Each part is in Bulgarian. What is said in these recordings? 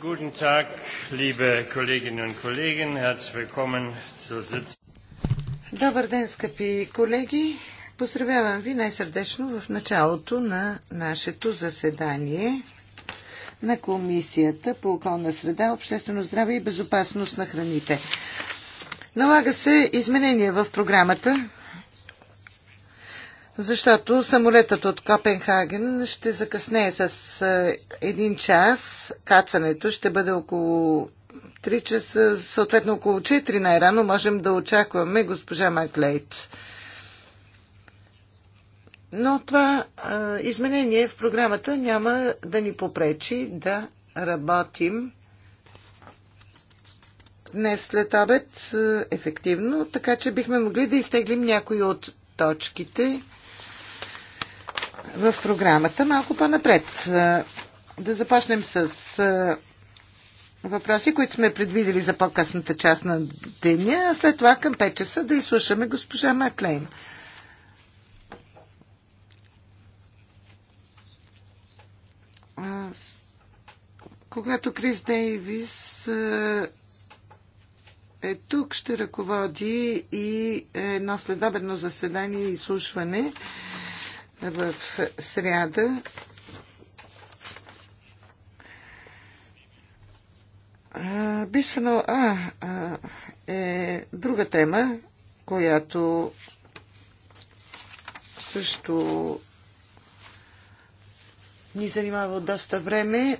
Guten Tag, liebe Kolleginnen und Kollegen. Herzlich willkommen zur Sitzung. Добър ден, скъпи колеги! Поздравявам ви най-сърдечно в началото на нашето заседание на Комисията по околна среда, обществено здраве и безопасност на храните. Налага се изменение в програмата защото самолетът от Копенхаген ще закъснее с е, един час. Кацането ще бъде около 3 часа, съответно около 4 най-рано можем да очакваме госпожа Маклейт. Но това а, е, изменение в програмата няма да ни попречи да работим днес след обед е, ефективно, така че бихме могли да изтеглим някои от точките, в програмата малко по-напред. Е, да започнем с е, въпроси, които сме предвидели за по-късната част на деня, а след това към 5 часа да изслушаме госпожа Маклейн. Когато Крис Дейвис е, е тук, ще ръководи и едно следобедно заседание и изслушване в сряда Бисфенол А е друга тема, която също ни занимава от доста време.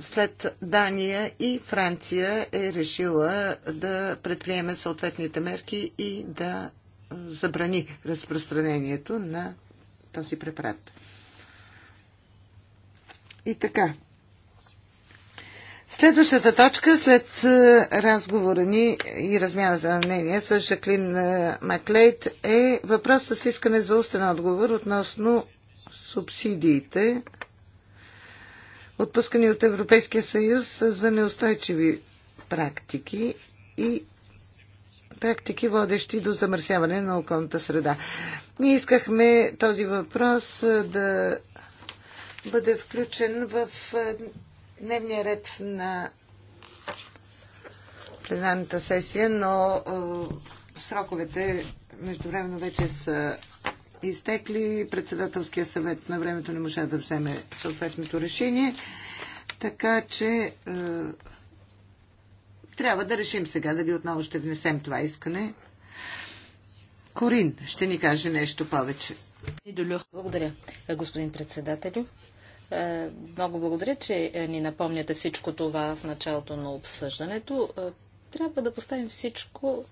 След Дания и Франция е решила да предприеме съответните мерки и да забрани разпространението на този препарат. И така. Следващата точка след е, разговора ни и размяната на мнение с Жаклин е, Маклейт е въпросът с искане за устен отговор относно субсидиите, отпускани от Европейския съюз за неустойчиви практики и практики, водещи до замърсяване на околната среда. Ние искахме този въпрос да бъде включен в дневния ред на пленарната сесия, но сроковете междувременно вече са изтекли. Председателския съвет на времето не можа да вземе съответното решение. Така че трябва да решим сега дали отново ще внесем това искане. Корин ще ни каже нещо повече. Благодаря, господин председателю. Е, много благодаря, че е, ни напомняте всичко това в началото на обсъждането. Е, трябва да поставим всичко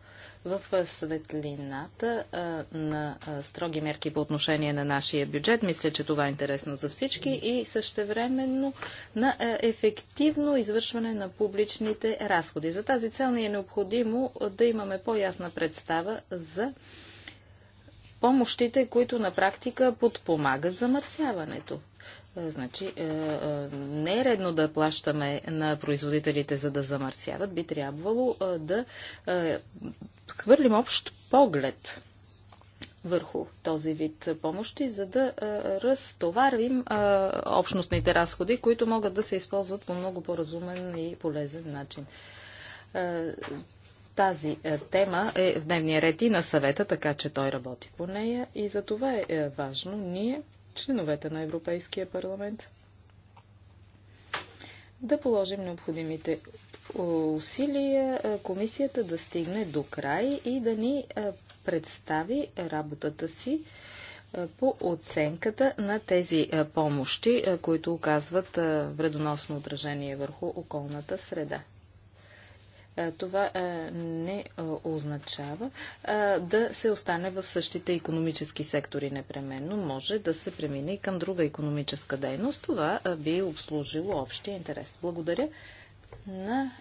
в светлината на строги мерки по отношение на нашия бюджет. Мисля, че това е интересно за всички и същевременно на ефективно извършване на публичните разходи. За тази цел ни е необходимо да имаме по-ясна представа за помощите, които на практика подпомагат замърсяването. Е, значи, е, е, не е редно да плащаме на производителите, за да замърсяват. Би трябвало да хвърлим общ поглед върху този вид помощи, за да разтоварим общностните разходи, които могат да се използват по много по-разумен и полезен начин. Тази тема е в дневния ред и на съвета, така че той работи по нея и за това е важно ние членовете на Европейския парламент да положим необходимите усилия комисията да стигне до край и да ни представи работата си по оценката на тези помощи, които оказват вредоносно отражение върху околната среда. Е, това е, не е, означава да се остане в същите економически сектори непременно. Може да се премине и към друга економическа дейност. Това би обслужило общия интерес. Благодаря на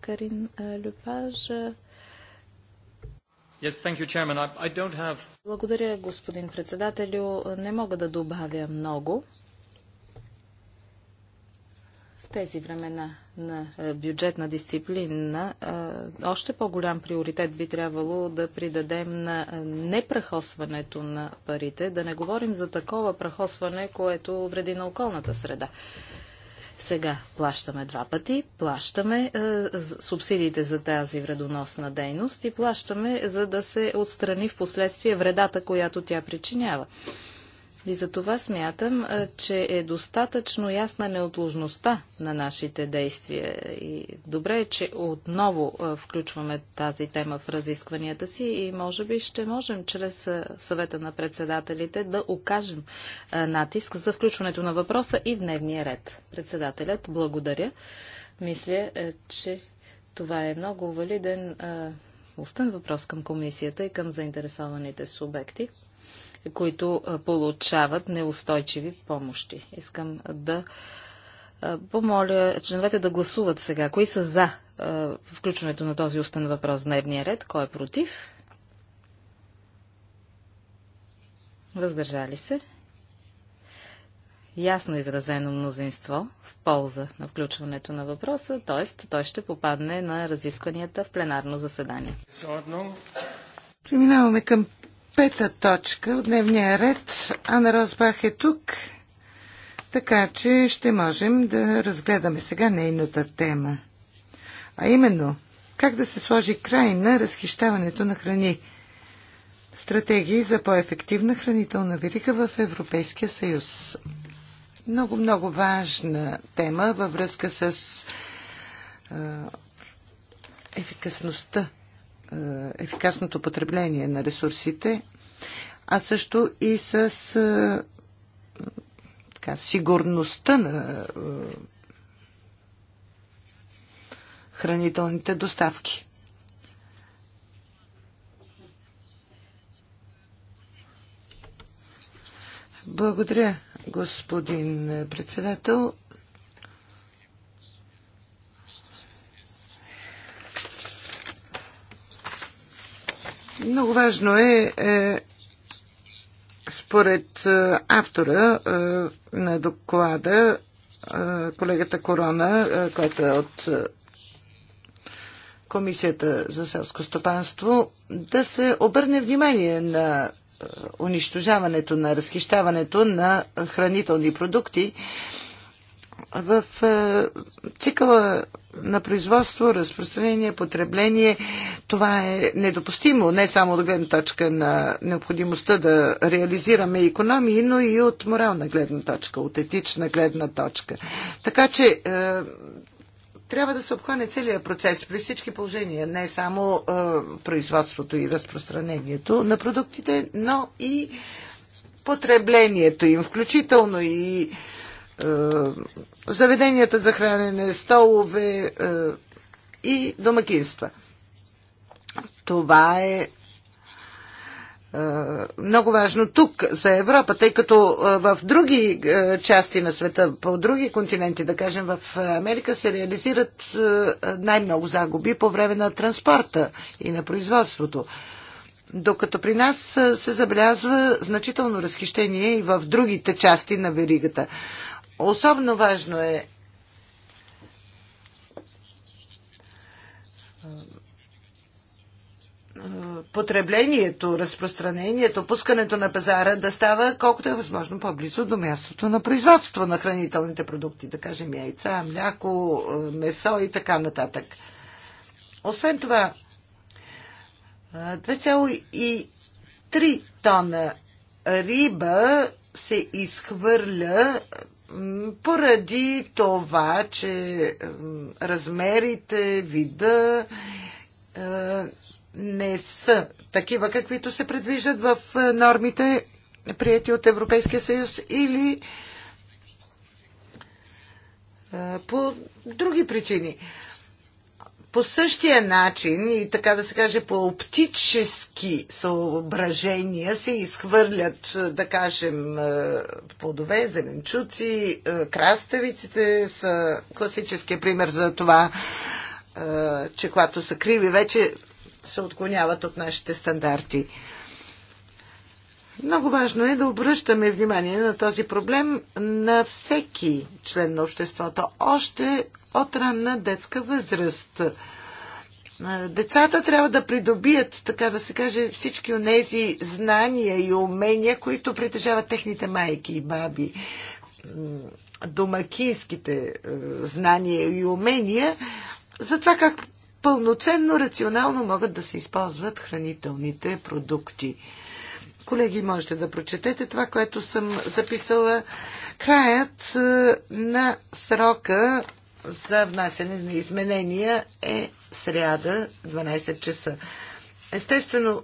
Карин Люпаж. Yes, thank you, Chairman. I, I don't have... Благодаря, господин председателю. Не мога да добавя много в тези времена на е, бюджетна дисциплина, още по-голям приоритет би трябвало да придадем на е, непрахосването на парите, да не говорим за такова прахосване, което вреди на околната среда. Сега плащаме два пъти, плащаме е, субсидиите за тази вредоносна дейност и плащаме, за да се отстрани в последствие вредата, която тя причинява. И за това смятам, че е достатъчно ясна неотложността на нашите действия. И добре е, че отново включваме тази тема в разискванията си и може би ще можем чрез съвета на председателите да окажем натиск за включването на въпроса и в дневния ред. Председателят, благодаря. Мисля, че това е много валиден устен въпрос към комисията и към заинтересованите субекти които получават неустойчиви помощи. Искам да помоля членовете да гласуват сега. Кои са за включването на този устен въпрос в дневния ред? Кой е против? Въздържали се? Ясно изразено мнозинство в полза на включването на въпроса, т.е. той ще попадне на разискванията в пленарно заседание. Преминаваме към пета точка от дневния ред. Ана Розбах е тук, така че ще можем да разгледаме сега нейната тема. А именно, как да се сложи край на разхищаването на храни. Стратегии за по-ефективна хранителна верига в Европейския съюз. Много-много важна тема във връзка с ефикасността е, ефикасното потребление на ресурсите, а също и с е, така, сигурността на е, хранителните доставки. Благодаря, господин председател. Много важно е, е според е, автора е, на доклада, е, колегата Корона, е, който е от е, Комисията за селско стопанство, да се обърне внимание на е, унищожаването, на разхищаването на хранителни продукти в е, цикъла на производство, разпространение, потребление. Това е недопустимо не само от гледна точка на необходимостта да реализираме економии, но и от морална гледна точка, от етична гледна точка. Така че е, трябва да се обхване целият процес при всички положения, не само е, производството и разпространението на продуктите, но и потреблението им, включително и е, е, заведенията за хранене, столове е, и домакинства. Това е, е много важно тук за Европа, тъй като в други части на света, по други континенти, да кажем в Америка, се реализират най-много загуби по време на транспорта и на производството. Докато при нас се забелязва значително разхищение и в другите части на веригата. Особено важно е потреблението, разпространението, пускането на пазара да става колкото е възможно по-близо до мястото на производство на хранителните продукти, да кажем яйца, мляко, е, месо и така нататък. Освен това, 2,3 е, тона риба се изхвърля поради това, че размерите, вида е, не са такива, каквито се предвиждат в е, нормите, прияти от Европейския съюз или е, по други причини по същия начин и така да се каже по оптически съображения се изхвърлят, е, да кажем, е, плодове, зеленчуци, е, краставиците са класическия пример за това, че когато са криви, вече се отклоняват от нашите стандарти. Много важно е да обръщаме внимание на този проблем на всеки член на обществото, още от ранна детска възраст. Децата трябва да придобият, така да се каже, всички онези знания и умения, които притежават техните майки и баби. Домакинските е, знания и умения за това как пълноценно, рационално могат да се използват хранителните продукти. Колеги, можете да прочетете това, което съм записала. Краят е, на срока за внасяне на изменения е сряда 12 часа. Естествено,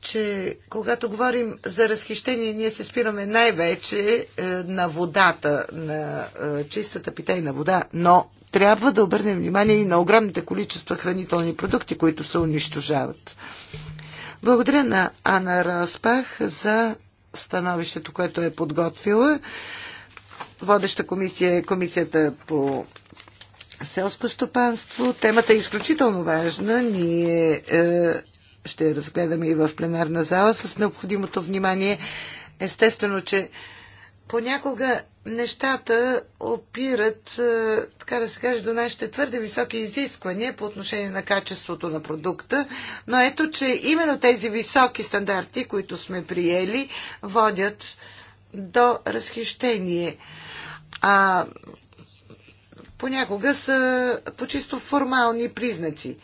че когато говорим за разхищение, ние се спираме най-вече е, на водата, на е, чистата питейна вода, но трябва да обърнем внимание и на огромните количества хранителни продукти, които се унищожават. Благодаря на Ана Распах за становището, което е подготвила. Водеща комисия е комисията по селско стопанство. Темата е изключително важна. Ние е, ще я разгледаме и в пленарна зала с необходимото внимание. Естествено, че понякога нещата опират, е, така да се каже, до нашите твърде високи изисквания по отношение на качеството на продукта, но ето, че именно тези високи стандарти, които сме приели, водят до разхищение а понякога са по чисто формални признаци.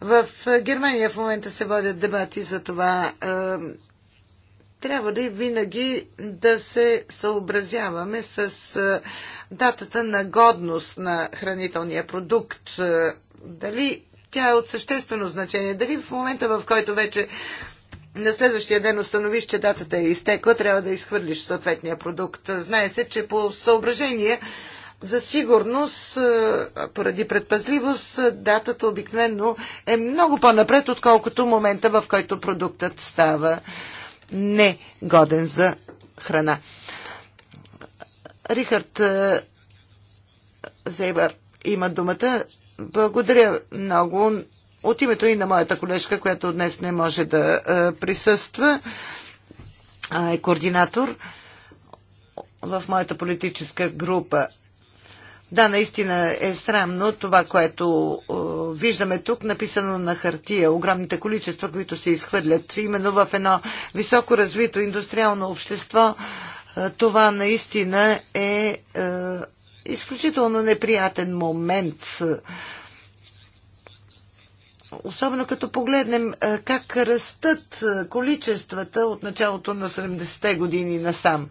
В Германия в момента се водят дебати за това трябва ли винаги да се съобразяваме с датата на годност на хранителния продукт. Дали тя е от съществено значение. Дали в момента, в който вече на следващия ден установиш, че датата е изтекла, трябва да изхвърлиш съответния продукт. Знае се, че по съображение за сигурност, поради предпазливост, датата обикновено е много по-напред, отколкото момента, в който продуктът става негоден за храна. Рихард Зейбър има думата. Благодаря много от името и на моята колежка, която днес не може да е, присъства, е координатор в моята политическа група. Да, наистина е срамно това, което е, виждаме тук, написано на хартия, огромните количества, които се изхвърлят. Именно в едно високо развито индустриално общество е, това наистина е, е изключително неприятен момент. Е, Особено като погледнем е, как растат е, количествата от началото на 70-те години насам.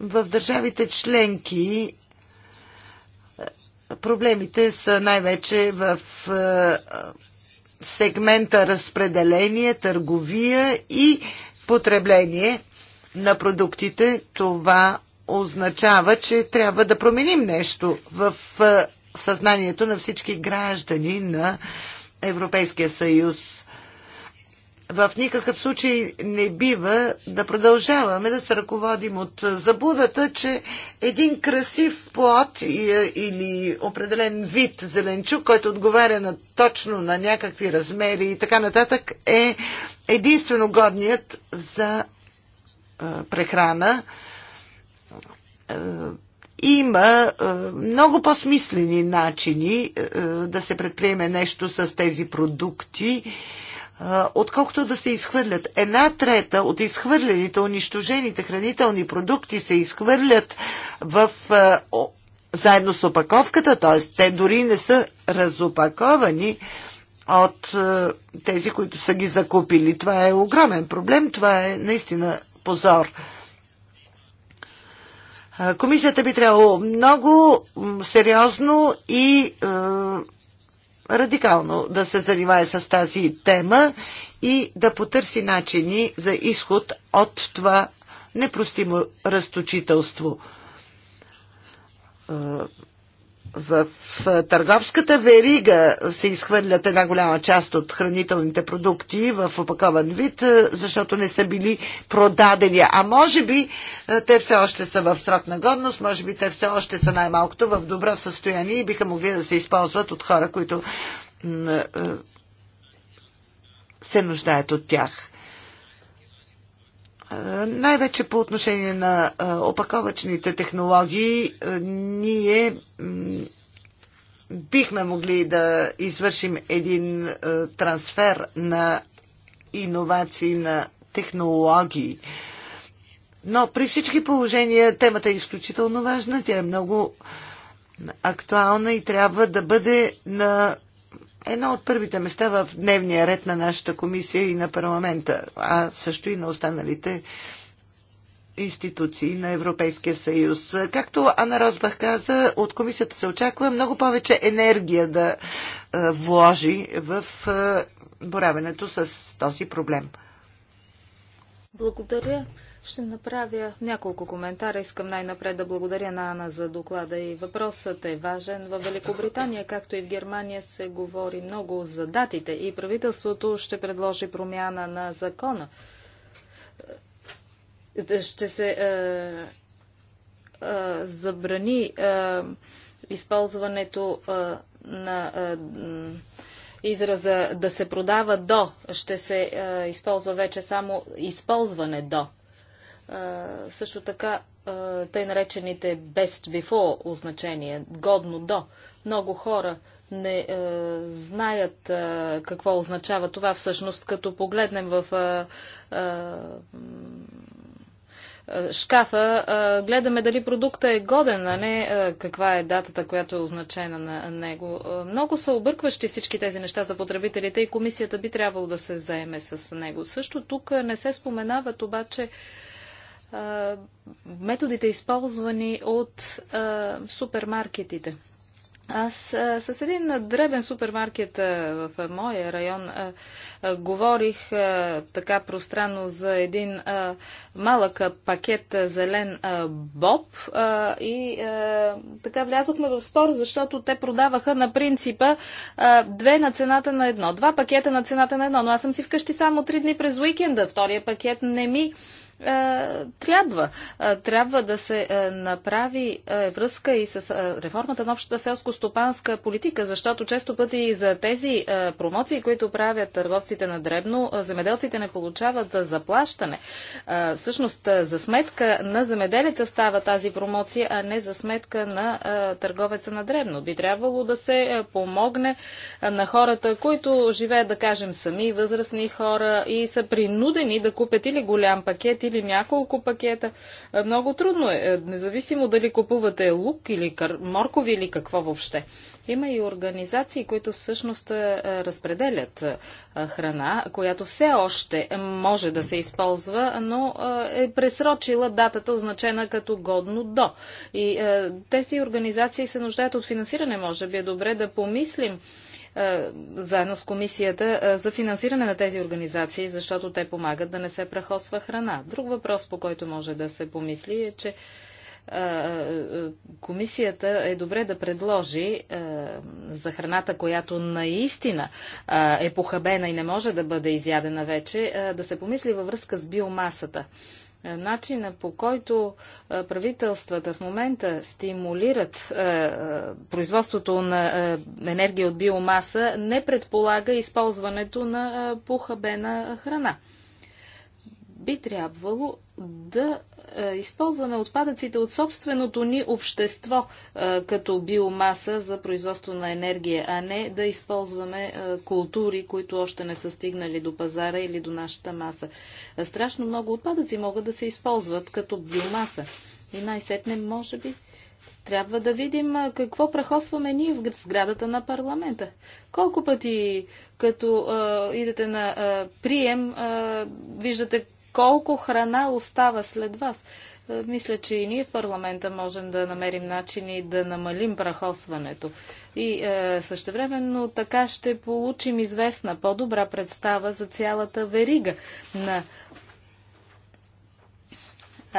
В държавите членки е, проблемите са най-вече в сегмента разпределение, търговия и потребление на продуктите. Това означава, че трябва да променим нещо в съзнанието на всички граждани на Европейския съюз. В никакъв случай не бива да продължаваме да се ръководим от забудата, че един красив плод или определен вид зеленчук, който отговаря на, точно на някакви размери и така нататък, е единствено годният за прехрана има е, много по-смислени начини е, е, да се предприеме нещо с тези продукти, отколкото да се изхвърлят. Една трета от изхвърлените, унищожените хранителни продукти се изхвърлят в заедно с опаковката, т.е. те дори не са разопаковани от тези, които са ги закупили. Това е огромен проблем, това е наистина позор. Комисията би трябвало много сериозно и радикално да се занимае с тази тема и да потърси начини за изход от това непростимо разточителство в търговската верига се изхвърлят една голяма част от хранителните продукти в опакован вид, защото не са били продадени. А може би те все още са в срок на годност, може би те все още са най-малкото в добро състояние и биха могли да се използват от хора, които се нуждаят от тях. Най-вече по отношение на опаковачните технологии, ние бихме могли да извършим един трансфер на иновации, на технологии. Но при всички положения темата е изключително важна, тя е много актуална и трябва да бъде на едно от първите места в дневния ред на нашата комисия и на парламента, а също и на останалите институции на Европейския съюз. Както Ана Розбах каза, от комисията се очаква много повече енергия да е, вложи в е, боравенето с този проблем. Благодаря. Ще направя няколко коментара. Искам най-напред да благодаря на Ана за доклада и въпросът е важен. В Великобритания, както и в Германия, се говори много за датите и правителството ще предложи промяна на закона. Ще се е, е, забрани е, използването е, на. Е, израза да се продава до ще се е, използва вече само използване до също така тъй наречените best before означение, годно до. Много хора не е, знаят е, какво означава това всъщност, като погледнем в е, е, шкафа, е, гледаме дали продукта е годен, а не е, каква е датата, която е означена на него. Много са объркващи всички тези неща за потребителите и комисията би трябвало да се заеме с него. Също тук не се споменават обаче е, методите използвани от а, супермаркетите. Аз а, с един дребен супермаркет а, в а, моя район а, а, говорих а, така пространно за един а, малък а, пакет а, зелен а, боб а, и а, така влязохме в спор, защото те продаваха на принципа а, две на цената на едно, два пакета на цената на едно, но аз съм си вкъщи само три дни през уикенда, втория пакет не ми е, трябва. Е, трябва да се е, направи връзка и с реформата на общата селско-стопанска политика, защото често пъти за тези промоции, които правят търговците на дребно, земеделците не получават заплащане. Всъщност, за сметка на земеделеца става тази промоция, а не за сметка на търговеца на дребно. Би трябвало да се помогне на хората, които живеят, да кажем, сами, възрастни хора и са принудени да купят или голям пакет или няколко пакета. Е, много трудно е, е, независимо дали купувате лук или моркови или какво въобще. Има и организации, които всъщност е, разпределят храна, която все още може да се използва, но е пресрочила датата, означена като годно до. И тези организации се нуждаят от финансиране. Може би е добре да помислим е, заедно с комисията е, за финансиране на тези организации, защото те помагат да не се прахосва храна. Друг въпрос, по който може да се помисли е, че е, комисията е добре да предложи за храната, която наистина е похабена и не може да бъде изядена вече, да се помисли във връзка с биомасата. Е, начина по който е, правителствата в момента стимулират е, производството на енергия от биомаса не предполага използването на похабена храна би трябвало да е, използваме отпадъците от собственото ни общество е, като биомаса за производство на енергия, а не да използваме е, култури, които още не са стигнали до пазара или до нашата маса. Страшно много отпадъци могат да се използват като биомаса. И най-сетне, може би, трябва да видим какво прахосваме ние в сградата на парламента. Колко пъти, като а, идете на а, прием, а, виждате колко храна остава след вас. Е, мисля, че и ние в парламента можем да намерим начини да намалим прахосването. И е, същевременно така ще получим известна, по-добра представа за цялата верига на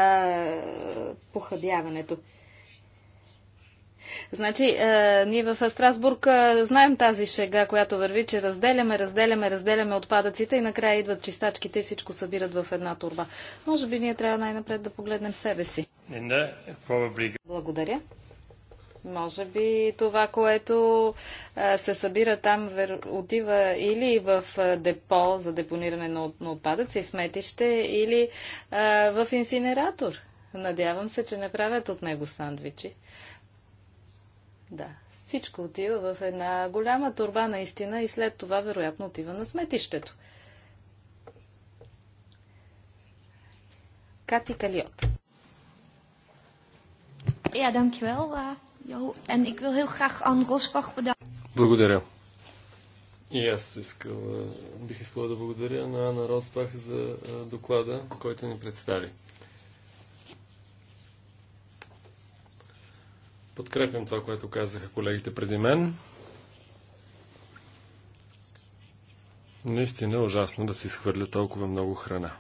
е, похабяването. Значи, е, ние в Страсбург е, знаем тази шега, която върви, че разделяме, разделяме, разделяме отпадъците и накрая идват чистачките и всичко събират в една турба. Може би ние трябва най-напред да погледнем себе си. The, uh, probably... Благодаря. Може би това, което а, е, се събира там, вер... отива или в е, депо за депониране на, на отпадъци, сметище, или а, е, в инсинератор. Надявам се, че не правят от него сандвичи. Да, всичко отива в една голяма турба наистина и след това вероятно отива на сметището. Кати Калиот. Ja, dankjewel. Uh, eh, jo, en ik wil heel graag Rosbach bedanken. Благодаря. И аз искал, бих искала да благодаря на Анна Росбах за доклада, който ни представи. Подкрепям това, което казаха колегите преди мен. Наистина е ужасно да се изхвърля толкова много храна.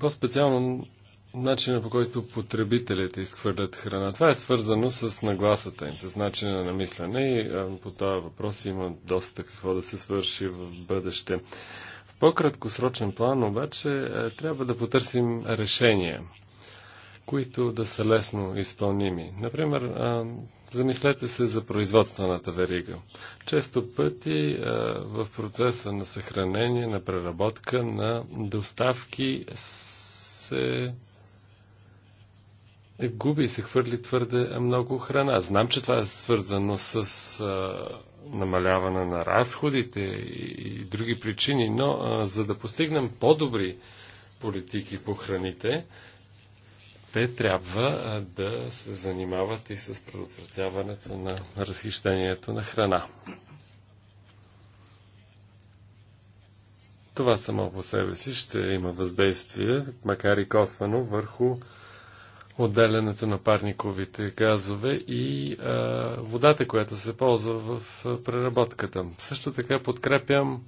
По-специално начина по който потребителите изхвърлят храна. Това е свързано с нагласата им, с начина на мислене и по този въпрос има доста какво да се свърши в бъдеще по-краткосрочен план обаче е, трябва да потърсим решения, които да са лесно изпълними. Например, е, замислете се за производствената верига. Често пъти е, в процеса на съхранение, на преработка, на доставки се губи и се хвърли твърде много храна. Знам, че това е свързано с намаляване на разходите и други причини, но а, за да постигнем по-добри политики по храните, те трябва а, да се занимават и с предотвратяването на разхищението на храна. Това само по себе си ще има въздействие, макар и косвено, върху отделянето на парниковите газове и а, водата, която се ползва в преработката. Също така подкрепям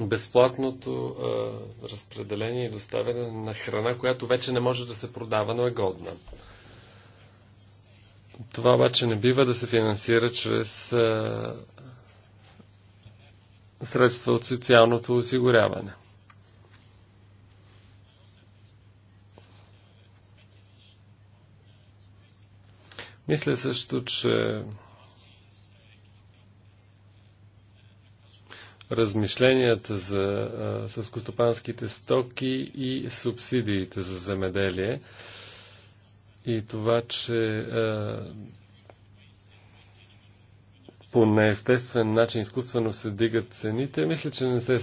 безплатното а, разпределение и доставяне на храна, която вече не може да се продава, но е годна. Това обаче не бива да се финансира чрез а, средства от социалното осигуряване. Мисля също, че размишленията за съскостопанските стоки и субсидиите за земеделие и това, че по неестествен начин изкуствено се дигат цените, мисля, че не се е,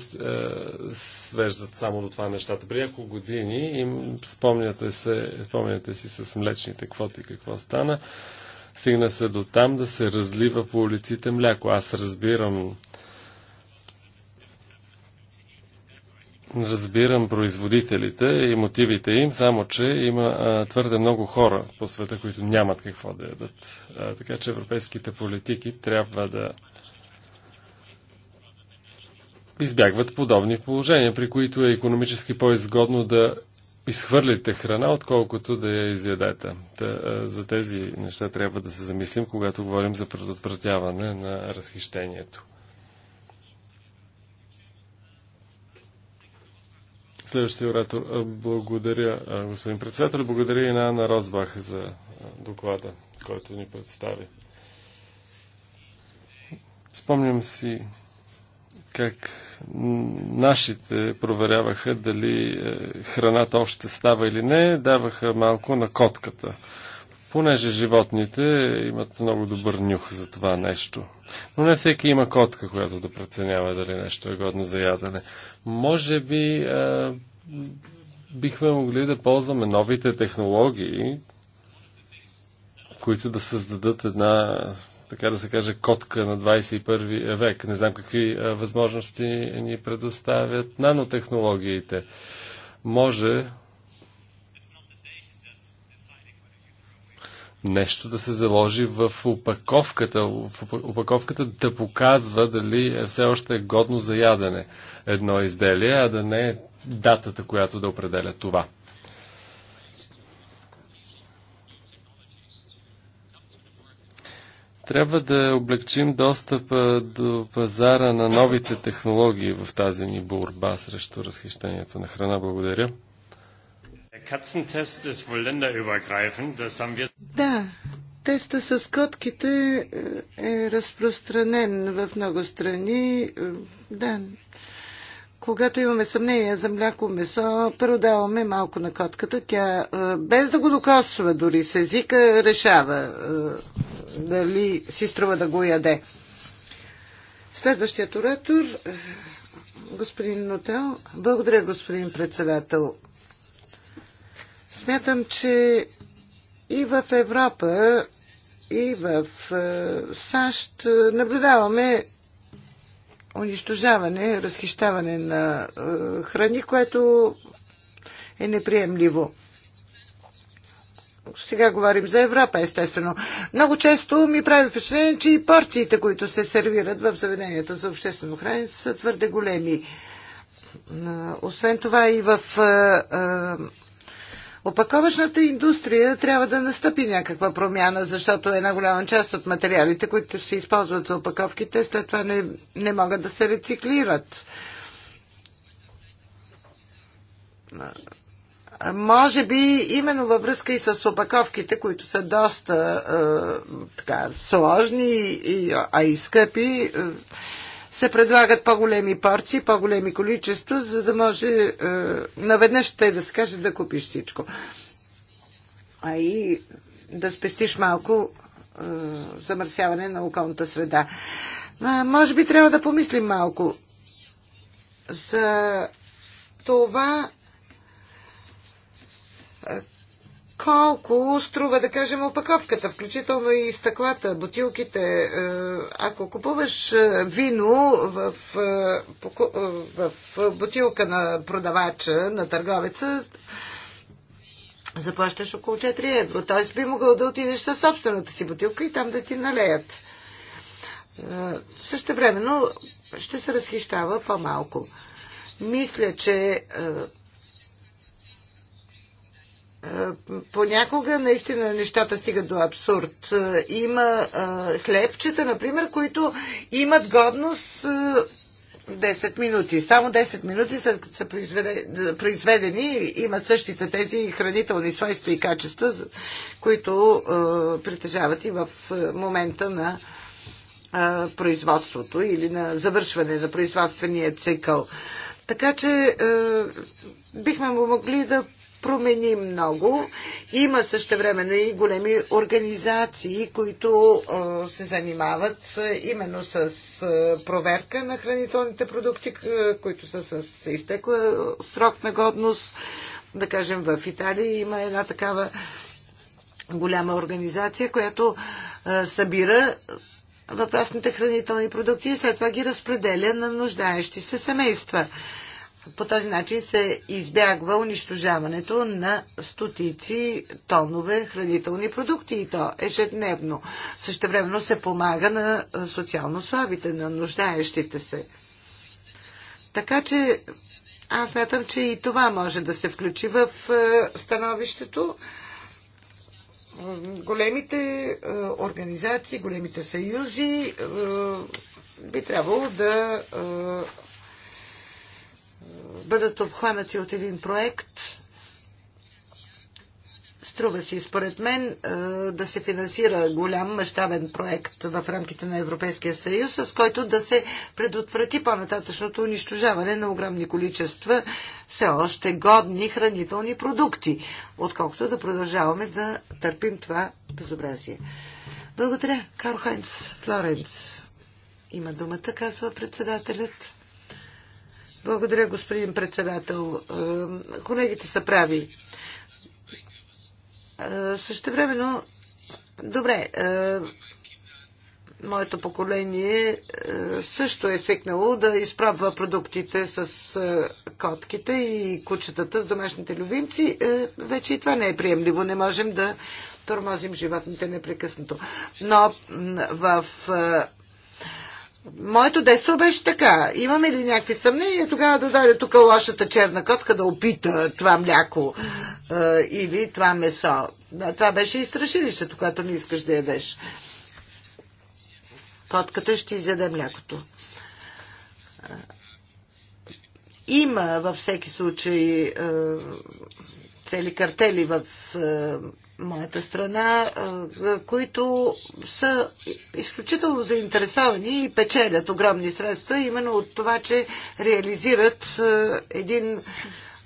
свеждат само до това нещата. При няколко години им спомняте, се, спомняте си с млечните квоти какво стана. Стигна се до там да се разлива по улиците мляко. Аз разбирам Разбирам производителите и мотивите им, само че има а, твърде много хора по света, които нямат какво да ядат. А, така че европейските политики трябва да избягват подобни положения, при които е економически по-изгодно да изхвърлите храна, отколкото да я изядете. Та, а, за тези неща трябва да се замислим, когато говорим за предотвратяване на разхищението. Следващия оратор. Благодаря, господин председател. Благодаря и на Анна Розбах за доклада, който ни представи. Спомням си как нашите проверяваха дали е, храната още става или не, даваха малко на котката понеже животните имат много добър нюх за това нещо. Но не всеки има котка, която да преценява дали нещо е годно за ядене. Може би а, бихме могли да ползваме новите технологии, които да създадат една, така да се каже, котка на 21 век. Не знам какви възможности ни предоставят нанотехнологиите. Може нещо да се заложи в опаковката, в опаковката да показва дали е все още е годно за ядене едно изделие, а да не е датата, която да определя това. Трябва да облегчим достъпа до пазара на новите технологии в тази ни борба срещу разхищението на храна. Благодаря. Katzentest ist wohl länderübergreifend. Das haben wir. Да, теста с котките е, е разпространен в много страни. Е, да, когато имаме съмнение за мляко месо, първо даваме малко на котката. Тя, е, без да го докосва дори с езика, решава дали си струва да го яде. Следващият оратор, господин Нотел. Благодаря, господин председател. Смятам, че и в Европа, и в е, САЩ наблюдаваме унищожаване, разхищаване на е, храни, което е неприемливо. Сега говорим за Европа, естествено. Много често ми прави впечатление, че и порциите, които се сервират в заведенията за обществено хранене, са твърде големи. Е, освен това и в опаковъчната индустрия трябва да настъпи някаква промяна, защото една голяма част от материалите, които се използват за опаковките, след това не, не могат да се рециклират. Може би именно във връзка и с опаковките, които са доста е, така, сложни, и, а и скъпи, е, се предлагат по-големи порции, по-големи количества, за да може е, наведнъж те да скаже, да купиш всичко. А и да спестиш малко е, замърсяване на околната среда. А, може би трябва да помислим малко за това е, колко струва, да кажем, опаковката, включително и стъклата, бутилките. Е, ако купуваш е, вино в, е, в бутилка на продавача, на търговеца, заплащаш около 4 евро. Т.е. би могъл да отидеш със собствената си бутилка и там да ти налеят. Също времено ще се разхищава по-малко. Мисля, че понякога наистина нещата стигат до абсурд. Е, има е, хлебчета, например, които имат годност 10 е, минути. Само 10 минути след като са произведени, имат същите тези хранителни свойства и качества, които притежават и в момента на производството или на завършване на производствения цикъл. Така че бихме могли да промени много. Има също време и големи организации, които се занимават именно с проверка на хранителните продукти, които са с изтекла срок на годност. Да кажем, в Италия има една такава голяма организация, която събира въпросните хранителни продукти и след това ги разпределя на нуждаещи се семейства. По този начин се избягва унищожаването на стотици тонове хранителни продукти и то ежедневно. Същевременно се помага на социално слабите, на нуждаещите се. Така че аз мятам, че и това може да се включи в становището. Големите организации, големите съюзи би трябвало да бъдат обхванати от един проект. Струва си, според мен, е, да се финансира голям мащабен проект в рамките на Европейския съюз, с който да се предотврати по-нататъчното унищожаване на огромни количества все още годни хранителни продукти, отколкото да продължаваме да търпим това безобразие. Благодаря. Карл Хайнц Флоренц има думата, казва председателят. Благодаря, господин председател. Е, колегите са прави. Е, също времено, добре, е, моето поколение също е свикнало да изправва продуктите с котките и кучетата с домашните любимци. Вече и това не е приемливо. Не можем да тормозим животните непрекъснато. Но в моето действо беше така. Имаме ли някакви съмнения, тогава да дойде тук лошата черна котка да опита това мляко а, или това месо. Да, това беше и страшилището, когато не искаш да ядеш. Котката ще изяде млякото. Има във всеки случай е, цели картели в моята страна, които са изключително заинтересовани и печелят огромни средства, именно от това, че реализират един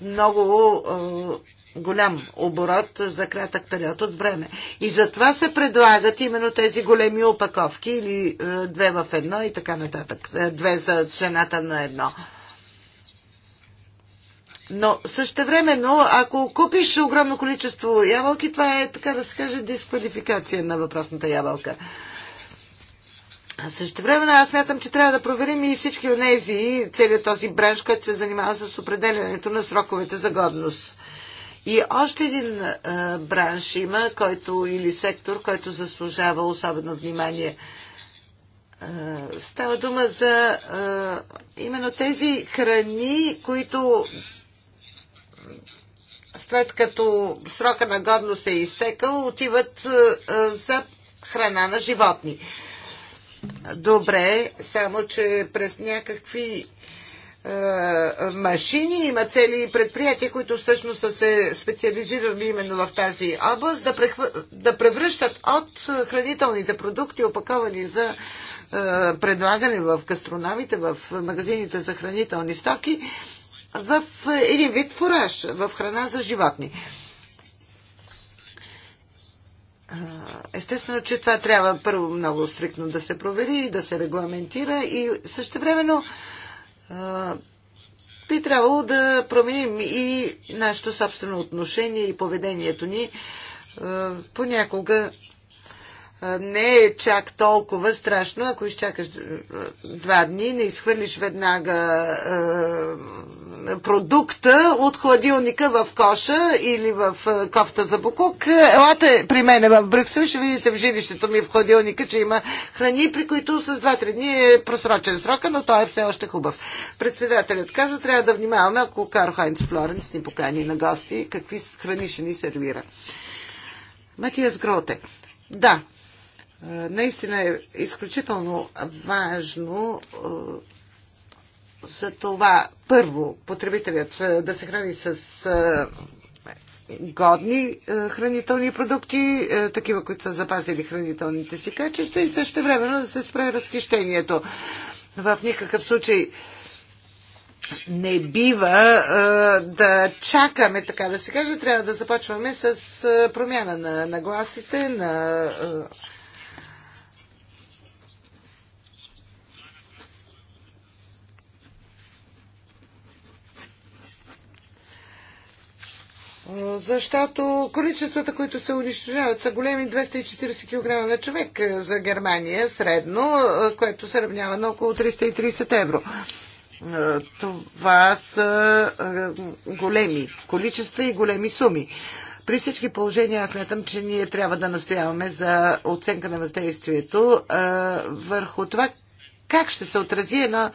много голям оборот за кратък период от време. И затова се предлагат именно тези големи опаковки или две в едно и така нататък. Две за цената на едно. Но същевременно, ако купиш огромно количество ябълки, това е, така да се каже, дисквалификация на въпросната ябълка. Същевременно, време аз смятам, че трябва да проверим и всички от тези, целият този бранш, който се занимава с определянето на сроковете за годност. И още един а, бранш има, който или сектор, който заслужава особено внимание. А, става дума за а, именно тези храни, които след като срока на годност е изтекал, отиват е, е, за храна на животни. Добре, само че през някакви е, машини, има цели предприятия, които всъщност са се специализирали именно в тази област, да, прехва... да превръщат от хранителните продукти, опаковани за е, предлагане в гастрономите, в магазините за хранителни стоки, в е, един вид фураж, в храна за животни. Естествено, че това трябва първо много стрикно да се провери, да се регламентира и също времено би трябвало да променим и нашето собствено отношение и поведението ни. Понякога не е чак толкова страшно, ако изчакаш два дни, не изхвърлиш веднага е, продукта от хладилника в коша или в кофта за букук. Елате при мене в Брюксел, ще видите в жилището ми в хладилника, че има храни, при които с 2-3 дни е просрочен срока, но той е все още хубав. Председателят казва, трябва да внимаваме, ако Карл Хайнц Флоренс ни покани на гости, какви храни ще ни сервира. Матиас Гроте. Да, наистина е изключително важно за това първо потребителят да се храни с годни хранителни продукти, такива, които са запазили хранителните си качества и също времено да се спре разхищението. В никакъв случай не бива да чакаме, така да се каже, трябва да започваме с промяна на нагласите, на Защото количествата, които се унищожават, са големи 240 кг на човек за Германия средно, което се равнява на около 330 евро. Това са големи количества и големи суми. При всички положения аз мятам, че ние трябва да настояваме за оценка на въздействието върху това как ще се отрази една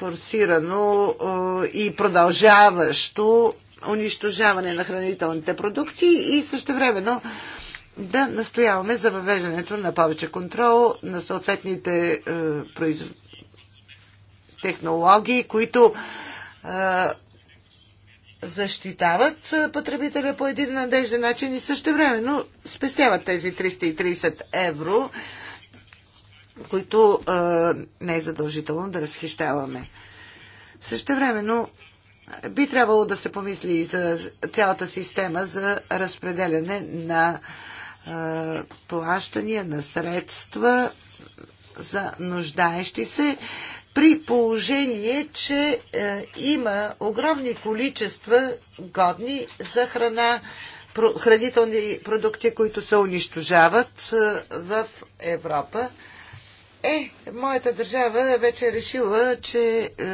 форсирано е, и продължаващо унищожаване на хранителните продукти и също времено да настояваме за въвеждането на повече контрол на съответните е, технологии, които е, защитават потребителя по един надежден начин и също времено спестяват тези 330 евро които не е задължително да разхищаваме. Също времено би трябвало да се помисли и за цялата система за разпределяне на плащания, на средства за нуждаещи се, при положение, че а, има огромни количества годни за храна, хранителни продукти, които се унищожават в Европа. Е, моята държава вече е решила, че е,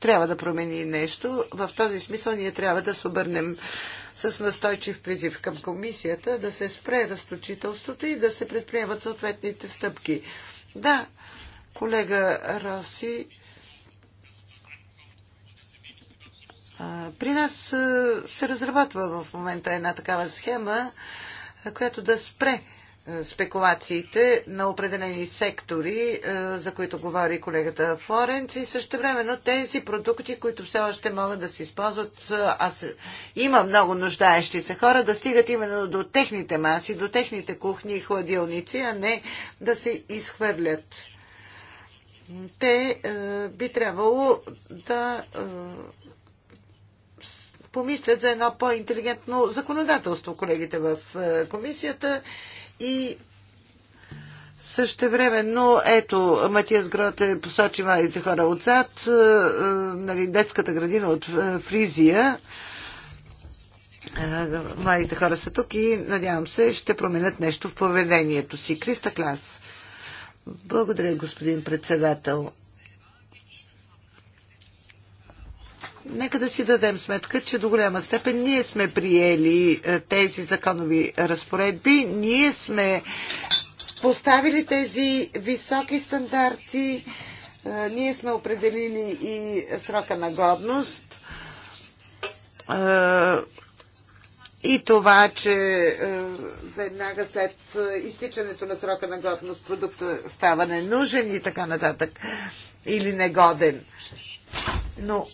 трябва да промени нещо. В този смисъл ние трябва да се обърнем с настойчив призив към комисията да се спре разточителството и да се предприемат съответните стъпки. Да, колега Роси, при нас се разработва в момента една такава схема, която да спре е, спекулациите на определени сектори, е, за които говори колегата Флоренц и също времено тези продукти, които все още могат да се използват, а се, има много нуждаещи се хора, да стигат именно до техните маси, до техните кухни и хладилници, а не да се изхвърлят. Те е, би трябвало да е, помислят за едно по-интелигентно законодателство, колегите в е, комисията и също време, но ето, Матиас Гроте посочи младите хора отзад, е, е, нали, детската градина от е, Фризия. Младите хора са тук и надявам се ще променят нещо в поведението си. Криста Клас. Благодаря, господин председател. нека да си дадем сметка, че до голяма степен ние сме приели е, тези законови разпоредби, ние сме поставили тези високи стандарти, е, ние сме определили и срока на годност е, и това, че веднага след изтичането на срока на годност продукта става ненужен и така нататък или негоден. Но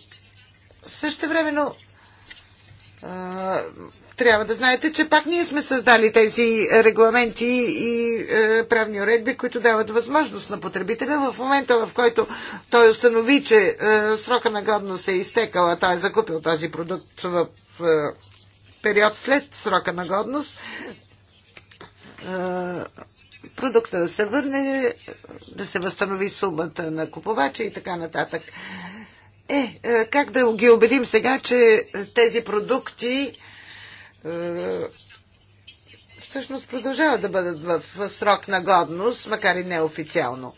също времено трябва да знаете, че пак ние сме създали тези регламенти и а, правни уредби, които дават възможност на потребителя в момента, в който той установи, че а, срока на годност е изтекал, а той е закупил този продукт в а, период след срока на годност, продукта да се върне, да се възстанови сумата на купувача и така нататък. Е, е, как да ги убедим сега, че тези продукти е, всъщност продължават да бъдат в срок на годност, макар и неофициално.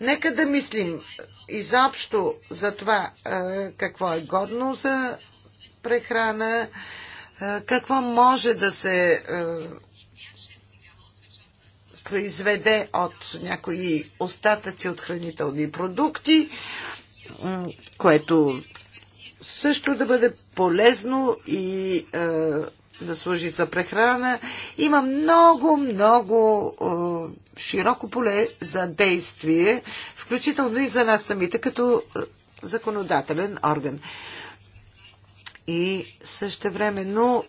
Нека да мислим изобщо за това е, какво е годно за прехрана, какво може да се произведе от някои остатъци от хранителни продукти което също да бъде полезно и а, е, да служи за прехрана. Има много, много а, е, широко поле за действие, включително и за нас самите, като а, е, законодателен орган. И също времено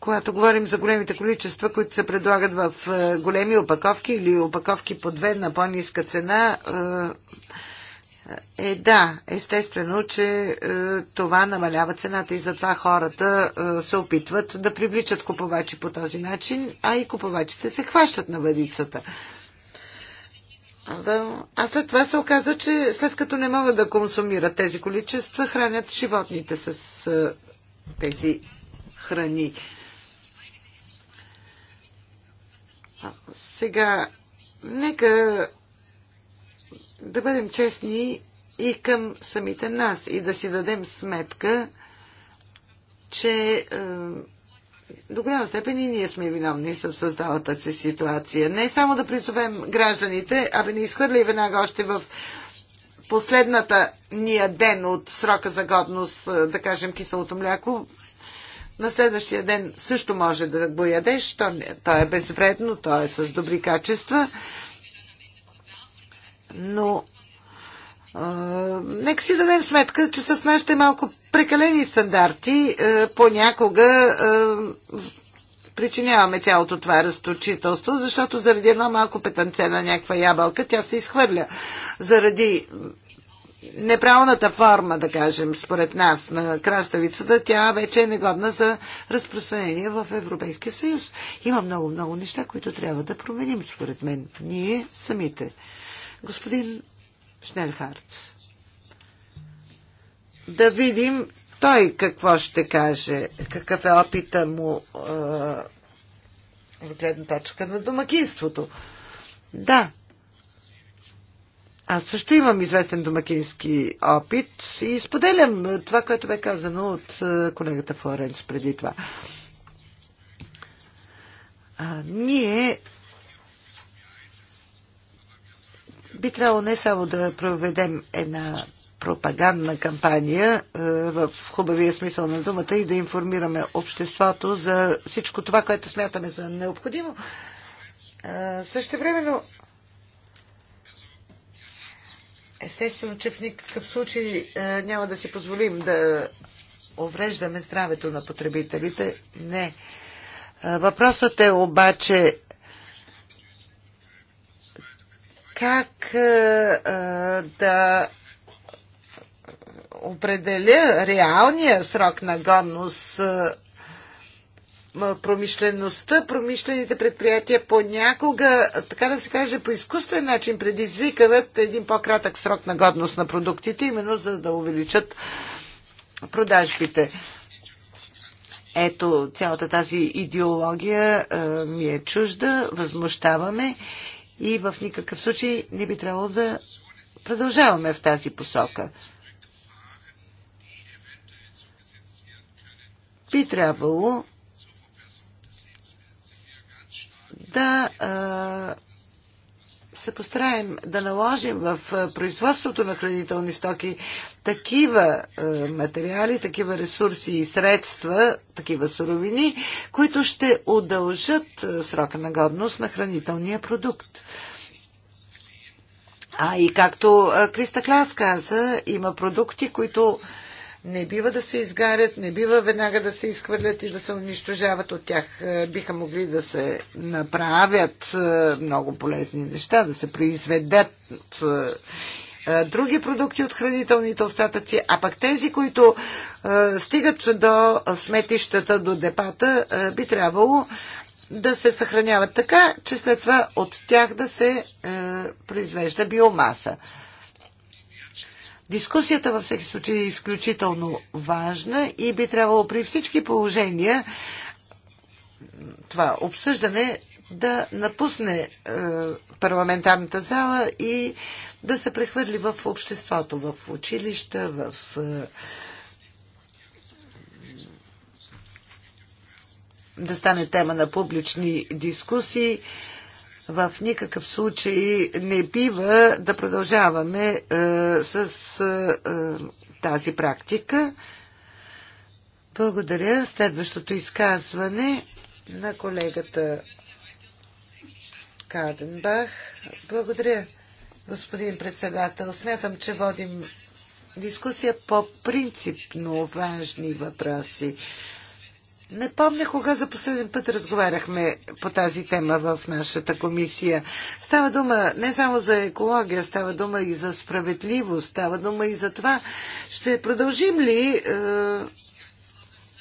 когато говорим за големите количества, които се предлагат в големи опаковки или опаковки по две на по-ниска цена, е да, естествено, че е, това намалява цената и затова хората е, се опитват да привличат купувачи по този начин, а и купувачите се хващат на въдицата. А след това се оказва, че след като не могат да консумират тези количества, хранят животните с е, тези храни. Сега, нека да бъдем честни и към самите нас и да си дадем сметка, че е, до голяма степен и ние сме виновни с създалата се ситуация. Не само да призовем гражданите, а бе не изхвърли веднага още в последната ния ден от срока за годност, е, да кажем, киселото мляко, на следващия ден също може да го ядеш, то, то е безвредно, то е с добри качества но нека си дадем сметка, че с нашите малко прекалени стандарти понякога причиняваме цялото това разточителство, защото заради едно малко петънце на някаква ябълка тя се изхвърля. Заради неправната форма, да кажем, според нас, на краставицата, тя вече е негодна за разпространение в Европейския съюз. Има много-много неща, които трябва да променим, според мен. Ние самите. Господин Шнелхарт, да видим той какво ще каже, какъв е опита му в гледна точка на домакинството. Да, аз също имам известен домакински опит и споделям това, което бе казано от колегата Флоренс преди това. А, ние Би трябвало не само да проведем една пропагандна кампания е, в хубавия смисъл на думата и да информираме обществото за всичко това, което смятаме за необходимо. Е, Също времено, естествено, че в никакъв случай е, няма да си позволим да увреждаме здравето на потребителите. Не. Въпросът е обаче как е, е, да определя реалния срок на годност е, промишлеността, промишлените предприятия понякога, така да се каже, по изкуствен начин предизвикават един по-кратък срок на годност на продуктите, именно за да увеличат продажбите. Ето, цялата тази идеология ми е чужда, възмущаваме и в никакъв случай не би трябвало да продължаваме в тази посока. Би трябвало да а, се постараем да наложим в производството на хранителни стоки такива материали, такива ресурси и средства, такива суровини, които ще удължат срока на годност на хранителния продукт. А и както Криста Кляс каза, има продукти, които не бива да се изгарят, не бива веднага да се изхвърлят и да се унищожават от тях. Е, биха могли да се направят е, много полезни неща, да се произведат е, други продукти от хранителните остатъци, а пък тези, които стигат до сметищата, до депата, би трябвало да се съхраняват така, че след това от тях да се произвежда биомаса. Дискусията във всеки случай е изключително важна и би трябвало при всички положения това обсъждане да напусне е, парламентарната зала и да се прехвърли в обществото, в училища, в. Е, да стане тема на публични дискусии. Е, в никакъв случай не бива да продължаваме е, с е, е, тази практика. Благодаря. Следващото изказване на колегата Каденбах. Благодаря, господин председател. Смятам, че водим дискусия по принципно важни въпроси. Не помня кога за последен път разговаряхме по тази тема в нашата комисия. Става дума не само за екология, става дума и за справедливост, става дума и за това. Ще продължим ли е,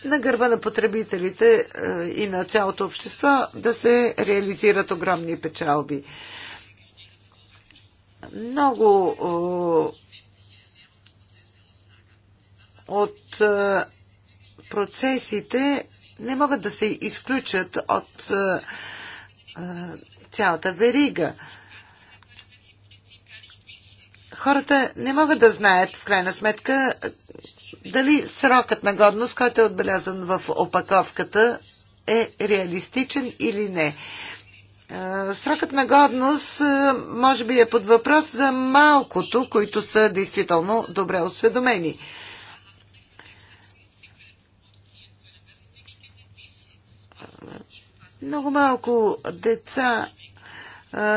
на гърба на потребителите е, и на цялото общество да се реализират огромни печалби? Много е, от. Е, процесите не могат да се изключат от е, е, цялата верига. Хората не могат да знаят, в крайна сметка, дали срокът на годност, който е отбелязан в опаковката, е реалистичен или не. Е, срокът на годност може би е под въпрос за малкото, които са действително добре осведомени. Много малко деца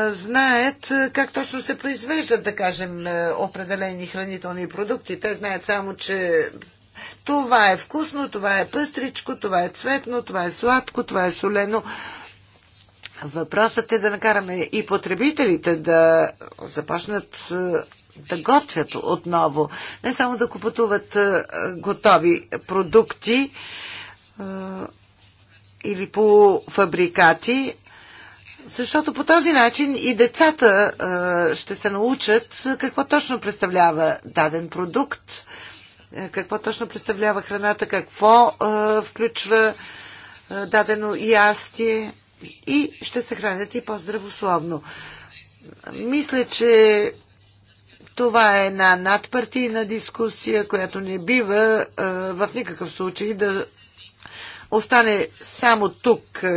знаят как точно се произвеждат, да кажем, определени хранителни продукти. Те знаят само, че това е вкусно, това е пъстричко, това е цветно, това е сладко, това е солено. Въпросът е да накараме и потребителите да започнат да готвят отново, не само да купуват готови продукти, или по фабрикати, защото по този начин и децата ще се научат какво точно представлява даден продукт, какво точно представлява храната, какво включва дадено ястие и ще се хранят и по-здравословно. Мисля, че това е една надпартийна дискусия, която не бива в никакъв случай да остане само тук е, е,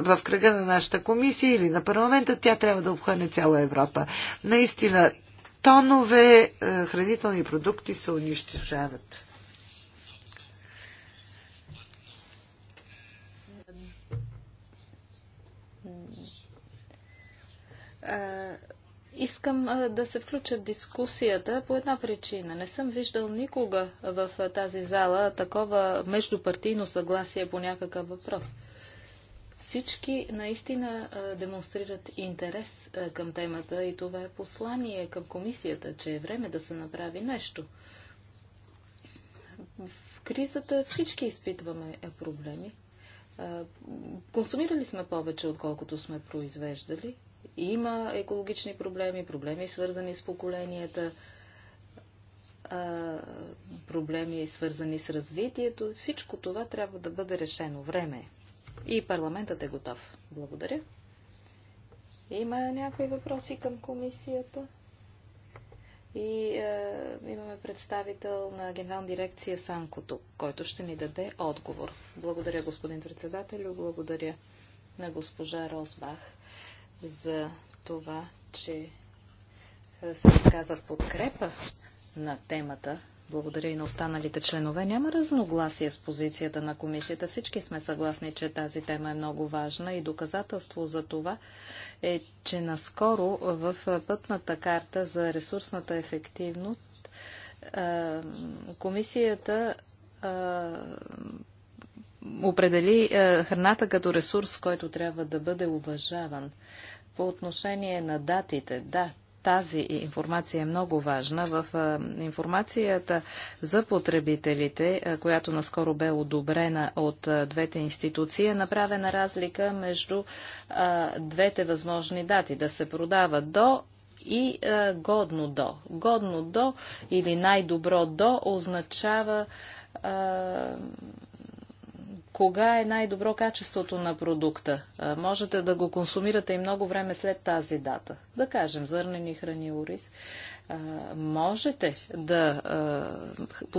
в кръга на нашата комисия или на парламента, тя трябва да обхване цяла Европа. Наистина, тонове е, хранителни продукти се унищожават. Искам да се включа в дискусията по една причина. Не съм виждал никога в тази зала такова междупартийно съгласие по някакъв въпрос. Всички наистина демонстрират интерес към темата и това е послание към комисията, че е време да се направи нещо. В кризата всички изпитваме е, проблеми. Консумирали сме повече, отколкото сме произвеждали има екологични проблеми, проблеми свързани с поколенията, проблеми свързани с развитието. Всичко това трябва да бъде решено. Време е. И парламентът е готов. Благодаря. Има някои въпроси към комисията? И е, имаме представител на генерална дирекция Санкото, който ще ни даде отговор. Благодаря, господин председател, благодаря на госпожа Росбах за това, че се изказа в подкрепа на темата. Благодаря и на останалите членове. Няма разногласие с позицията на комисията. Всички сме съгласни, че тази тема е много важна и доказателство за това е, че наскоро в пътната карта за ресурсната ефективност комисията определи е, храната като ресурс, който трябва да бъде уважаван. По отношение на датите, да, тази информация е много важна. В е, информацията за потребителите, е, която наскоро бе одобрена от двете институции, е направена разлика между двете възможни дати да се продава до и годно до. Годно до или най-добро до означава кога е най-добро качеството на продукта. Можете да го консумирате и много време след тази дата. Да кажем, зърнени храни, ориз. Можете да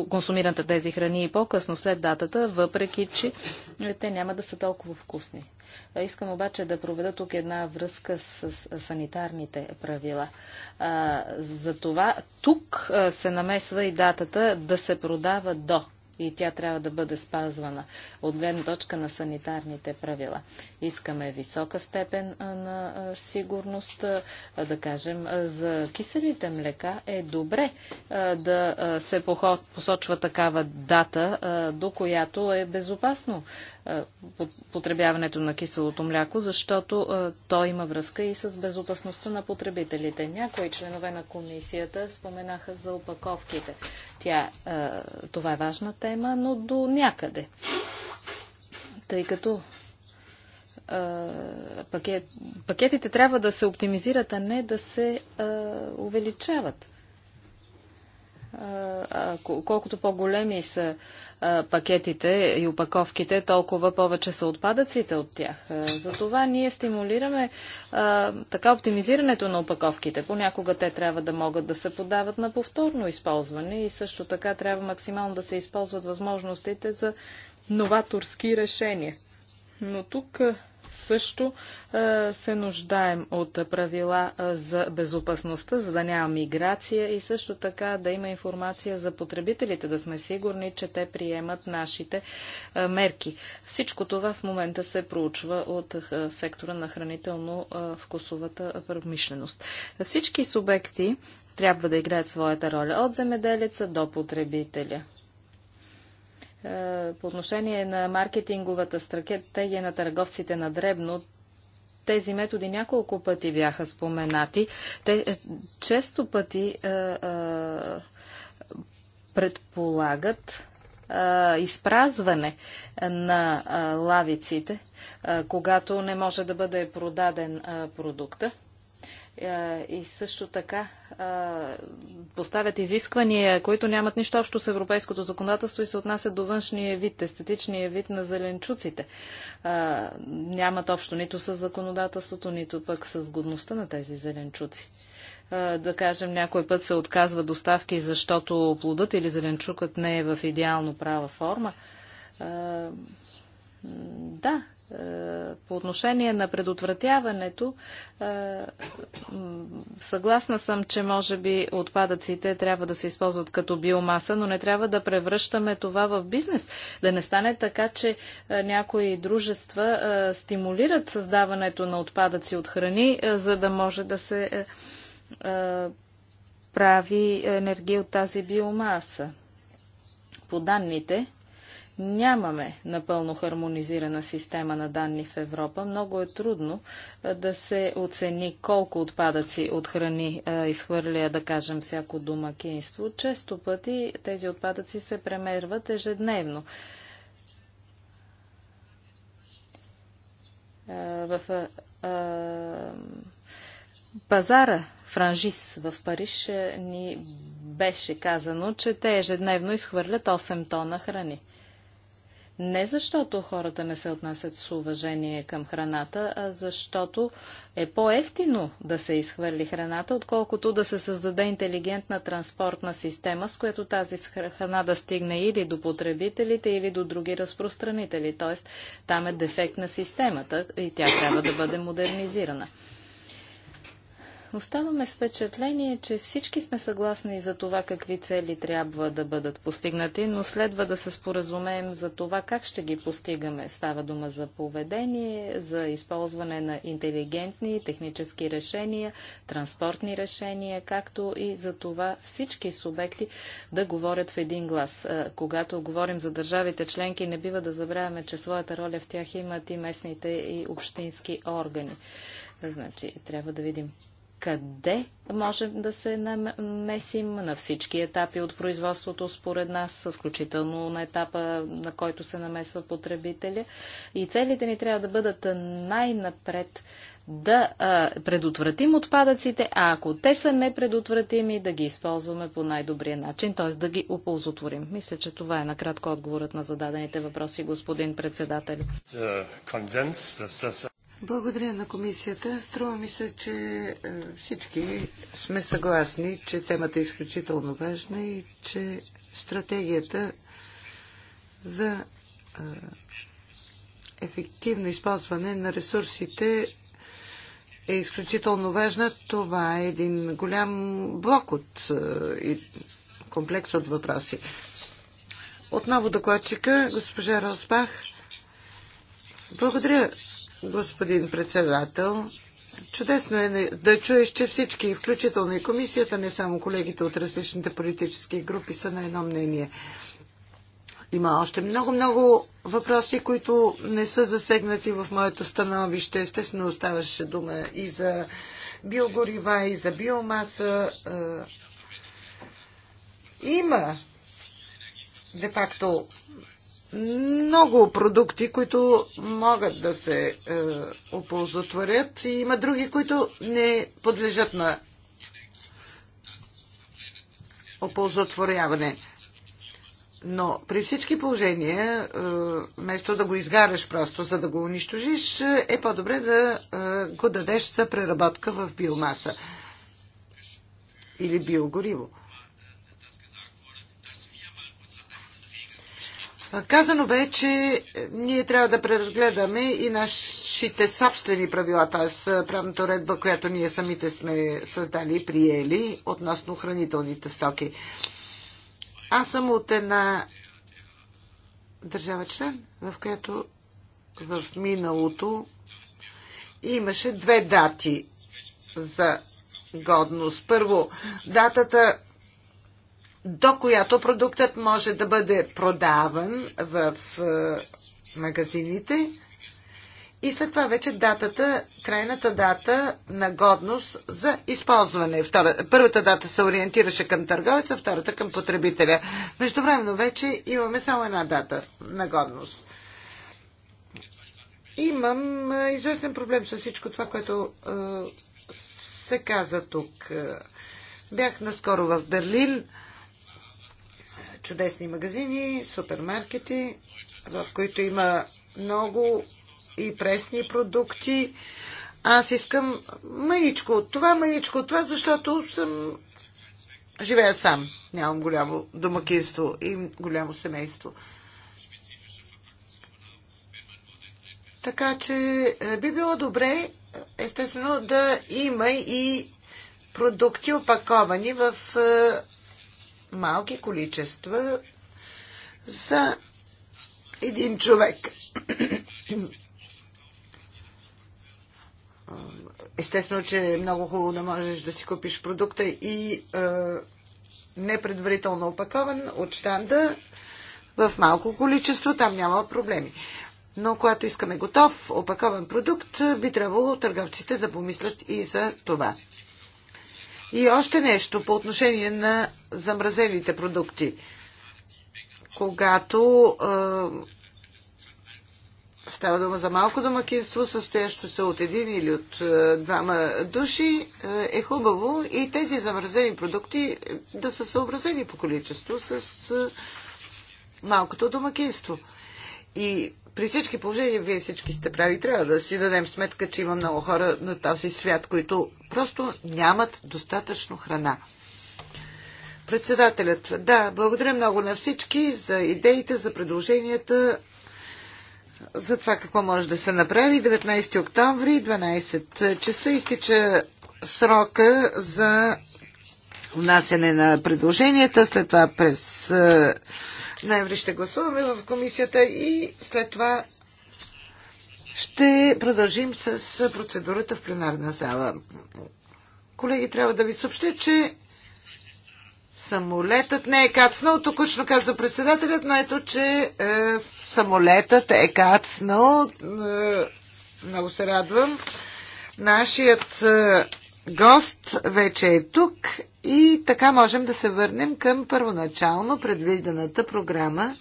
консумирате тези храни и по-късно след датата, въпреки че те няма да са толкова вкусни. Искам обаче да проведа тук една връзка с, с санитарните правила. Затова тук се намесва и датата да се продава до и тя трябва да бъде спазвана от гледна точка на санитарните правила. Искаме висока степен на сигурност, да кажем, за киселите млека е добре да се посочва такава дата, до която е безопасно е, потребяването на киселото мляко, защото е, то има връзка и с безопасността на потребителите. Някои членове на комисията споменаха за опаковките. Тя, е, това е важна тема, но до някъде. Тъй като пакет, пакетите трябва да се оптимизират, а не да се увеличават колкото по-големи са пакетите и упаковките, толкова повече са отпадъците от тях. Затова ние стимулираме така оптимизирането на упаковките. Понякога те трябва да могат да се подават на повторно използване и също така трябва максимално да се използват възможностите за новаторски решения. Но тук също се нуждаем от правила за безопасността, за да няма миграция и също така да има информация за потребителите, да сме сигурни, че те приемат нашите мерки. Всичко това в момента се проучва от сектора на хранително-вкусовата промишленост. Всички субекти трябва да играят своята роля от земеделица до потребителя. Е, по отношение на маркетинговата стратегия на търговците на дребно, тези методи няколко пъти бяха споменати. Те е, често пъти е, предполагат изпразване на лавиците, когато не може да бъде продаден продукта. Е, и също така е, поставят изисквания, които нямат нищо общо с европейското законодателство и се отнасят до външния вид, естетичния вид на зеленчуците. Е, нямат общо нито с законодателството, нито пък с годността на тези зеленчуци. Да кажем, някой път се отказва доставки, защото плодът или зеленчукът не е в идеално права форма. Да, е, по отношение на предотвратяването, е, съгласна съм, че може би отпадъците трябва да се използват като биомаса, но не трябва да превръщаме това в бизнес. Да не стане така, че е, някои дружества стимулират създаването на отпадъци от храни, за да може да се прави енергия от тази биомаса. По данните, Нямаме напълно хармонизирана система на данни в Европа. Много е трудно да се оцени колко отпадъци от храни изхвърля, да кажем, всяко домакинство. Често пъти тези отпадъци се премерват ежедневно. в пазара Франжис в Париж ни беше казано, че те ежедневно изхвърлят 8 тона храни. Не защото хората не се отнасят с уважение към храната, а защото е по-ефтино да се изхвърли храната, отколкото да се създаде интелигентна транспортна система, с която тази храна да стигне или до потребителите, или до други разпространители. Тоест, там е дефект на системата и тя трябва да бъде модернизирана оставаме с впечатление, че всички сме съгласни за това какви цели трябва да бъдат постигнати, но следва да се споразумеем за това как ще ги постигаме. Става дума за поведение, за използване на интелигентни технически решения, транспортни решения, както и за това всички субекти да говорят в един глас. Когато говорим за държавите членки, не бива да забравяме, че своята роля в тях имат и местните и общински органи. Значи, трябва да видим къде можем да се намесим на всички етапи от производството, според нас, включително на етапа, на който се намесва потребителя. И целите ни трябва да бъдат най-напред да а, предотвратим отпадъците, а ако те са непредотвратими, да ги използваме по най-добрия начин, т.е. да ги оползотворим. Мисля, че това е накратко отговорът на зададените въпроси, господин председател. Е, благодаря на комисията. Струва ми се, че е, всички сме съгласни, че темата е изключително важна и че стратегията за е, ефективно използване на ресурсите е изключително важна. Това е един голям блок от е, комплекс от въпроси. Отново докладчика, госпожа Росбах. Благодаря господин председател. Чудесно е да чуеш, че всички, включително и комисията, не само колегите от различните политически групи, са на едно мнение. Има още много-много въпроси, които не са засегнати в моето становище. Естествено, оставаше дума и за биогорива, и за биомаса. Е, има де-факто много продукти, които могат да се е, оползотворят и има други, които не подлежат на оползотворяване. Но при всички положения, е, вместо да го изгаряш просто, за да го унищожиш, е по-добре да е, го дадеш за преработка в биомаса или биогориво. Казано бе, че ние трябва да преразгледаме и нашите собствени правила, т.е. правната редба, която ние самите сме създали и приели относно хранителните стоки. Аз съм от една държава член, в която в миналото имаше две дати за годност. Първо, датата до която продуктът може да бъде продаван в е, магазините и след това вече датата, крайната дата на годност за използване. Втора, първата дата се ориентираше към търговеца, втората към потребителя. Междувременно вече имаме само една дата на годност. Имам е, известен проблем с всичко това, което е, се каза тук. Бях наскоро в Берлин чудесни магазини, супермаркети, в които има много и пресни продукти. Аз искам мъничко от това, мъничко от това, защото съм живея сам. Нямам голямо домакинство и голямо семейство. Така че е, би било добре, естествено, да има и продукти опаковани в е, малки количества за един човек. Естествено, че е много хубаво да можеш да си купиш продукта и е, непредварително опакован от штанда в малко количество, там няма проблеми. Но когато искаме готов, опакован продукт, би трябвало търговците да помислят и за това. И още нещо по отношение на замразените продукти. Когато е, става дума за малко домакинство, състоящо се от един или от е, двама души, е, е хубаво и тези замразени продукти да са съобразени по количество с е, малкото домакинство. И при всички положения вие всички сте прави. Трябва да си дадем сметка, че има много хора на този свят, които просто нямат достатъчно храна. Председателят, да, благодаря много на всички за идеите, за предложенията, за това какво може да се направи. 19 октомври, 12 часа, изтича срока за внасяне на предложенията, след това през Ноември ще гласуваме в комисията и след това ще продължим с процедурата в пленарна зала. Колеги, трябва да ви съобщя, че самолетът не е кацнал, току-що каза председателят, но ето, че е, самолетът е кацнал. Е, много се радвам. Нашият е, гост вече е тук и така можем да се върнем към първоначално предвидената програма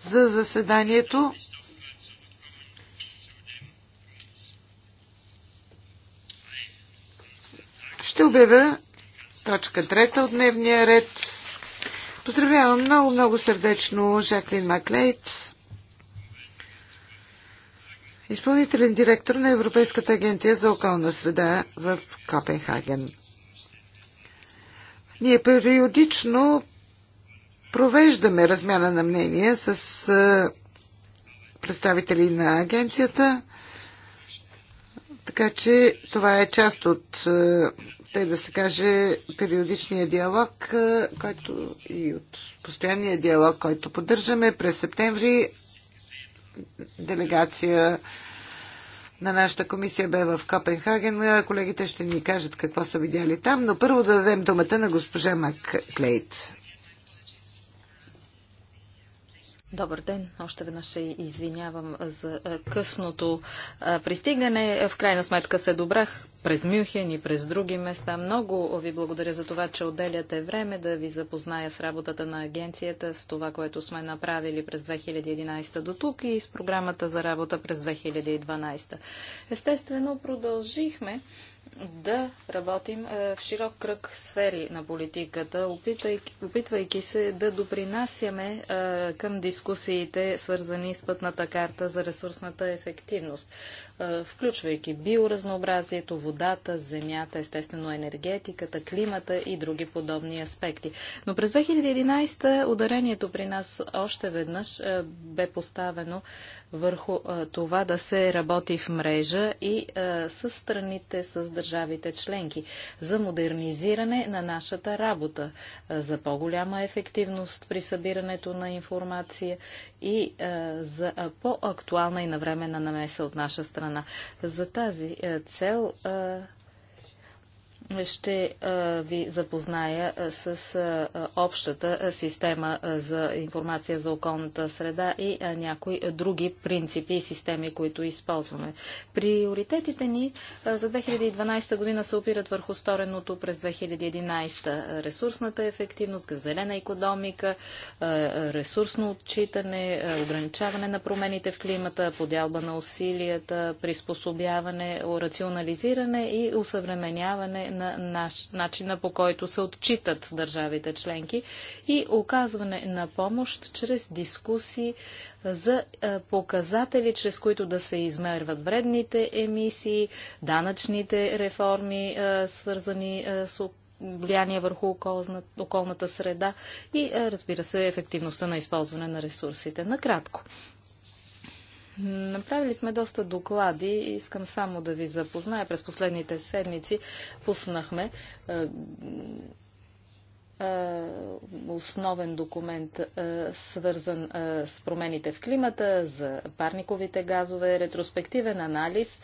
за заседанието. Ще обявя точка трета от дневния ред. Поздравявам много, много сърдечно Жаклин Маклейт, изпълнителен директор на Европейската агенция за околна среда в Копенхаген. Ние периодично провеждаме размяна на мнения с представители на агенцията, така че това е част от, тъй да се каже, периодичния диалог, който и от постоянния диалог, който поддържаме през септември делегация на нашата комисия бе в Копенхаген. Колегите ще ни кажат какво са видяли там, но първо да дадем думата на госпожа Мак Клейт. Добър ден. Още веднъж се извинявам за късното пристигане. В крайна сметка се добрах през Мюхен и през други места. Много ви благодаря за това, че отделяте време да ви запозная с работата на агенцията, с това, което сме направили през 2011 до тук и с програмата за работа през 2012. Естествено, продължихме да работим в широк кръг сфери на политиката, опитвайки, опитвайки се да допринасяме към дискусията дискусиите, свързани с пътната карта за ресурсната ефективност. Е, включвайки биоразнообразието, водата, земята, естествено енергетиката, климата и други подобни аспекти. Но през 2011 ударението при нас още веднъж е, бе поставено върху е, това да се работи в мрежа и с страните, с държавите членки за модернизиране на нашата работа, за по-голяма ефективност при събирането на информация и за по-актуална и навременна намеса от наша страна страна. За тази е, цел е, ще ви запозная с общата система за информация за околната среда и някои други принципи и системи, които използваме. Приоритетите ни за 2012 година се опират върху стореното през 2011 ресурсната ефективност, зелена економика, ресурсно отчитане, ограничаване на промените в климата, подялба на усилията, приспособяване, рационализиране и усъвременяване на наш, начина по който се отчитат държавите членки и оказване на помощ чрез дискусии за показатели, чрез които да се измерват вредните емисии, данъчните реформи, свързани с влияние върху околната среда и, разбира се, ефективността на използване на ресурсите. Накратко, Направили сме доста доклади. и Искам само да ви запозная. През последните седмици пуснахме е, е, основен документ, е, свързан с промените в климата, за парниковите газове, ретроспективен анализ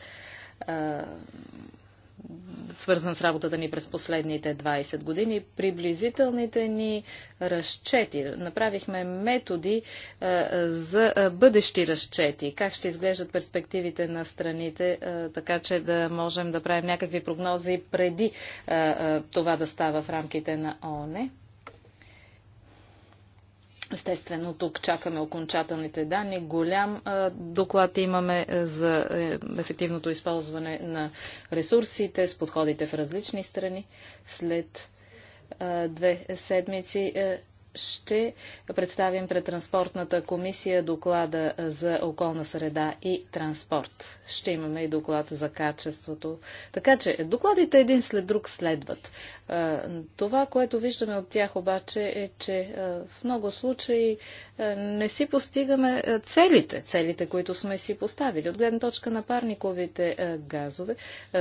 свързан с работата ни през последните 20 години. Приблизителните ни разчети. Направихме методи е, за е, бъдещи разчети. Как ще изглеждат перспективите на страните, е, така че да можем да правим някакви прогнози преди това да става в рамките на ООН. Естествено, тук чакаме окончателните данни. Голям а, доклад имаме е, за е, ефективното използване на ресурсите с подходите в различни страни. След а, две седмици а, е, ще представим пред Транспортната комисия доклада за околна среда и транспорт. Ще имаме и доклад за качеството. Така че докладите един след друг следват. Това, което виждаме от тях обаче е, че в много случаи не си постигаме целите, целите, които сме си поставили. От гледна точка на парниковите газове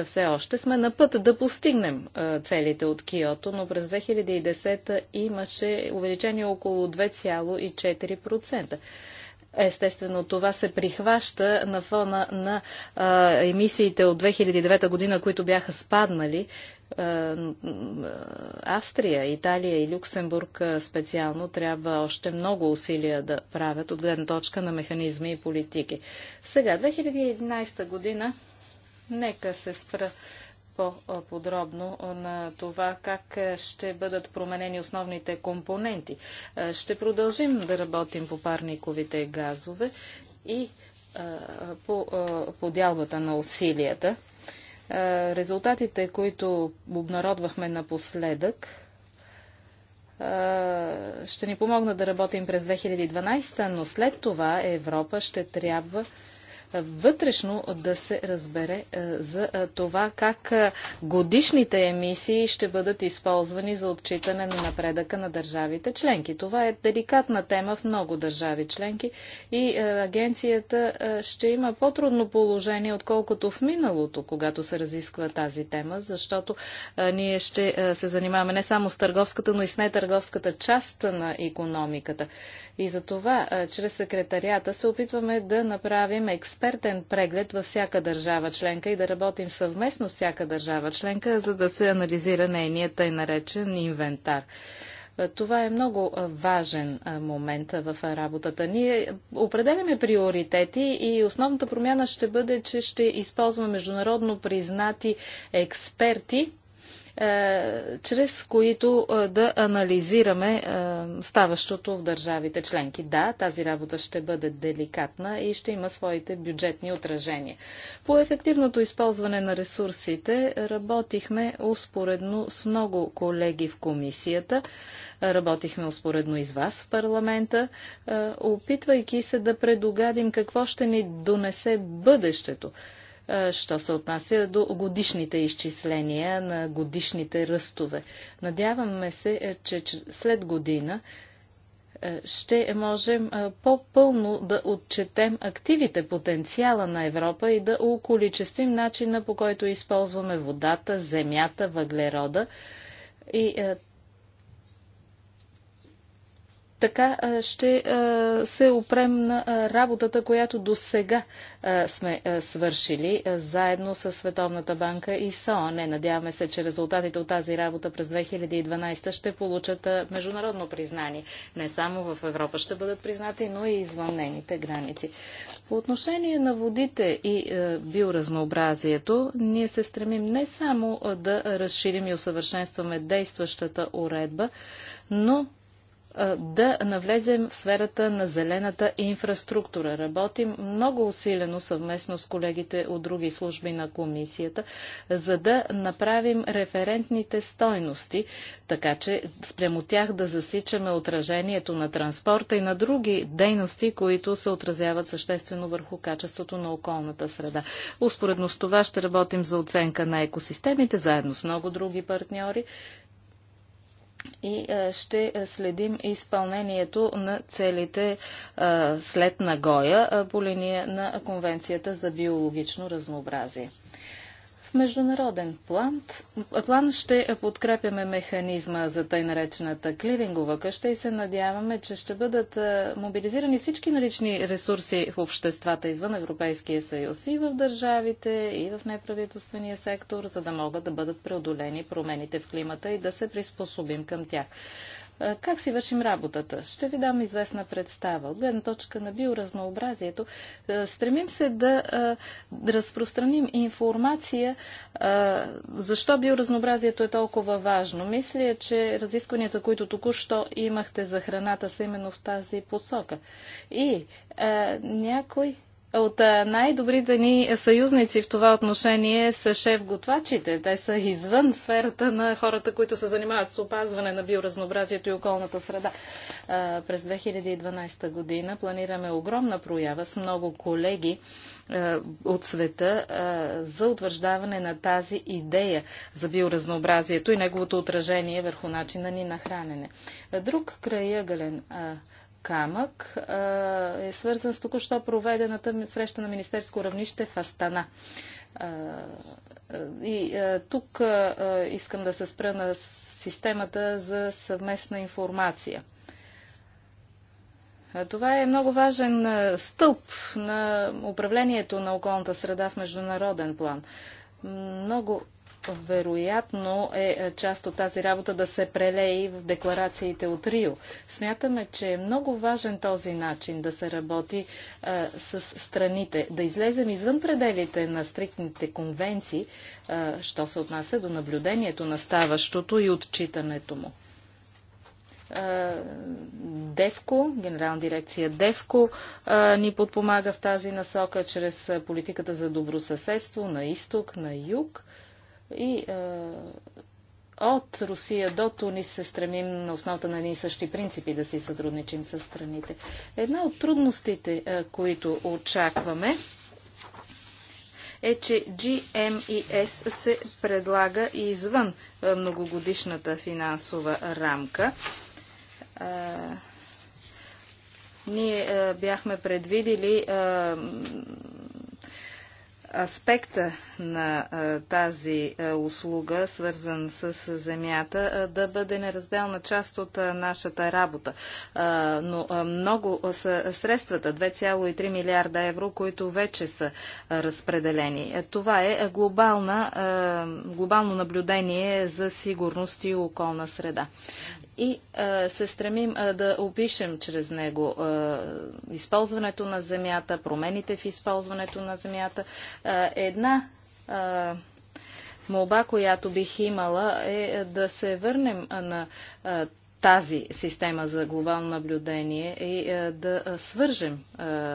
все още сме на път да постигнем целите от Киото, но през 2010 имаше увеличение увеличение около 2,4%. Естествено, това се прихваща на фона на а, емисиите от 2009 година, които бяха спаднали. Австрия, Италия и Люксембург специално трябва още много усилия да правят от гледна точка на механизми и политики. Сега, 2011 година, нека се спра по-подробно на това как ще бъдат променени основните компоненти. Ще продължим да работим по парниковите газове и по подялбата на усилията. Резултатите, които обнародвахме напоследък, ще ни помогнат да работим през 2012, но след това Европа ще трябва вътрешно да се разбере е, за е, това как е, годишните емисии ще бъдат използвани за отчитане на напредъка на държавите членки. Това е деликатна тема в много държави членки и агенцията ще има по-трудно положение, отколкото в миналото, когато се разисква тази тема, защото ние ще се занимаваме не само с търговската, но и с нетърговската част на економиката. И за това, чрез секретарията, се опитваме да направим експертен преглед във всяка държава членка и да работим съвместно с всяка държава членка, за да се анализира нейният тъй наречен инвентар. Това е много важен момент в работата. Ние определяме приоритети и основната промяна ще бъде, че ще използваме международно признати експерти, е, чрез които е, да анализираме е, ставащото в държавите членки. Да, тази работа ще бъде деликатна и ще има своите бюджетни отражения. По ефективното използване на ресурсите работихме успоредно с много колеги в комисията, работихме успоредно и с вас в парламента, опитвайки се да предугадим какво ще ни донесе бъдещето що се отнася до годишните изчисления на годишните ръстове. Надяваме се, е, че след година е, ще можем е, по-пълно да отчетем активите, потенциала на Европа и да околичествим начина по който използваме водата, земята, въглерода. И така ще се опрем на работата, която до сега сме свършили заедно с Световната банка и СОН. Надяваме се, че резултатите от тази работа през 2012 ще получат международно признание. Не само в Европа ще бъдат признати, но и извън нейните граници. По отношение на водите и биоразнообразието, ние се стремим не само да разширим и усъвършенстваме действащата уредба, но да навлезем в сферата на зелената инфраструктура. Работим много усилено съвместно с колегите от други служби на комисията, за да направим референтните стойности, така че спрямо тях да засичаме отражението на транспорта и на други дейности, които се отразяват съществено върху качеството на околната среда. Успоредно с това ще работим за оценка на екосистемите, заедно с много други партньори, и е, ще следим изпълнението на целите е, след Нагоя е, по линия на Конвенцията за биологично разнообразие международен план, план ще подкрепяме механизма за тъй наречената клирингова къща и се надяваме, че ще бъдат е, мобилизирани всички налични ресурси в обществата извън Европейския съюз и в държавите, и в неправителствения сектор, за да могат да бъдат преодолени промените в климата и да се приспособим към тях. Е, как си вършим работата? Ще ви дам известна представа. От гледна точка на биоразнообразието, е, стремим се да, е, да разпространим информация защо биоразнообразието е толкова важно. Мисля, че разискванията, които току-що имахте за храната, са именно в тази посока. И някой от най-добрите ни съюзници в това отношение са шеф-готвачите. Те са извън сферата на хората, които се занимават с опазване на биоразнообразието и околната среда. през 2012 година планираме огромна проява с много колеги от света за утвърждаване на тази идея за биоразнообразието и неговото отражение върху начина ни на хранене. Друг краягален камък а, е свързан с току-що проведената среща на министерско равнище в Астана. А, и а, тук искам да се спра на системата за съвместна информация. Това е много важен стълб на управлението на околната среда в международен план. Много вероятно е, е част от тази работа да се прелее в декларациите от Рио. Смятаме, че е много важен този начин да се работи а, е, с страните, да излезем извън пределите на стриктните конвенции, а, е, що се отнася до наблюдението на ставащото и отчитането му. ДЕВКО, генерална дирекция ДЕВКО, ни подпомага в тази насока чрез политиката за добросъседство на изток, на юг. И е, от Русия до Тунис се стремим на основата на едни същи принципи да си сътрудничим с страните. Една от трудностите, е, които очакваме, е, че GMES се предлага извън е, многогодишната финансова рамка. Е, ние е, бяхме предвидили е, аспекта на тази услуга, свързан с земята, да бъде неразделна част от нашата работа. Но много са средствата, 2,3 милиарда евро, които вече са разпределени. Това е глобална, глобално наблюдение за сигурност и околна среда и а, се стремим а, да опишем чрез него а, използването на земята, промените в използването на земята. А, една молба, която бих имала е да се върнем на тази система за глобално наблюдение и да свържем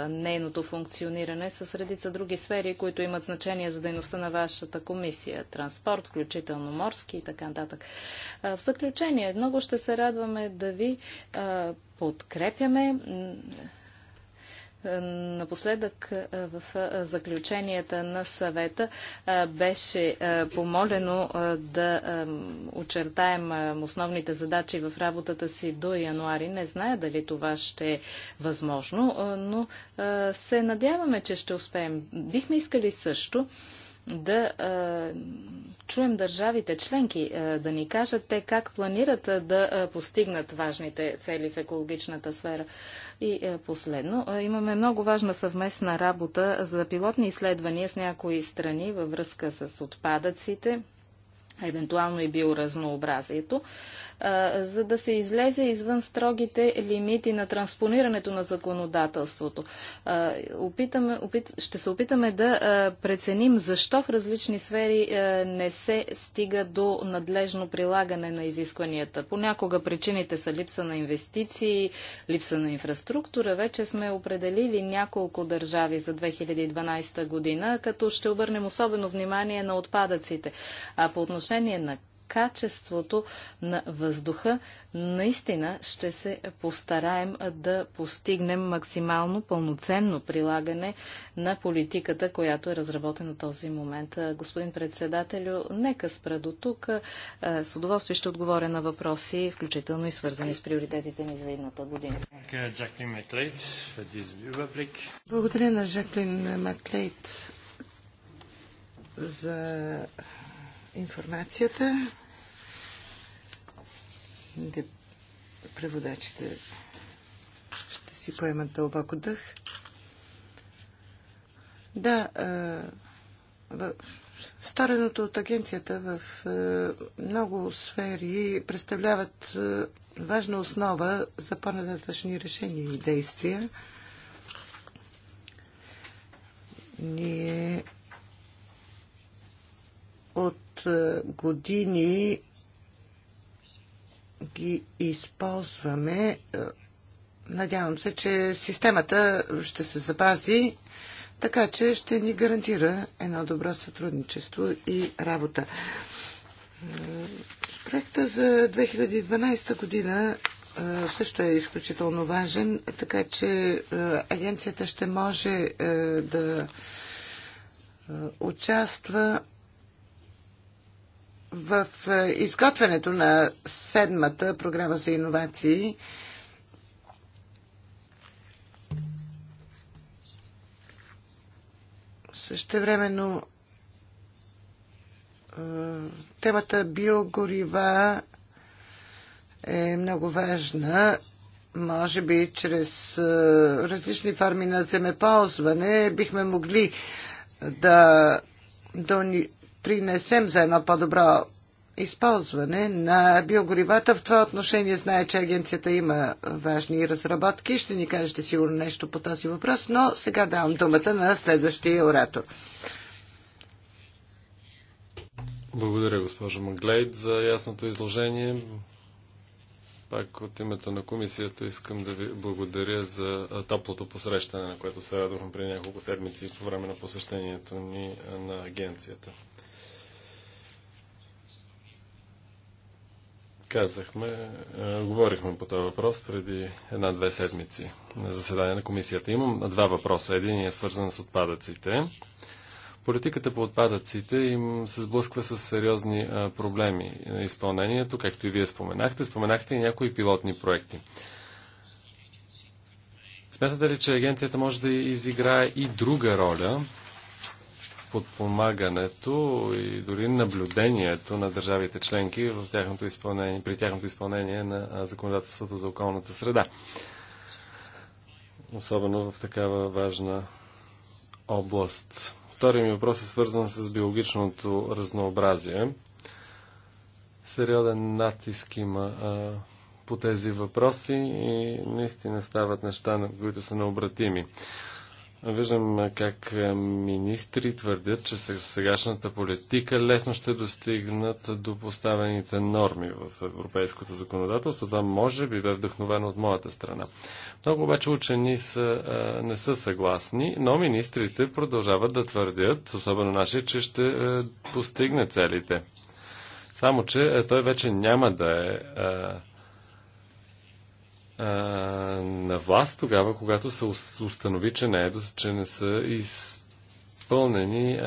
нейното функциониране с редица други сфери, които имат значение за дейността на вашата комисия. Транспорт, включително морски и така нататък. В заключение, много ще се радваме да ви подкрепяме. Напоследък в заключенията на съвета беше помолено да очертаем основните задачи в работата си до януари. Не зная дали това ще е възможно, но се надяваме, че ще успеем. Бихме искали също да чуем държавите членки да ни кажат те как планират да постигнат важните цели в екологичната сфера. И последно, имаме много важна съвместна работа за пилотни изследвания с някои страни във връзка с отпадъците, евентуално и биоразнообразието, за да се излезе извън строгите лимити на транспонирането на законодателството. опитаме, опит, ще се опитаме да преценим защо в различни сфери не се стига до надлежно прилагане на изискванията. Понякога причините са липса на инвестиции, липса на инфраструктура. Вече сме определили няколко държави за 2012 година, като ще обърнем особено внимание на отпадъците. А по отношение отношение на качеството на въздуха, наистина ще се постараем да постигнем максимално пълноценно прилагане на политиката, която е разработена този момент. Господин председателю, нека спра до тук. С удоволствие ще отговоря на въпроси, включително и свързани с приоритетите ни за едната година. Благодаря на Жаклин Маклейт за информацията. Преводачите ще си поемат дълбоко дъх. Да, в стореното от агенцията в много сфери представляват важна основа за по-нататъчни решения и действия. Ние от е, години ги използваме. Е, надявам се, че системата ще се запази, така че ще ни гарантира едно добро сътрудничество и работа. Е, проекта за 2012 година също е изключително важен, така че агенцията ще може да участва в е, изготвянето на седмата програма за иновации същевременно е, темата биогорива е много важна. Може би чрез е, различни форми на земеползване бихме могли да, да допринесем за едно по-добро използване на биогоривата. В това отношение знае, че агенцията има важни разработки. Ще ни кажете сигурно нещо по този въпрос, но сега давам думата на следващия оратор. Благодаря, госпожо Маглейд, за ясното изложение. Пак от името на комисията искам да ви благодаря за топлото посрещане, на което се радвам при няколко седмици по време на посещението ни на агенцията. казахме, говорихме по този въпрос преди една-две седмици на заседание на комисията. Имам два въпроса. Един е свързан с отпадъците. Политиката по отпадъците им се сблъсква с сериозни проблеми на изпълнението, както и вие споменахте. Споменахте и някои пилотни проекти. Смятате ли, че агенцията може да изиграе и друга роля подпомагането и дори наблюдението на държавите членки в тяхното изпълнение, при тяхното изпълнение на законодателството за околната среда. Особено в такава важна област. Вторият ми въпрос е свързан с биологичното разнообразие. Сериоден натиск има а, по тези въпроси и наистина стават неща, които са необратими. Виждам как министри твърдят, че сегашната политика лесно ще достигнат до поставените норми в европейското законодателство. Това може би бе вдъхновено от моята страна. Много обаче учени са, не са съгласни, но министрите продължават да твърдят, особено наши, че ще постигне целите. Само, че той вече няма да е на власт тогава, когато се установи, че не, е, че не са изпълнени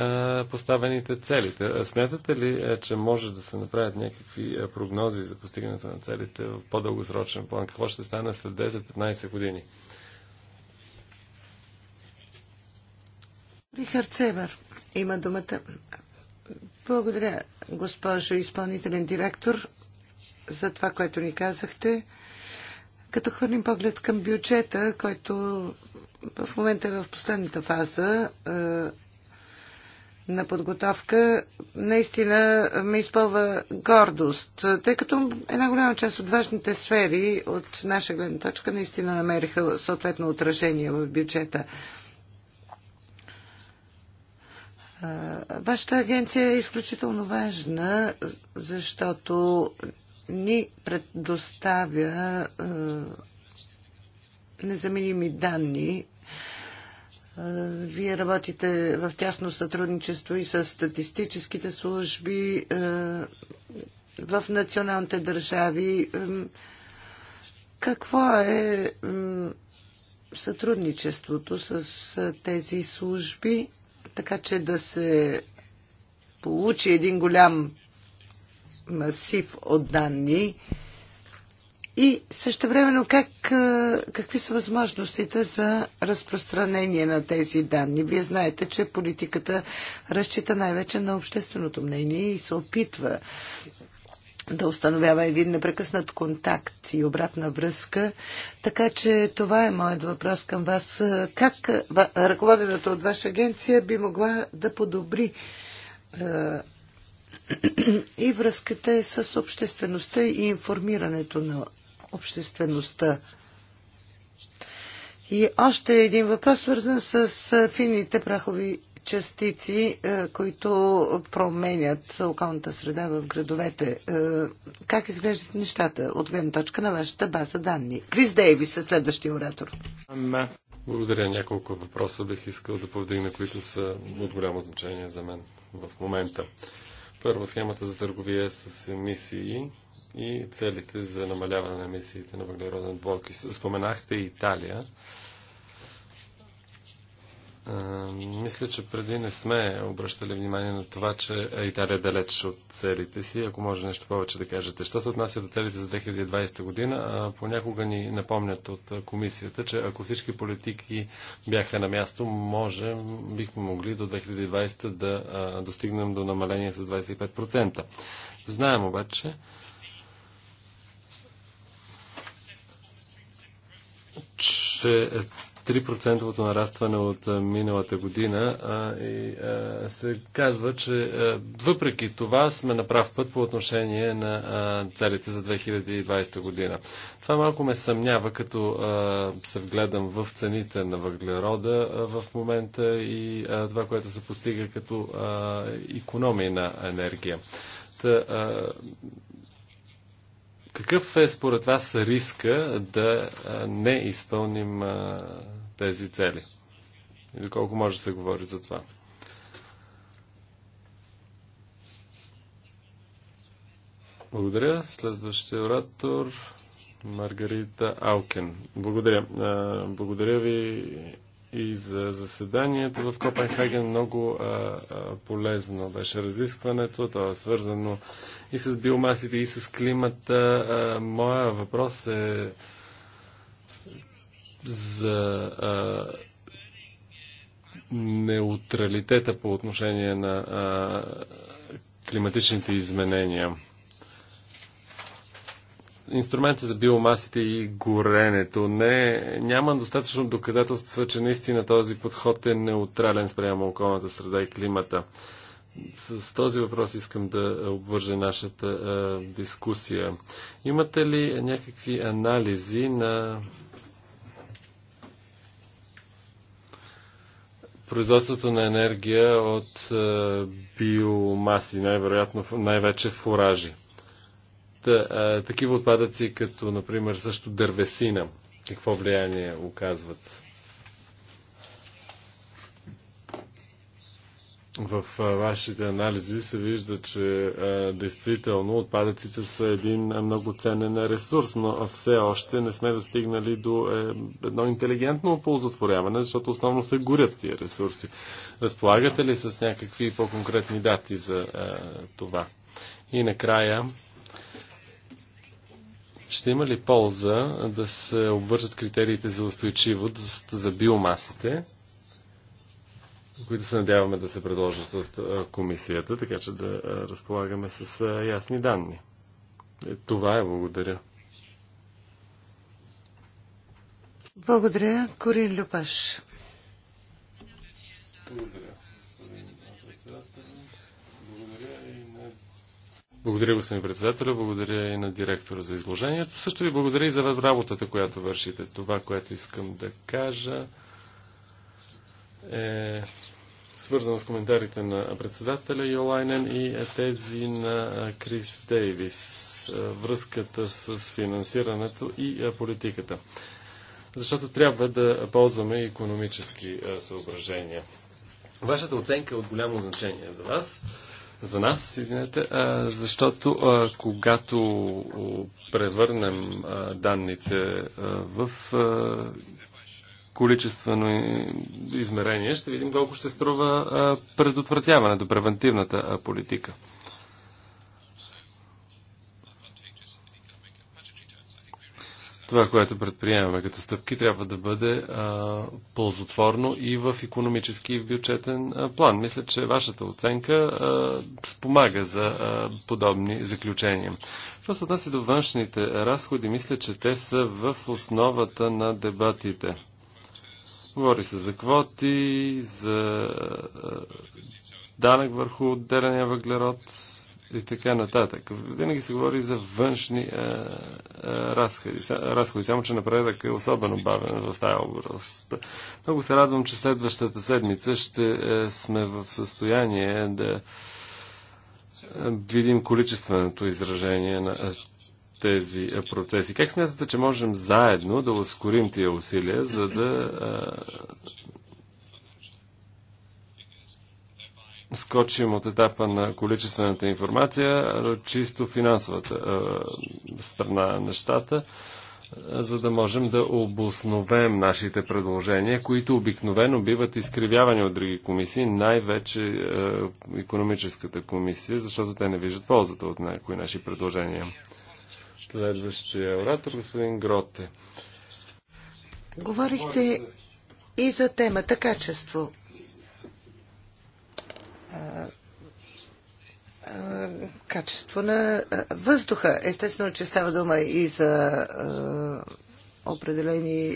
поставените целите. Смятате ли, че може да се направят някакви прогнози за постигането на целите в по-дългосрочен план? Какво ще стане след 10-15 години? Рихард Себер има думата. Благодаря, госпожо изпълнителен директор, за това, което ни казахте. Като хвърлим поглед към бюджета, който в момента е в последната фаза е, на подготовка, наистина ме изпълва гордост, тъй като една голяма част от важните сфери от наша гледна точка наистина намериха съответно отражение в бюджета. Вашата агенция е изключително важна, защото ни предоставя е, незаменими данни. Е, вие работите в тясно сътрудничество и с статистическите служби е, в националните държави. Е, какво е сътрудничеството с тези служби, така че да се получи един голям масив от данни и също времено как, какви са възможностите за разпространение на тези данни? Вие знаете, че политиката разчита най-вече на общественото мнение и се опитва да установява един непрекъснат контакт и обратна връзка. Така че това е моят въпрос към вас. Как ръководената от ваша агенция би могла да подобри и връзката е с обществеността и информирането на обществеността. И още един въпрос, свързан с финните прахови частици, които променят околната среда в градовете. Как изглеждат нещата от гледна точка на вашата база данни? Крис Дейвис е следващия оратор. Благодаря. Няколко въпроса бих искал да повдигна, които са от голямо значение за мен в момента. Първо схемата за търговия с емисии и целите за намаляване на емисиите на въглероден двуокис. Споменахте Италия мисля, че преди не сме обръщали внимание на това, че Италия е далеч от целите си. Ако може нещо повече да кажете. Що се отнася до целите за 2020 година, понякога ни напомнят от комисията, че ако всички политики бяха на място, може, бихме могли до 2020 да достигнем до намаление с 25%. Знаем обаче, че 3% нарастване от миналата година а, и а, се казва, че а, въпреки това сме на прав път по отношение на а, целите за 2020 година. Това малко ме съмнява, като а, се вгледам в цените на въглерода а, в момента и а, това, което се постига като а, економия на енергия. Та, а, какъв е според вас риска да не изпълним а, тези цели? И доколко може да се говори за това? Благодаря. Следващия оратор Маргарита Аукен. Благодаря. Благодаря ви и за заседанието в Копенхаген. Много а, а, полезно беше разискването. То е свързано и с биомасите, и с климата. А, моя въпрос е за а, неутралитета по отношение на а, климатичните изменения инструмента за биомасите и горенето. Не, няма достатъчно доказателства, че наистина този подход е неутрален спрямо околната среда и климата. С този въпрос искам да обвържа нашата а, дискусия. Имате ли някакви анализи на производството на енергия от а, биомаси, най-вероятно най-вече фуражи? Та, а, такива отпадъци, като например също дървесина, какво влияние оказват? В а, вашите анализи се вижда, че а, действително отпадъците са един много ценен ресурс, но все още не сме достигнали до е, едно интелигентно ползотворяване, защото основно се горят тия ресурси. Разполагате ли с някакви по-конкретни дати за а, това? И накрая, ще има ли полза да се обвържат критериите за устойчивост за биомасите, които се надяваме да се предложат от комисията, така че да разполагаме с ясни данни? Е, това е, благодаря. Благодаря, Корин Люпаш. Благодаря. Благодаря, господин председателя, благодаря и на директора за изложението. Също ви благодаря и за работата, която вършите. Това, което искам да кажа е свързано с коментарите на председателя Йолайнен и е тези на Крис Дейвис. Връзката с финансирането и политиката. Защото трябва да ползваме економически съображения. Вашата оценка е от голямо значение за вас за нас, извинете, защото когато превърнем данните в количествено измерение, ще видим колко ще струва предотвратяването, превентивната политика. това, което предприемаме като стъпки, трябва да бъде а, ползотворно и в економически и в бюджетен а, план. Мисля, че вашата оценка а, спомага за а, подобни заключения. Що се отнася до външните разходи, мисля, че те са в основата на дебатите. Говори се за квоти, за а, данък върху отделения въглерод, и така нататък. Винаги се говори за външни а, а, разходи, разходи, само че напредък е особено бавен в тази област. Много се радвам, че следващата седмица ще е, сме в състояние да е, видим количественото изражение на е, тези процеси. Как смятате, че можем заедно да ускорим тия усилия, за да скочим от етапа на количествената информация, чисто финансовата страна на нещата, за да можем да обосновем нашите предложения, които обикновено биват изкривявани от други комисии, най-вече економическата комисия, защото те не виждат ползата от някои наши предложения. Следващия оратор, господин Гроте. Говорихте и за темата качество качество на въздуха. Естествено, че става дума и за определени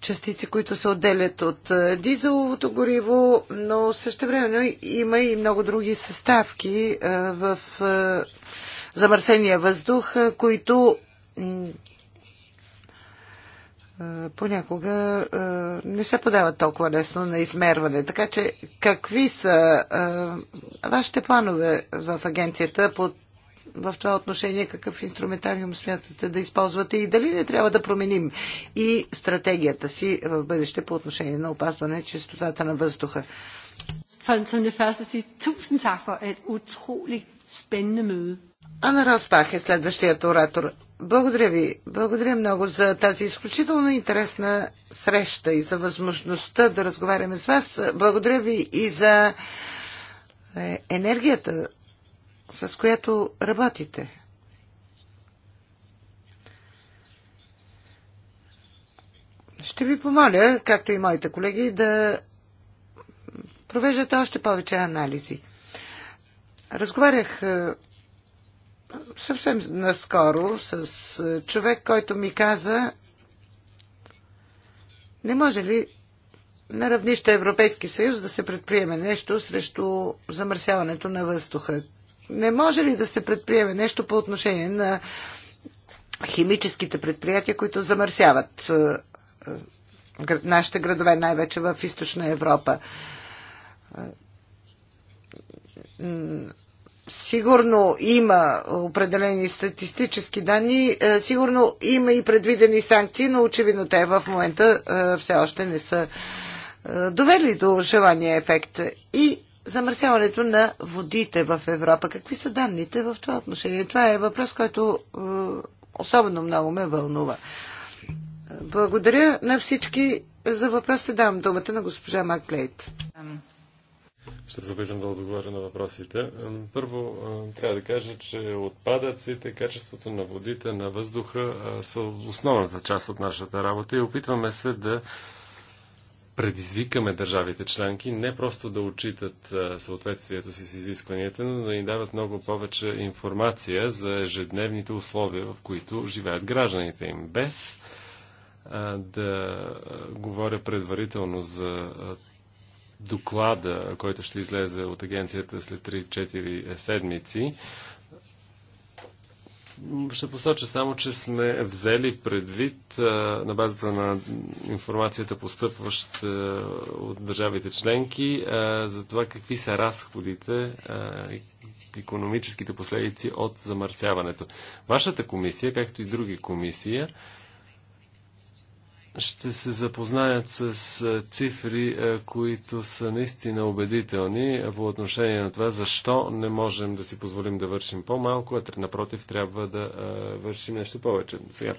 частици, които се отделят от дизеловото гориво, но също време има и много други съставки в замърсения въздух, които понякога не се подават толкова лесно на измерване. Така че, какви са вашите планове в агенцията по в това отношение какъв инструментариум смятате да използвате и дали не трябва да променим и стратегията си в бъдеще по отношение на опазване чистотата на въздуха. Анна Роспах е следващият оратор. Благодаря ви. Благодаря много за тази изключително интересна среща и за възможността да разговаряме с вас. Благодаря ви и за е, енергията, с която работите. Ще ви помоля, както и моите колеги, да провеждате още повече анализи. Разговарях е, съвсем наскоро с е, човек, който ми каза, не може ли на равнище Европейски съюз да се предприеме нещо срещу замърсяването на въздуха? Не може ли да се предприеме нещо по отношение на химическите предприятия, които замърсяват е, е, нашите градове, най-вече в източна Европа? Сигурно има определени статистически данни, е, сигурно има и предвидени санкции, но очевидно те в момента е, все още не са е, довели до желания ефект. И замърсяването на водите в Европа. Какви са данните в това отношение? Това е въпрос, който особено много ме вълнува. Благодаря на всички за въпросите. Давам думата на госпожа Маклейт. Ще се опитам да отговоря на въпросите. Първо, трябва да кажа, че отпадъците, качеството на водите, на въздуха са основната част от нашата работа и опитваме се да предизвикаме държавите членки не просто да отчитат съответствието си с изискванията, но да ни дават много повече информация за ежедневните условия, в които живеят гражданите им. Без да говоря предварително за доклада, който ще излезе от агенцията след 3-4 седмици, ще посоча само, че сме взели предвид на базата на информацията, постъпваща от държавите членки, за това какви са разходите и економическите последици от замърсяването. Вашата комисия, както и други комисия, ще се запознаят с цифри, които са наистина убедителни по отношение на това, защо не можем да си позволим да вършим по-малко, а напротив трябва да вършим нещо повече. Сега,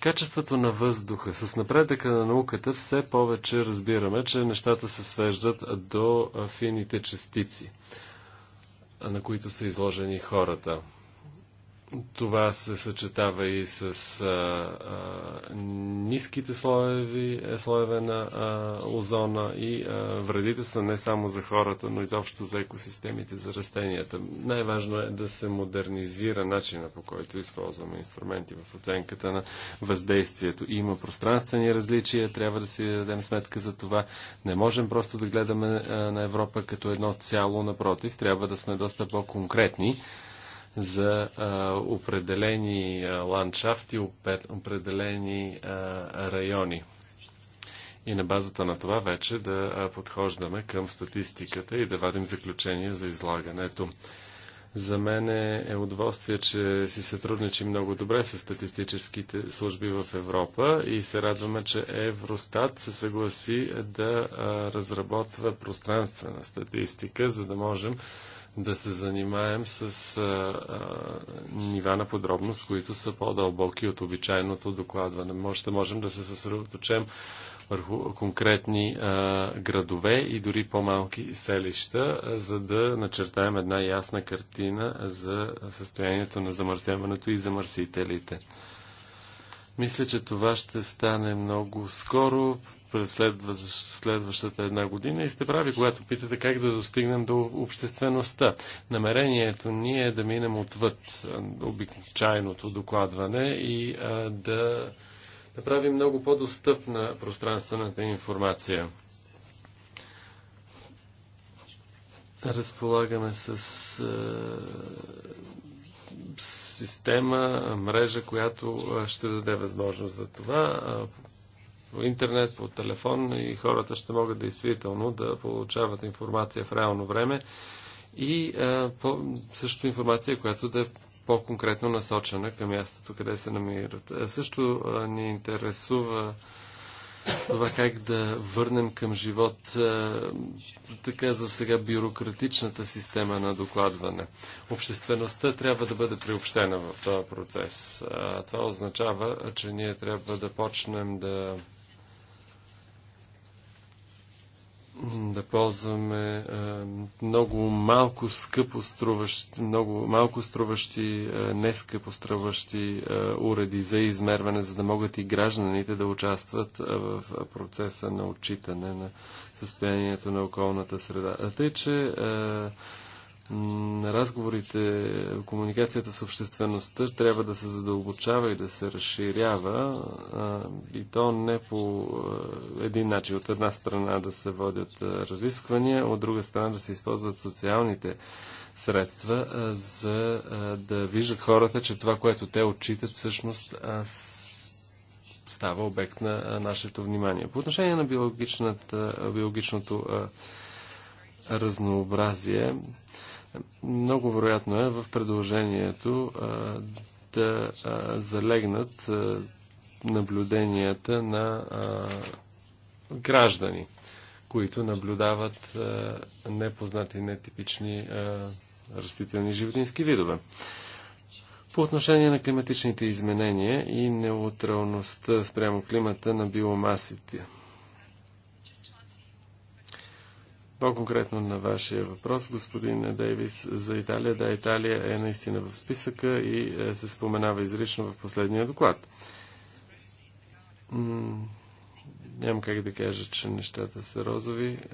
качеството на въздуха. С напредъка на науката все повече разбираме, че нещата се свеждат до фините частици, на които са изложени хората. Това се съчетава и с а, а, ниските слоеви, е, слоеве на а, озона и а, вредите са не само за хората, но изобщо за екосистемите, за растенията. Най-важно е да се модернизира начина по който използваме инструменти в оценката на въздействието. Има пространствени различия, трябва да си дадем сметка за това. Не можем просто да гледаме а, на Европа като едно цяло, напротив, трябва да сме доста по-конкретни за а, определени а, ландшафти, определени а, райони. И на базата на това вече да подхождаме към статистиката и да вадим заключения за излагането. За мен е удоволствие, че си сътрудничи много добре с статистическите служби в Европа и се радваме, че Евростат се съгласи да разработва пространствена статистика, за да можем да се занимаем с а, а, нива на подробност, които са по-дълбоки от обичайното докладване. Може да можем да се съсредоточим върху конкретни а, градове и дори по-малки селища, а, за да начертаем една ясна картина за състоянието на замърсяването и замърсителите. Мисля, че това ще стане много скоро през следващ, следващата една година и сте прави, когато питате как да достигнем до обществеността. Намерението ни е да минем отвъд обичайното докладване и а, да направим много по-достъпна пространствената информация. Разполагаме с, с система, мрежа, която ще даде възможност за това интернет, по телефон и хората ще могат действително да получават информация в реално време и а, по, също информация, която да е по-конкретно насочена към мястото, къде се намират. А също а, ни интересува това как да върнем към живот а, така за сега бюрократичната система на докладване. Обществеността трябва да бъде приобщена в този процес. А, това означава, че ние трябва да почнем да да ползваме а, много малко скъпо струващи, много малко струващи, а, не скъпо струващи а, уреди за измерване, за да могат и гражданите да участват в процеса на отчитане на състоянието на околната среда. А тъй, че разговорите, комуникацията с обществеността трябва да се задълбочава и да се разширява и то не по един начин. От една страна да се водят разисквания, от друга страна да се използват социалните средства, за да виждат хората, че това, което те отчитат, всъщност става обект на нашето внимание. По отношение на биологичното разнообразие, много вероятно е в предложението да залегнат наблюденията на граждани, които наблюдават непознати, нетипични растителни животински видове. По отношение на климатичните изменения и неутралността спрямо климата на биомасите – По-конкретно на вашия въпрос, господин Дейвис, за Италия. Да, Италия е наистина в списъка и е, се споменава изрично в последния доклад. Няма как да кажа, че нещата са розови. Е,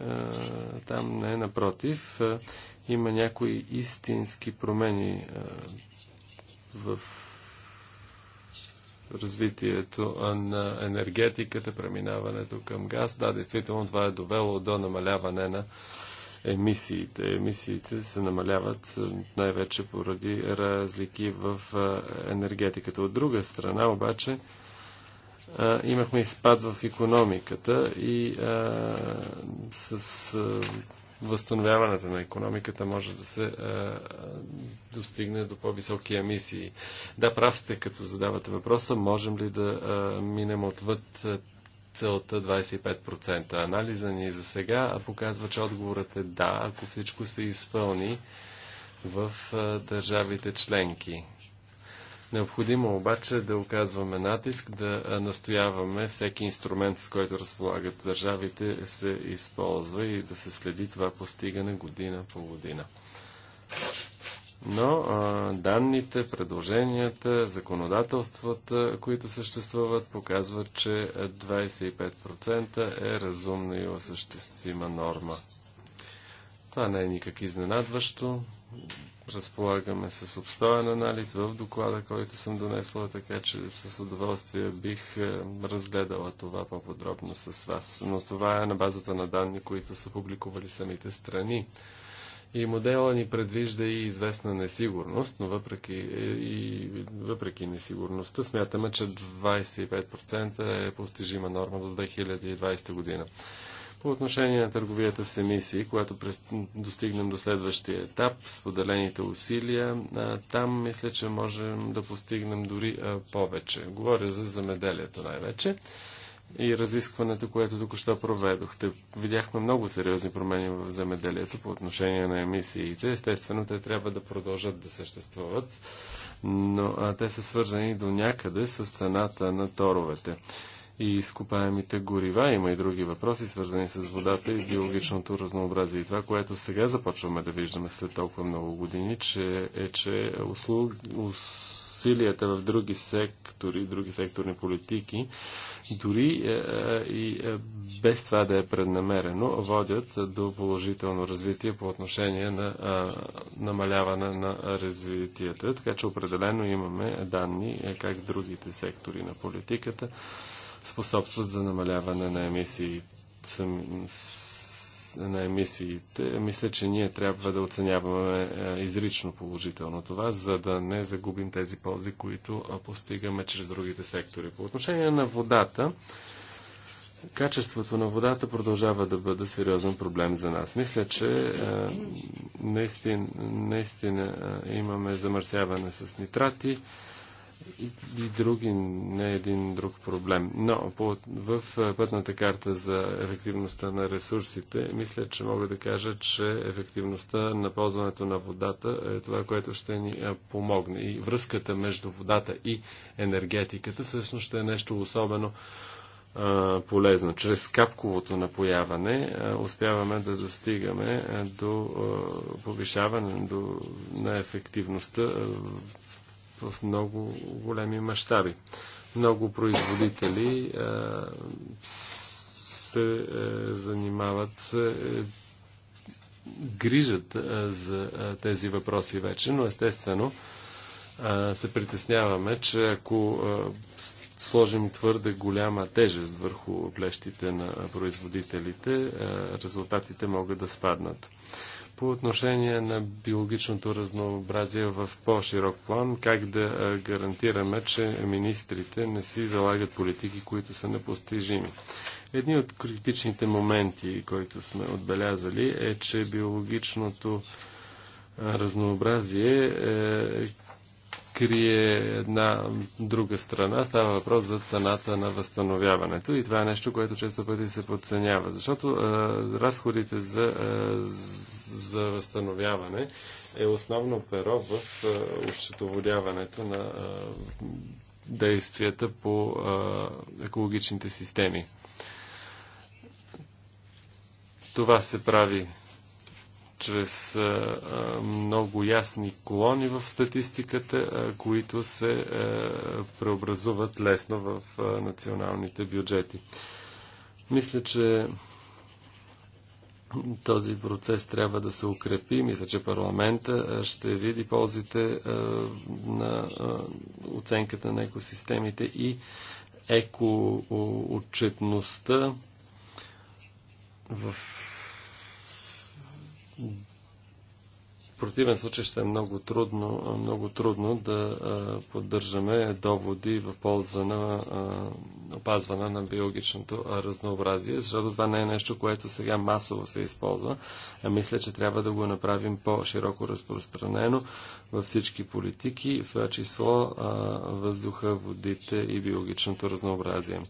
там не е напротив. Има някои истински промени е, в развитието на енергетиката, преминаването към газ. Да, действително това е довело до намаляване на емисиите. Емисиите се намаляват най-вече поради разлики в енергетиката. От друга страна обаче имахме изпад в економиката и с възстановяването на економиката може да се а, достигне до по-високи емисии. Да, прав сте, като задавате въпроса, можем ли да а, минем отвъд целта 25%. Анализа ни е за сега показва, че отговорът е да, ако всичко се изпълни в а, държавите членки. Необходимо обаче да оказваме натиск, да настояваме всеки инструмент, с който разполагат държавите, се използва и да се следи това постигане година по година. Но а, данните, предложенията, законодателствата, които съществуват, показват, че 25% е разумна и осъществима норма. Това не е никак изненадващо разполагаме с обстоен анализ в доклада, който съм донесла, така че с удоволствие бих е, разгледала това по-подробно с вас. Но това е на базата на данни, които са публикували самите страни. И модела ни предвижда и известна несигурност, но въпреки, е, и, въпреки несигурността смятаме, че 25% е постижима норма до 2020 година. По отношение на търговията с емисии, когато достигнем до следващия етап, споделените усилия, там мисля, че можем да постигнем дори повече. Говоря за замеделието най-вече и разискването, което току-що проведохте. Видяхме много сериозни промени в земеделието по отношение на емисиите. Естествено, те трябва да продължат да съществуват, но а, те са свързани до някъде с цената на торовете и изкопаемите горива. Има и други въпроси, свързани с водата и биологичното разнообразие. И това, което сега започваме да виждаме след толкова много години, че, е, че услуг, усилията в други сектори, други секторни политики, дори е, е и е, без това да е преднамерено, водят до положително развитие по отношение на е, намаляване на развитията. Така че определено имаме данни е, как другите сектори на политиката способстват за намаляване на емисиите на емисиите. Мисля, че ние трябва да оценяваме е, изрично положително това, за да не загубим тези ползи, които постигаме чрез другите сектори. По отношение на водата, качеството на водата продължава да бъде сериозен проблем за нас. Мисля, че е, наистина, наистина е, имаме замърсяване с нитрати и, и други, не един друг проблем. Но по, в пътната карта за ефективността на ресурсите, мисля, че мога да кажа, че ефективността на ползването на водата е това, което ще ни помогне. И връзката между водата и енергетиката всъщност ще е нещо особено полезно. Чрез капковото напояване успяваме да достигаме до повишаване до, на ефективността в много големи мащаби. Много производители е, се е, занимават е, грижат за тези въпроси вече, но естествено се притесняваме, че ако сложим твърде голяма тежест върху плещите на производителите, резултатите могат да спаднат по отношение на биологичното разнообразие в по-широк план, как да гарантираме, че министрите не си залагат политики, които са непостижими. Едни от критичните моменти, които сме отбелязали, е, че биологичното разнообразие е, крие една друга страна. Става въпрос за цената на възстановяването и това е нещо, което често пъти се подценява, защото е, разходите за, е, за възстановяване е основно перо в общетоводяването на действията по екологичните системи. Това се прави чрез много ясни колони в статистиката, които се преобразуват лесно в националните бюджети. Мисля, че този процес трябва да се укрепи. Мисля, че парламента ще види ползите на оценката на екосистемите и екоотчетността в противен случай ще е много трудно, много трудно да поддържаме доводи в полза на опазване на биологичното разнообразие, защото това не е нещо, което сега масово се използва. А мисля, че трябва да го направим по-широко разпространено във всички политики, в това число въздуха, водите и биологичното разнообразие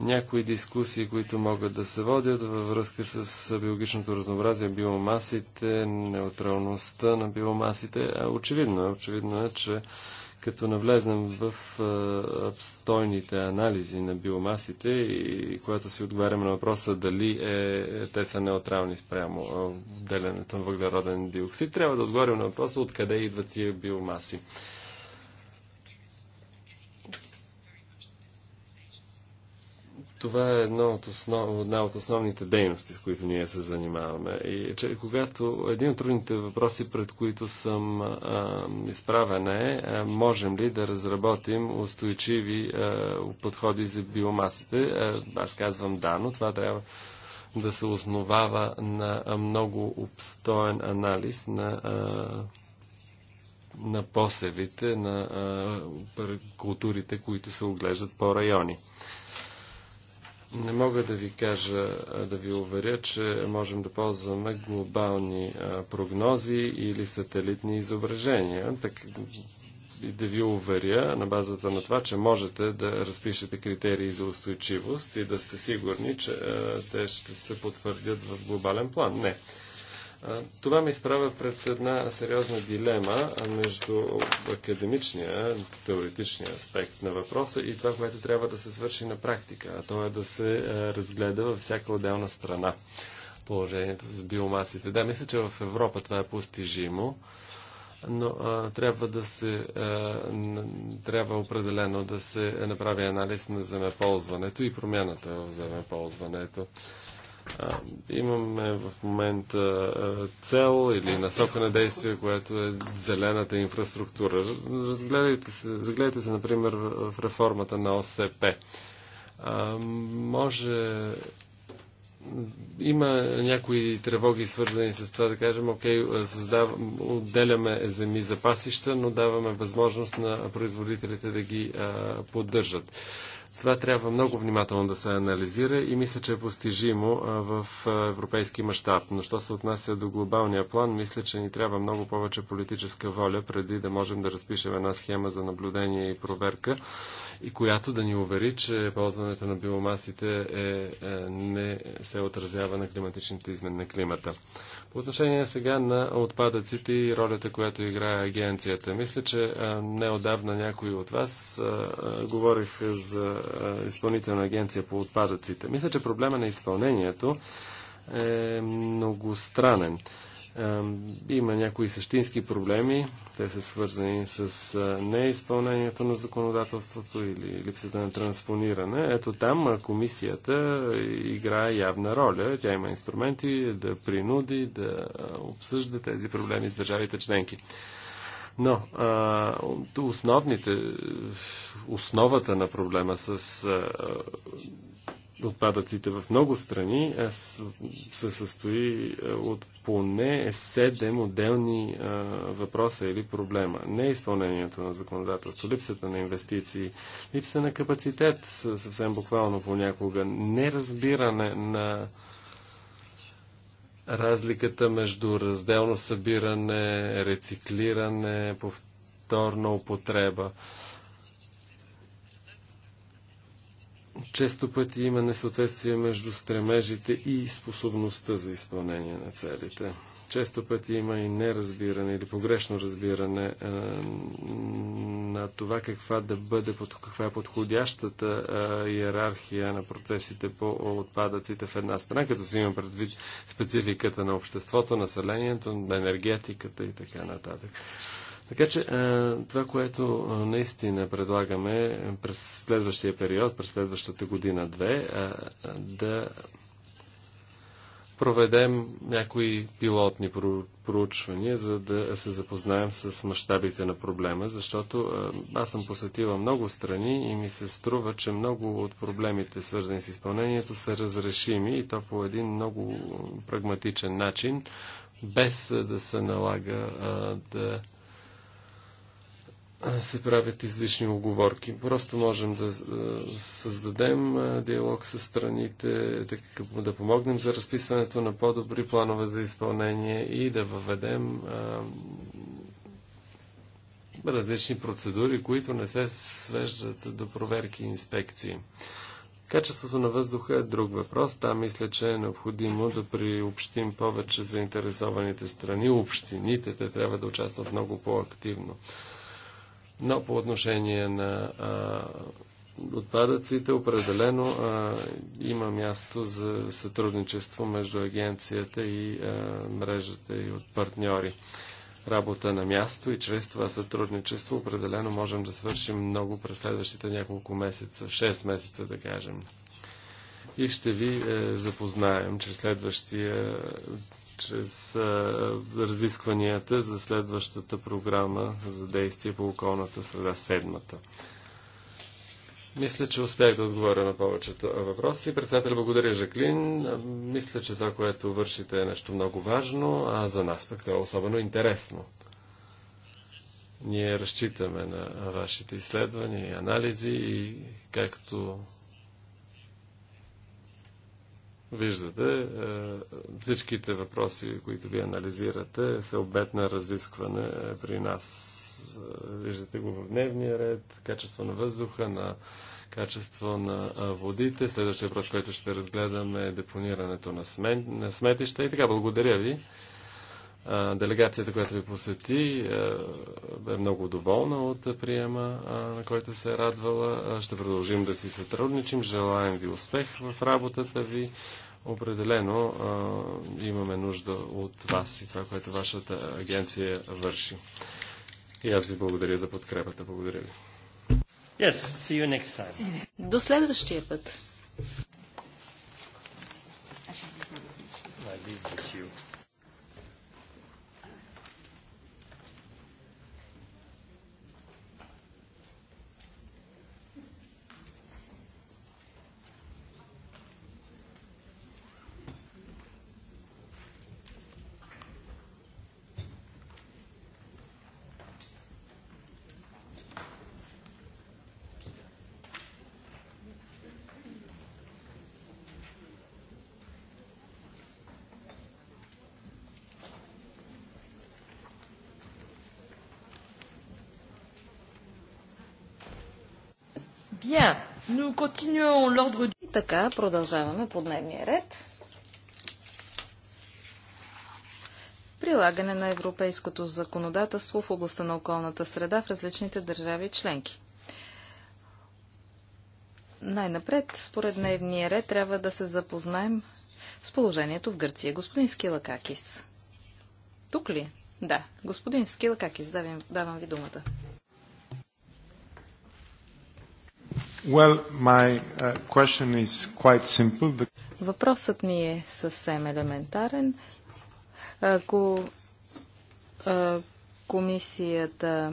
някои дискусии, които могат да се водят във връзка с биологичното разнообразие, биомасите, неутралността на биомасите. Очевидно е, очевидно е, че като навлезнем в обстойните анализи на биомасите и когато си отговаряме на въпроса дали е, е те са неутрални спрямо отделянето на въглероден диоксид, трябва да отговорим на въпроса откъде идват тия биомаси. Това е едно от основ... една от основните дейности, с които ние се занимаваме. И че когато един от трудните въпроси, пред които съм а, изправен е, а, можем ли да разработим устойчиви а, подходи за биомасите, а, аз казвам да, но това трябва да се основава на много обстоен анализ на, а, на посевите, на а, културите, които се оглеждат по райони. Не мога да ви кажа, да ви уверя, че можем да ползваме глобални прогнози или сателитни изображения. Так, и да ви уверя на базата на това, че можете да разпишете критерии за устойчивост и да сте сигурни, че те ще се потвърдят в глобален план. Не. Това ме изправя пред една сериозна дилема между академичния, теоретичния аспект на въпроса и това, което трябва да се свърши на практика, а то е да се разгледа във всяка отделна страна положението с биомасите. Да, мисля, че в Европа това е постижимо, но а, трябва да се а, трябва определено да се направи анализ на земеползването и промяната в земеползването. Имаме в момента цел или насока на действие, което е зелената инфраструктура. Разгледайте се, загледайте се, например, в реформата на ОСП. Може има някои тревоги, свързани с това, да кажем, окей, създав... отделяме земи за пасища, но даваме възможност на производителите да ги а, поддържат. Това трябва много внимателно да се анализира и мисля, че е постижимо в европейски мащаб. Но що се отнася до глобалния план, мисля, че ни трябва много повече политическа воля, преди да можем да разпишем една схема за наблюдение и проверка, и която да ни увери, че ползването на биомасите е, е не се отразява на климатичните измен на климата. По отношение сега на отпадъците и ролята, която играе агенцията. Мисля, че неодавна някои от вас а, а, говорих за изпълнителна агенция по отпадъците. Мисля, че проблема на изпълнението е многостранен. А, има някои същински проблеми, те са свързани с неизпълнението на законодателството или липсата на транспониране. Ето там комисията играе явна роля. Тя има инструменти да принуди, да обсъжда тези проблеми с държавите членки. Но а, основните, основата на проблема с а, отпадъците в много страни се състои от поне 7 отделни въпроса или проблема. Не изпълнението на законодателство, липсата на инвестиции, липса на капацитет, съвсем буквално понякога, неразбиране на разликата между разделно събиране, рециклиране, повторна употреба. често пъти има несъответствие между стремежите и способността за изпълнение на целите. Често пъти има и неразбиране или погрешно разбиране а, на това каква да бъде, каква е подходящата а, иерархия на процесите по отпадъците в една страна, като си има предвид спецификата на обществото, населението, на енергетиката и така нататък. Така че това, което наистина предлагаме е, през следващия период, през следващата година-две, да проведем някои пилотни проучвания, за да се запознаем с мащабите на проблема, защото аз съм посетила много страни и ми се струва, че много от проблемите, свързани с изпълнението, са разрешими и то по един много прагматичен начин, без да се налага да се правят излишни оговорки. Просто можем да създадем диалог с страните, да, помогнем за разписването на по-добри планове за изпълнение и да въведем различни процедури, които не се свеждат до проверки и инспекции. Качеството на въздуха е друг въпрос. Там мисля, че е необходимо да приобщим повече заинтересованите страни, общините. Те трябва да участват много по-активно. Но по отношение на а, отпадъците, определено а, има място за сътрудничество между агенцията и а, мрежата и от партньори. Работа на място и чрез това сътрудничество определено можем да свършим много през следващите няколко месеца, 6 месеца да кажем. И ще ви е, запознаем чрез следващия чрез разискванията за следващата програма за действие по околната среда, седмата. Мисля, че успях да отговоря на повечето въпроси. Председател, благодаря, Жаклин. Мисля, че това, което вършите е нещо много важно, а за нас пък това е особено интересно. Ние разчитаме на вашите изследвания и анализи и както Виждате, е, всичките въпроси, които ви анализирате, са обед на разискване при нас. Е, виждате го в дневния ред, качество на въздуха, на качество на е, водите. Следващия въпрос, който ще разгледаме е депонирането на, на сметища. И така, благодаря ви. Делегацията, която ви посети, е много доволна от приема, на който се е радвала. Ще продължим да си сътрудничим. Желаем ви успех в работата ви. Определено имаме нужда от вас и това, което вашата агенция върши. И аз ви благодаря за подкрепата. Благодаря ви. Yes, see you next time. До следващия път. Bien, nous continuons l'ordre du... Така, продължаваме по дневния ред. Прилагане на европейското законодателство в областта на околната среда в различните държави и членки. Най-напред, според дневния ред, трябва да се запознаем с положението в Гърция. Господин Скилакакис. Тук ли? Да. Господин Скилакакис, давам, давам ви думата. Well, my uh, question is quite simple. Въпросът ми е съвсем елементарен. Ако комисията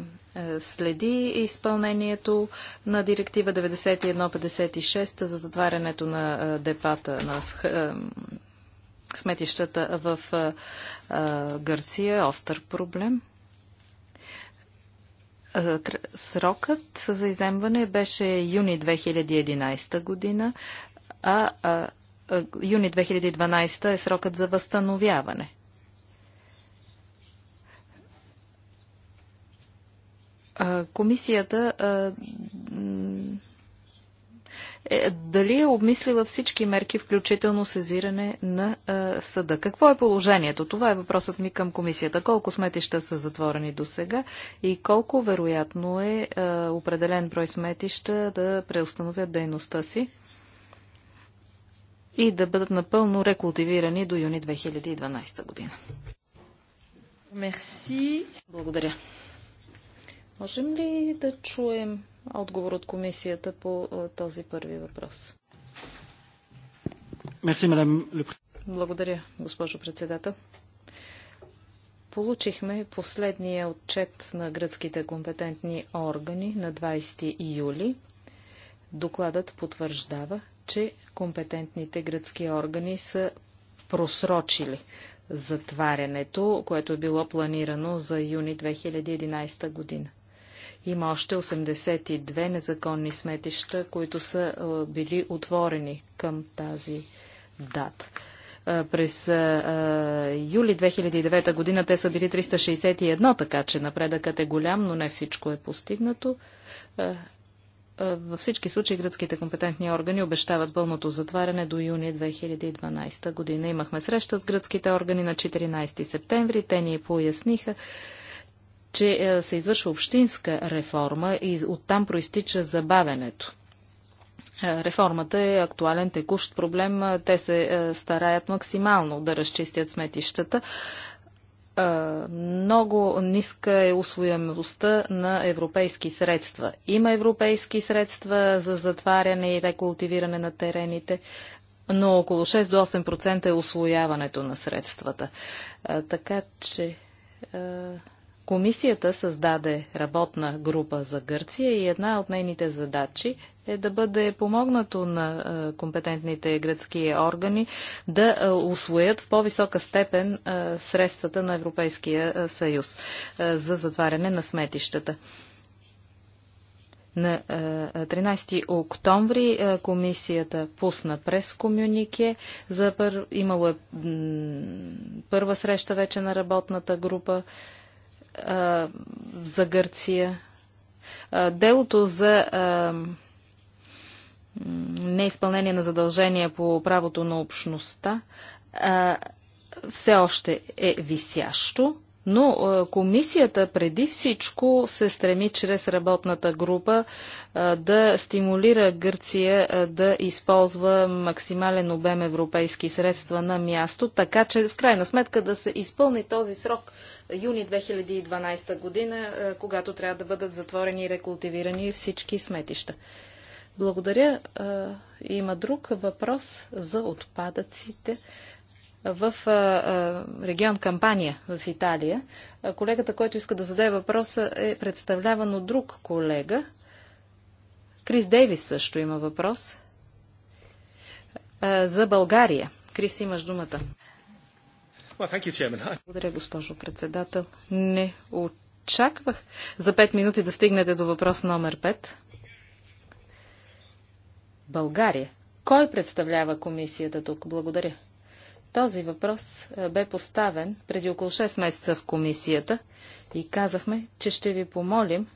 следи изпълнението на директива 9156 за затварянето на депата на сметищата в Гърция, остър проблем. Е, срокът за иземване беше юни 2011 година, а, а, а юни 2012 е срокът за възстановяване. А, е, комисията а, е, е, дали е обмислила всички мерки, включително сезиране на е, съда. Какво е положението? Това е въпросът ми към комисията. Колко сметища са затворени до сега и колко вероятно е, е определен брой сметища да преустановят дейността си и да бъдат напълно рекултивирани до юни 2012 година? Мерси. Благодаря. Можем ли да чуем отговор от комисията по този първи въпрос. Благодаря, госпожо председател. Получихме последния отчет на гръцките компетентни органи на 20 юли. Докладът потвърждава, че компетентните гръцки органи са просрочили затварянето, което е било планирано за юни 2011 година. Има още 82 незаконни сметища, които са е, били отворени към тази дата. Е, през е, юли 2009 година те са били 361, така че напредъкът е голям, но не всичко е постигнато. във всички случаи гръцките компетентни органи обещават пълното затваряне до юни 2012 година. Имахме среща с гръцките органи на 14 септември. Те ни поясниха, че е, се извършва общинска реформа и оттам проистича забавенето. Е, реформата е актуален текущ проблем. Е, те се стараят максимално да разчистят сметищата. Много ниска е усвояемостта на европейски средства. Има европейски средства за затваряне и рекултивиране на терените, но около 6 до 8% е освояването на средствата. Така че Комисията създаде работна група за Гърция и една от нейните задачи е да бъде помогнато на компетентните гръцки органи да освоят в по-висока степен средствата на Европейския съюз за затваряне на сметищата. На 13 октомври комисията пусна през комюнике. За пър... Имало е първа среща вече на работната група а, за Гърция, а, делото за а, неизпълнение на задължения по правото на общността а, все още е висящо. Но комисията преди всичко се стреми чрез работната група да стимулира Гърция да използва максимален обем европейски средства на място, така че в крайна сметка да се изпълни този срок юни 2012 година, е, когато трябва да бъдат затворени и рекултивирани всички сметища. Благодаря. Е, има друг въпрос за отпадъците в е, регион Кампания в Италия. Колегата, който иска да зададе въпроса, е представляван от друг колега. Крис Дейвис също има въпрос за България. Крис, имаш думата. Благодаря, госпожо председател. Не очаквах за 5 минути да стигнете до въпрос номер 5. България. Кой представлява комисията тук? Благодаря. Този въпрос е, бе поставен преди около 6 месеца в комисията и казахме, че ще ви помолим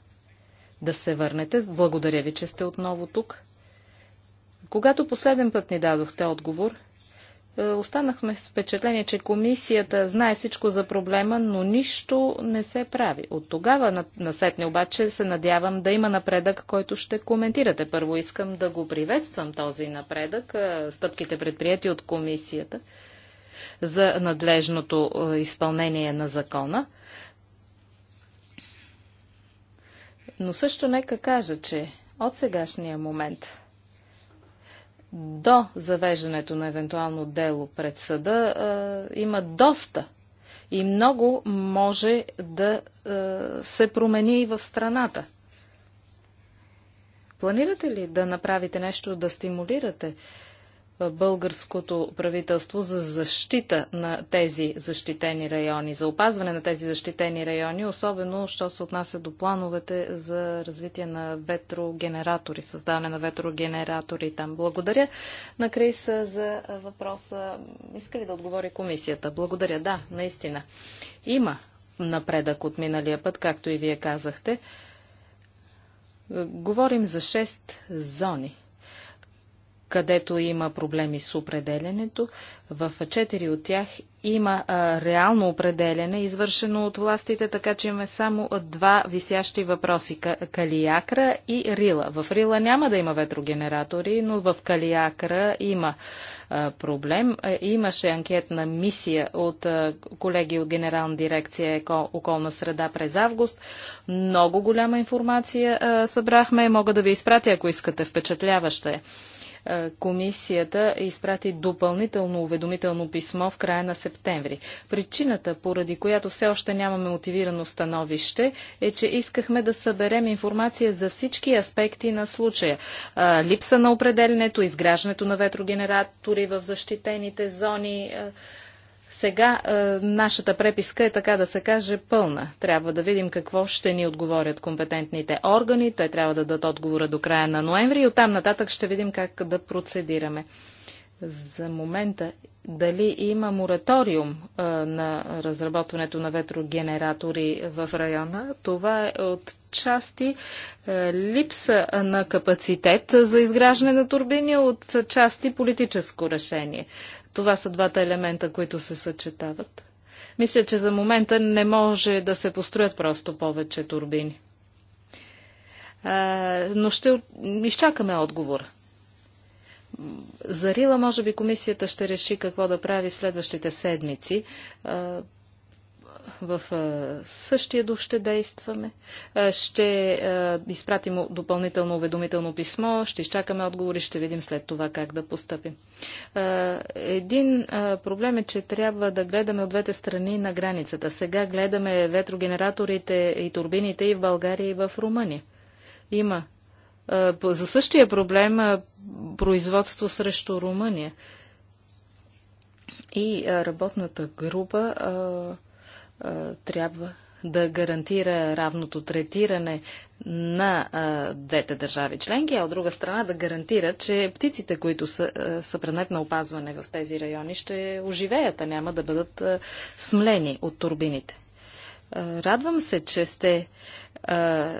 да се върнете. Благодаря ви, че сте отново тук. Когато последен път ни дадохте отговор, е, останахме с впечатление, че комисията знае всичко за проблема, но нищо не се прави. От тогава насетне обаче се надявам да има напредък, който ще коментирате. Първо искам да го приветствам този напредък, е, стъпките предприяти от комисията за надлежното е, изпълнение на закона. Но също нека кажа, че от сегашния момент – до завеждането на евентуално дело пред съда а, има доста и много може да а, се промени и в страната. Планирате ли да направите нещо да стимулирате? българското правителство за защита на тези защитени райони, за опазване на тези защитени райони, особено що се отнася до плановете за развитие на ветрогенератори, създаване на ветрогенератори там. Благодаря на Крис за въпроса. Иска ли да отговори комисията? Благодаря, да, наистина. Има напредък от миналия път, както и вие казахте. Говорим за 6 зони – където има проблеми с определенето. В четири от тях има а, реално определене, извършено от властите, така че имаме само два висящи въпроси – Калиакра и Рила. В Рила няма да има ветрогенератори, но в Калиакра има а, проблем. Имаше анкетна мисия от а, колеги от Генерална дирекция Еко, околна среда през август. Много голяма информация събрахме. Мога да ви изпратя, ако искате. Впечатляваща е. Е, комисията изпрати допълнително уведомително писмо в края на септември. Причината, поради която все още нямаме мотивирано становище, е, че искахме да съберем информация за всички аспекти на случая. Е, липса на определенето, изграждането на ветрогенератори в защитените зони, е, сега е, нашата преписка е така да се каже пълна. Трябва да видим какво ще ни отговорят компетентните органи. Те трябва да дадат отговора до края на ноември и оттам нататък ще видим как да процедираме. За момента дали има мораториум е, на разработването на ветрогенератори в района, това е от части е, липса на капацитет за изграждане на турбини, от части политическо решение. Това са двата елемента, които се съчетават. Мисля, че за момента не може да се построят просто повече турбини. А, но ще изчакаме отговор. За Рила, може би, комисията ще реши какво да прави в следващите седмици. А, в същия дух ще действаме. Ще изпратим допълнително уведомително писмо, ще изчакаме отговори, ще видим след това как да поступим. Един проблем е, че трябва да гледаме от двете страни на границата. Сега гледаме ветрогенераторите и турбините и в България, и в Румъния. Има за същия проблем производство срещу Румъния. И работната група трябва да гарантира равното третиране на а, двете държави членки, а от друга страна да гарантира, че птиците, които са, а, са предмет на опазване в тези райони, ще оживеят, а няма да бъдат а, смлени от турбините. А, радвам се, че сте а,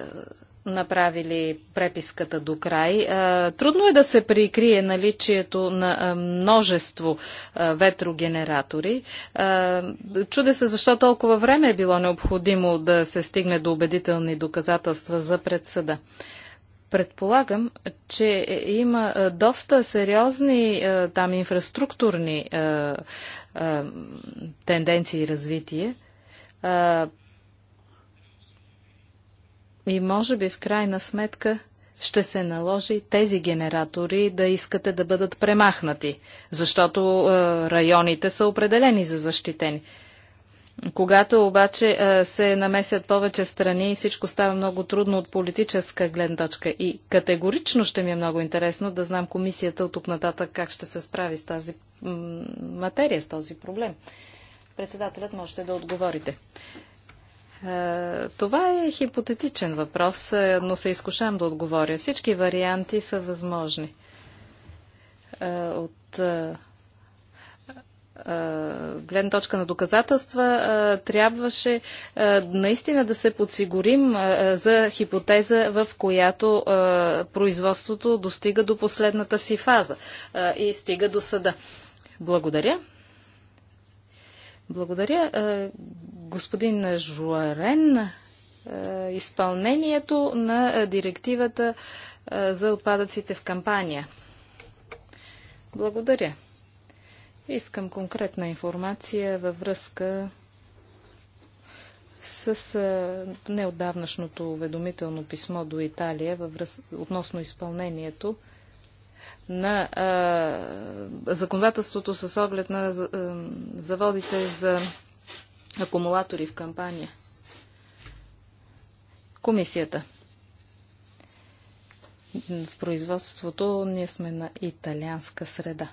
направили преписката до край. Трудно е да се прикрие наличието на множество ветрогенератори. Чуде се защо толкова време е било необходимо да се стигне до убедителни доказателства за предсъда. Предполагам, че има доста сериозни там инфраструктурни тенденции и развитие и може би в крайна сметка ще се наложи тези генератори да искате да бъдат премахнати, защото е, районите са определени за защитени. Когато обаче е, се намесят повече страни и всичко става много трудно от политическа гледна точка и категорично ще ми е много интересно да знам комисията от тук нататък как ще се справи с тази материя, с този проблем. Председателят можете да отговорите. Е, това е хипотетичен въпрос, е, но се изкушам да отговоря. Всички варианти са възможни. Е, от гледна точка на доказателства, трябваше наистина да се подсигурим за хипотеза, в която производството достига до последната си фаза и стига до съда. Благодаря. Благодаря господин Жуарен е, изпълнението на директивата е, за отпадъците в кампания. Благодаря. Искам конкретна информация във връзка с е, неотдавнашното уведомително писмо до Италия във връз... относно изпълнението на а, законодателството с оглед на а, заводите за акумулатори в кампания. Комисията. В производството ние сме на италианска среда.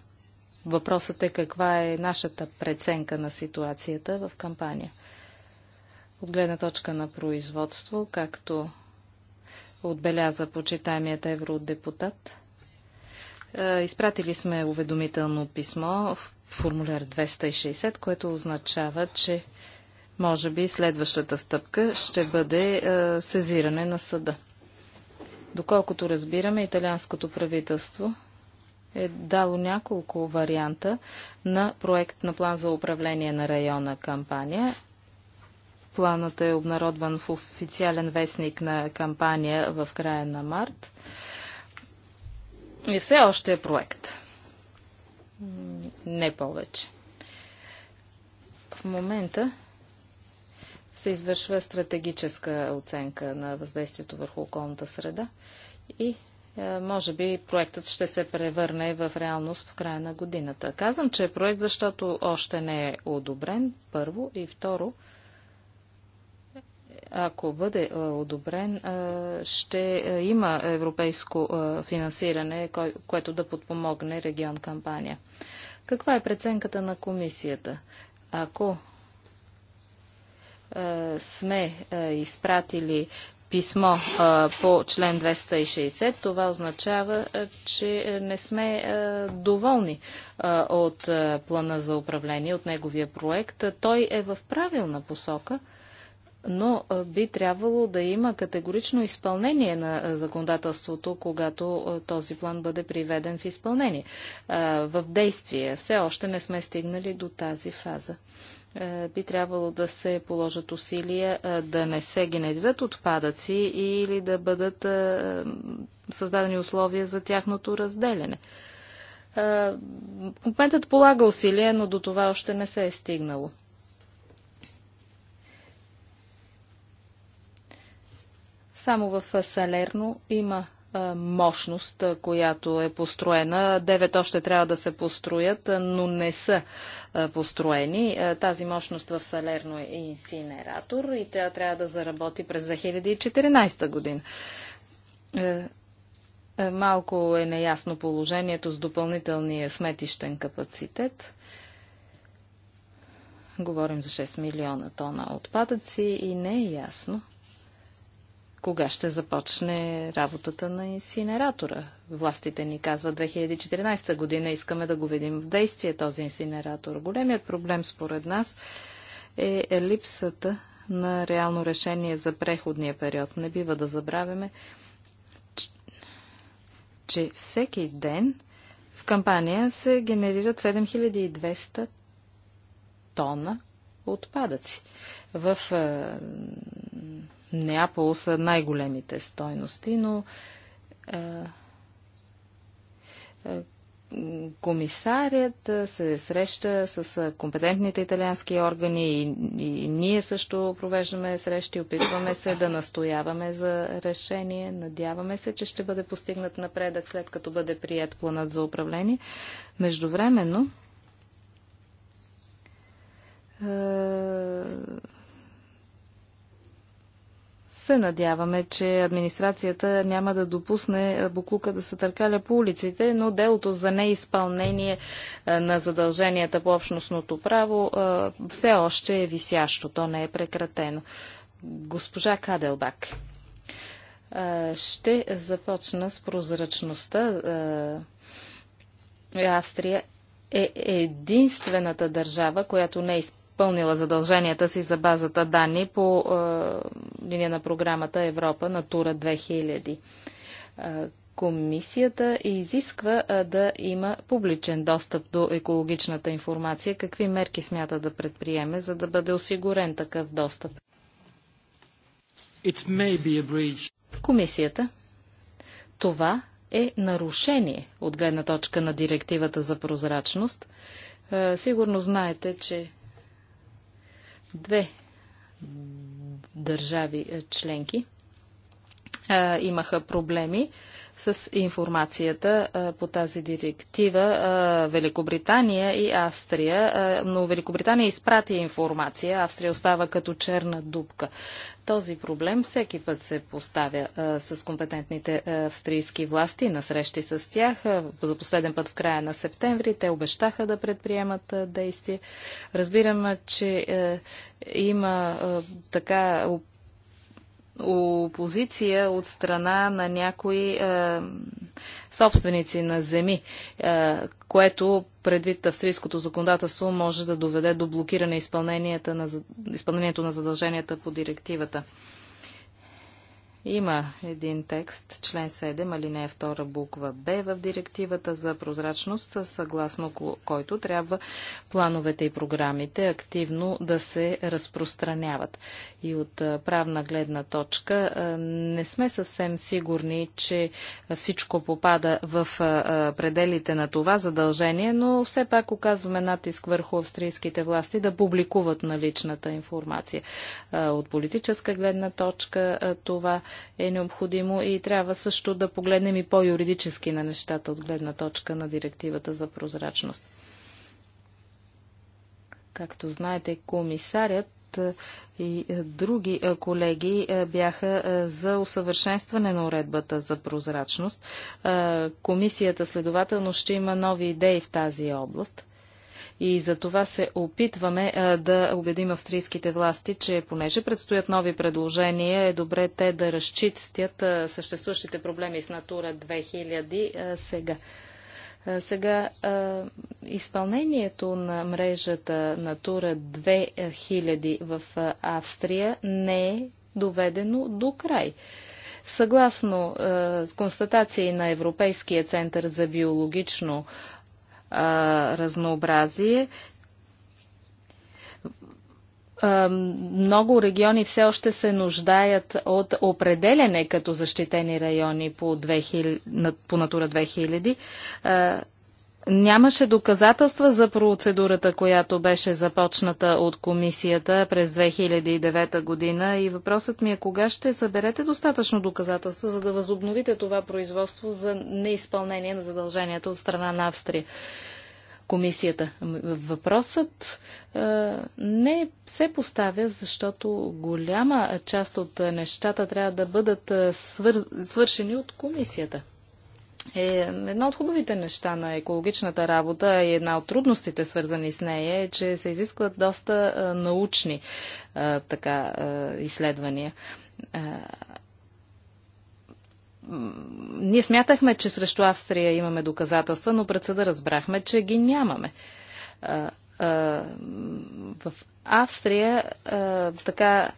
Въпросът е каква е нашата преценка на ситуацията в кампания. От гледна точка на производство, както отбеляза почитаемият евродепутат, е, изпратили сме уведомително писмо в формуляр 260, което означава, че може би следващата стъпка ще бъде е, сезиране на съда. Доколкото разбираме, италианското правителство е дало няколко варианта на проект на план за управление на района кампания. Планът е обнародван в официален вестник на кампания в края на март. И все още е проект. Не повече. В момента се извършва стратегическа оценка на въздействието върху околната среда и е, може би проектът ще се превърне в реалност в края на годината. Казвам, че е проект, защото още не е одобрен, първо, и второ, ако бъде е, одобрен, е, ще има европейско финансиране, което да подпомогне регион кампания. Каква е преценката на комисията? Ако е, сме е, изпратили писмо е, по член 260, това означава, че не сме доволни от плана за управление, от неговия проект. Той е в правилна посока, но би трябвало да има категорично изпълнение на законодателството, когато този план бъде приведен в изпълнение. В действие все още не сме стигнали до тази фаза. Е, би трябвало да се положат усилия е, да не се генерират отпадъци или да бъдат е, създадени условия за тяхното разделяне. Компетът полага усилия, но до това още не се е стигнало. Само в Салерно има мощност, която е построена. Девет още трябва да се построят, но не са построени. Тази мощност в Салерно е инсинератор и тя трябва да заработи през 2014 година. Е, е, малко е неясно положението с допълнителния сметищен капацитет. Говорим за 6 милиона тона отпадъци и не е ясно кога ще започне работата на инсинератора. Властите ни казват 2014 година искаме да го видим в действие този инсинератор. Големият проблем според нас е липсата на реално решение за преходния период. Не бива да забравяме, че всеки ден в кампания се генерират 7200 тона отпадъци. В е, Неапол са най-големите стойности, но е, е, комисарят е, се среща с е, компетентните италиански органи и, и ние също провеждаме срещи, опитваме се да настояваме за решение. Надяваме се, че ще бъде постигнат напредък след като бъде прият планът за управление. Междувременно, е, се надяваме, че администрацията няма да допусне е, буклука да се търкаля по улиците, но делото за неизпълнение е, на задълженията по общностното право е, все още е висящо. То не е прекратено. Госпожа Каделбак. Ще започна с прозрачността. Австрия е единствената държава, която не е изпълнена изпълнила задълженията си за базата данни по е, линия на програмата Европа Натура 2000. Е, комисията изисква е, да има публичен достъп до екологичната информация. Какви мерки смята да предприеме, за да бъде осигурен такъв достъп? Комисията. Това е нарушение от гледна точка на директивата за прозрачност. Сигурно знаете, че Две държави е, членки е, имаха проблеми с информацията по тази директива. Великобритания и Австрия, но Великобритания изпрати информация, Австрия остава като черна дупка. Този проблем всеки път се поставя с компетентните австрийски власти на срещи с тях. За последен път в края на септември те обещаха да предприемат действия. Разбираме, че има така опозиция от страна на някои е, собственици на земи, е, което предвид австрийското законодателство може да доведе до блокиране изпълнението на задълженията по директивата. Има един текст, член 7, алинея 2, буква Б в директивата за прозрачност, съгласно който трябва плановете и програмите активно да се разпространяват. И от правна гледна точка не сме съвсем сигурни, че всичко попада в пределите на това задължение, но все пак оказваме натиск върху австрийските власти да публикуват наличната информация. От политическа гледна точка това е необходимо и трябва също да погледнем и по-юридически на нещата от гледна точка на директивата за прозрачност. Както знаете, комисарят и други колеги бяха за усъвършенстване на уредбата за прозрачност. Комисията следователно ще има нови идеи в тази област. И за това се опитваме да убедим австрийските власти, че понеже предстоят нови предложения, е добре те да разчистят съществуващите проблеми с Натура 2000 сега. Сега, изпълнението на мрежата Натура 2000 в Австрия не е доведено до край. Съгласно констатации на Европейския център за биологично разнообразие. Много региони все още се нуждаят от определене като защитени райони по, 2000, по Натура 2000. Нямаше доказателства за процедурата, която беше започната от комисията през 2009 година и въпросът ми е кога ще съберете достатъчно доказателства, за да възобновите това производство за неизпълнение на задълженията от страна на Австрия комисията. Въпросът е, не се поставя, защото голяма част от нещата трябва да бъдат свър... свършени от комисията. Е, една от хубавите неща на екологичната работа и една от трудностите, свързани с нея, е, че се изискват доста е, научни е, така, е, изследвания. Е, ние смятахме, че срещу Австрия имаме доказателства, но пред съда разбрахме, че ги нямаме. Е, е, в Австрия е, така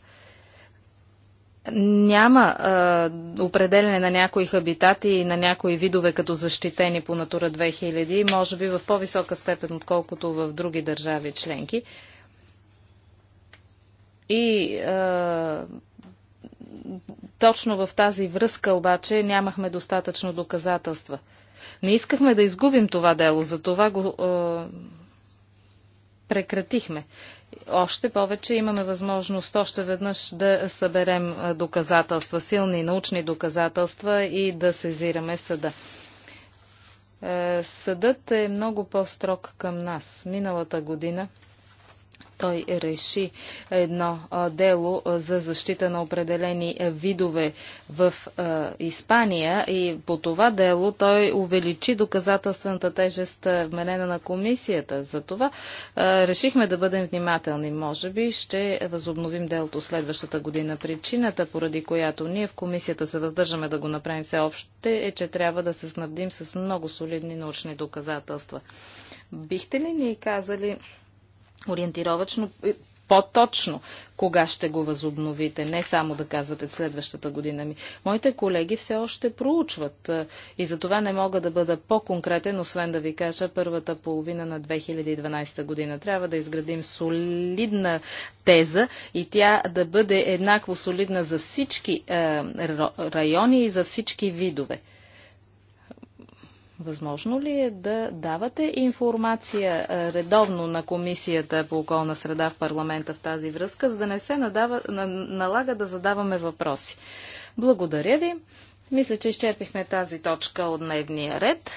няма а, определене на някои хабитати и на някои видове като защитени по Натура 2000, може би в по-висока степен, отколкото в други държави членки. И а, точно в тази връзка обаче нямахме достатъчно доказателства. Не искахме да изгубим това дело, това го а, прекратихме. Още повече имаме възможност още веднъж да съберем доказателства, силни научни доказателства и да сезираме съда. Е, съдът е много по-строг към нас. Миналата година той реши едно дело за защита на определени видове в Испания и по това дело той увеличи доказателствената тежест вменена на комисията. За това решихме да бъдем внимателни. Може би ще възобновим делото следващата година. Причината, поради която ние в комисията се въздържаме да го направим все още, е, че трябва да се снабдим с много солидни научни доказателства. Бихте ли ни казали ориентировачно по-точно кога ще го възобновите, не само да казвате следващата година ми. Моите колеги все още проучват е, и за това не мога да бъда по-конкретен, освен да ви кажа първата половина на 2012 година. Трябва да изградим солидна теза и тя да бъде еднакво солидна за всички е, райони и за всички видове. Възможно ли е да давате информация редовно на Комисията по околна среда в парламента в тази връзка, за да не се надава, на, налага да задаваме въпроси? Благодаря ви. Мисля, че изчерпихме тази точка от дневния ред.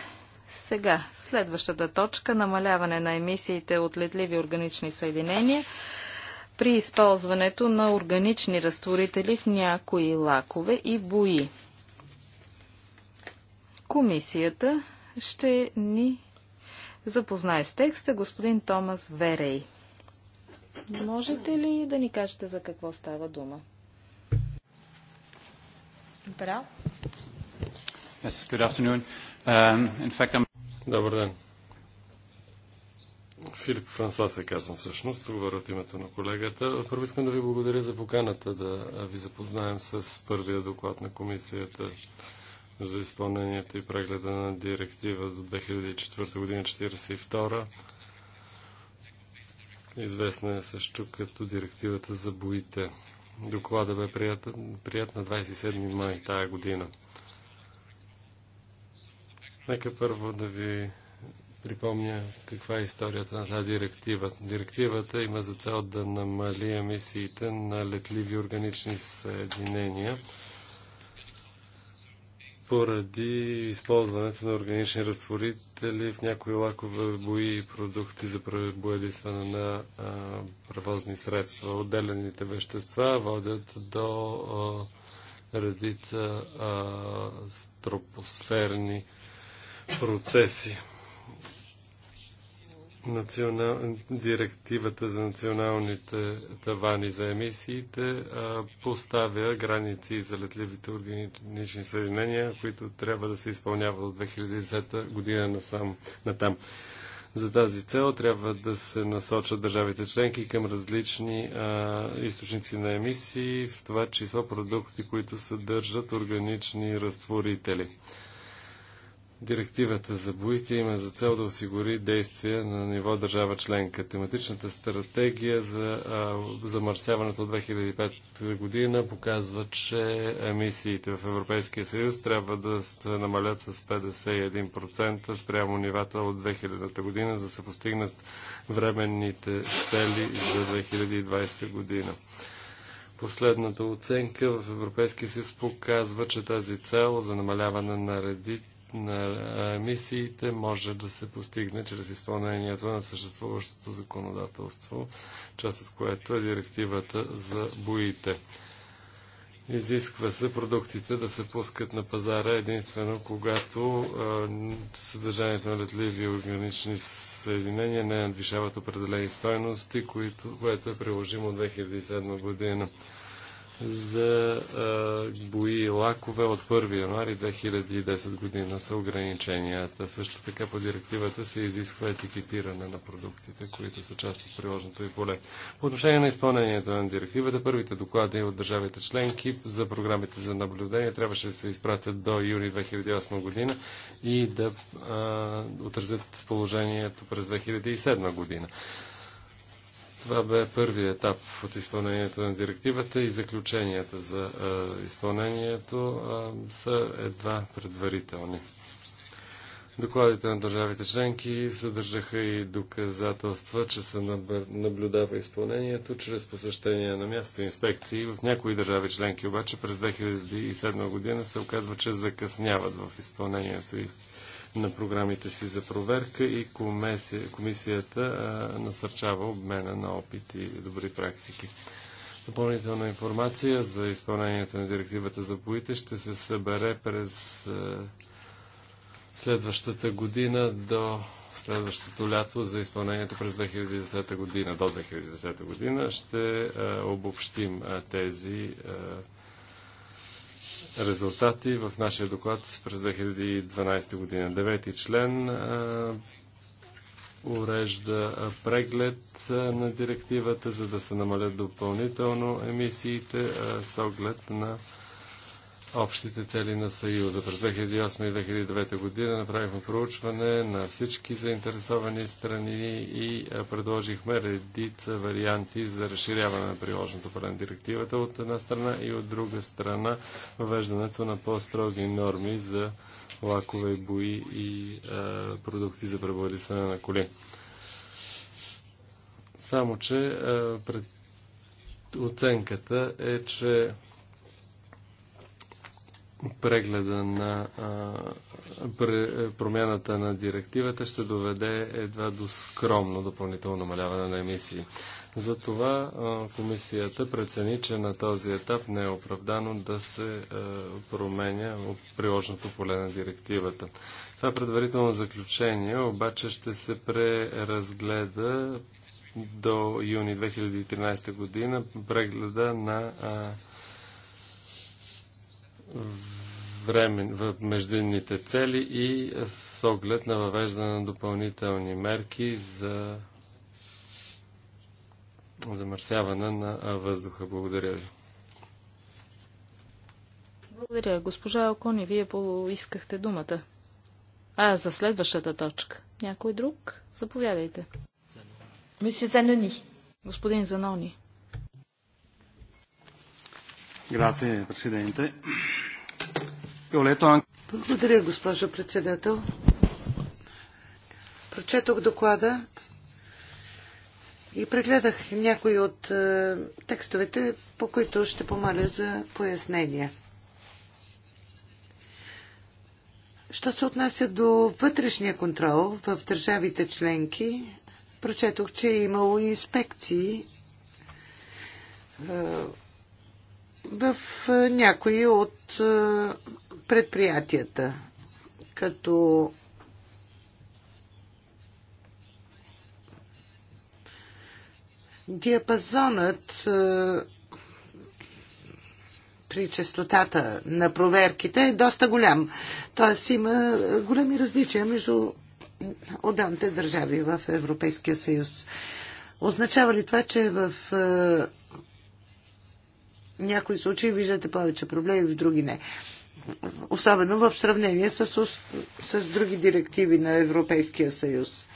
Сега, следващата точка – намаляване на емисиите от летливи органични съединения при използването на органични разтворители в някои лакове и бои. Комисията ще ни запознае с текста господин Томас Верей. Можете ли да ни кажете за какво става дума? Yes, good afternoon. Um, in fact, I'm... Добър ден. Филип Франсуа се казвам всъщност, говоря от името на колегата. Първо искам да ви благодаря за поканата да ви запознаем с първия доклад на комисията за изпълнението и прегледа на директива до 2004 година 42 известна е също като директивата за боите. Доклада бе прият, прият на 27 май тая година. Нека първо да ви припомня каква е историята на тази директива. Директивата има за цел да намали емисиите на летливи органични съединения – поради използването на органични разтворители в някои лакове бои и продукти за боядисване на превозни средства. Отделените вещества водят до редица стропосферни процеси национал... директивата за националните тавани за емисиите а, поставя граници за летливите органични съединения, които трябва да се изпълняват от 2010 година на там. За тази цел трябва да се насочат държавите членки към различни а, източници на емисии, в това число продукти, които съдържат органични разтворители. Директивата за боите има за цел да осигури действия на ниво държава членка. Тематичната стратегия за замърсяването от 2005 година показва, че емисиите в Европейския съюз трябва да се намалят с 51% спрямо нивата от 2000 година, за да се постигнат временните цели за 2020 година. Последната оценка в Европейския съюз показва, че тази цел за намаляване на редите на емисиите може да се постигне чрез изпълнението на съществуващото законодателство, част от което е директивата за боите. Изисква се продуктите да се пускат на пазара единствено, когато съдържанието на летливи органични съединения не надвишават определени стойности, което, което е приложимо 2007 година за а, бои и лакове от 1 януари 2010 година са ограниченията. Също така по директивата се изисква етикетиране на продуктите, които са част от приложното и поле. По отношение на изпълнението на директивата, първите доклади от държавите членки за програмите за наблюдение трябваше да се изпратят до юни 2008 година и да а, отразят положението през 2007 година. Това бе първият етап от изпълнението на директивата и заключенията за а, е, изпълнението а, е, са едва предварителни. Докладите на държавите членки съдържаха и доказателства, че се наблюдава изпълнението чрез посещение на място инспекции. В някои държави членки обаче през 2007 година се оказва, че закъсняват в изпълнението и на програмите си за проверка и комисия, комисията а, насърчава обмена на опит и добри практики. Допълнителна информация за изпълнението на директивата за боите ще се събере през а, следващата година до следващото лято за изпълнението през 2010 година. До 2010 година ще а, обобщим а, тези а, резултати в нашия доклад през 2012 година. Девети член урежда преглед на директивата, за да се намалят допълнително емисиите с оглед на общите цели на Съюза. През 2008 и 2009 година направихме проучване на всички заинтересовани страни и предложихме редица варианти за разширяване на приложното поле на директивата от една страна и от друга страна въвеждането на по-строги норми за лакове, бои и а, продукти за преборисване на коли. Само, че а, пред... оценката е, че прегледа на промяната на директивата ще доведе едва до скромно допълнително намаляване на емисии. Затова комисията прецени, че на този етап не е оправдано да се променя приложното поле на директивата. Това е предварително заключение обаче ще се преразгледа до юни 2013 година прегледа на а, времен, в междинните цели и с оглед на въвеждане на допълнителни мерки за замърсяване на въздуха. Благодаря ви. Благодаря. Госпожа Окони, вие поискахте думата. А, за следващата точка. Някой друг? Заповядайте. Мисю Занони. Господин Занони. Грация, президенте. Благодаря, госпожо председател. Прочетох доклада и прегледах някои от е, текстовете, по които ще помоля за пояснения. Що се отнася до вътрешния контрол в държавите членки, прочетох, че е имало инспекции е, в някои от е, предприятията, като диапазонът е, при частотата на проверките е доста голям. Тоест има големи различия между отделните държави в Европейския съюз. Означава ли това, че в е, някои случаи виждате повече проблеми, в други не? особено в сравнение с, с други директиви на Европейския съюз.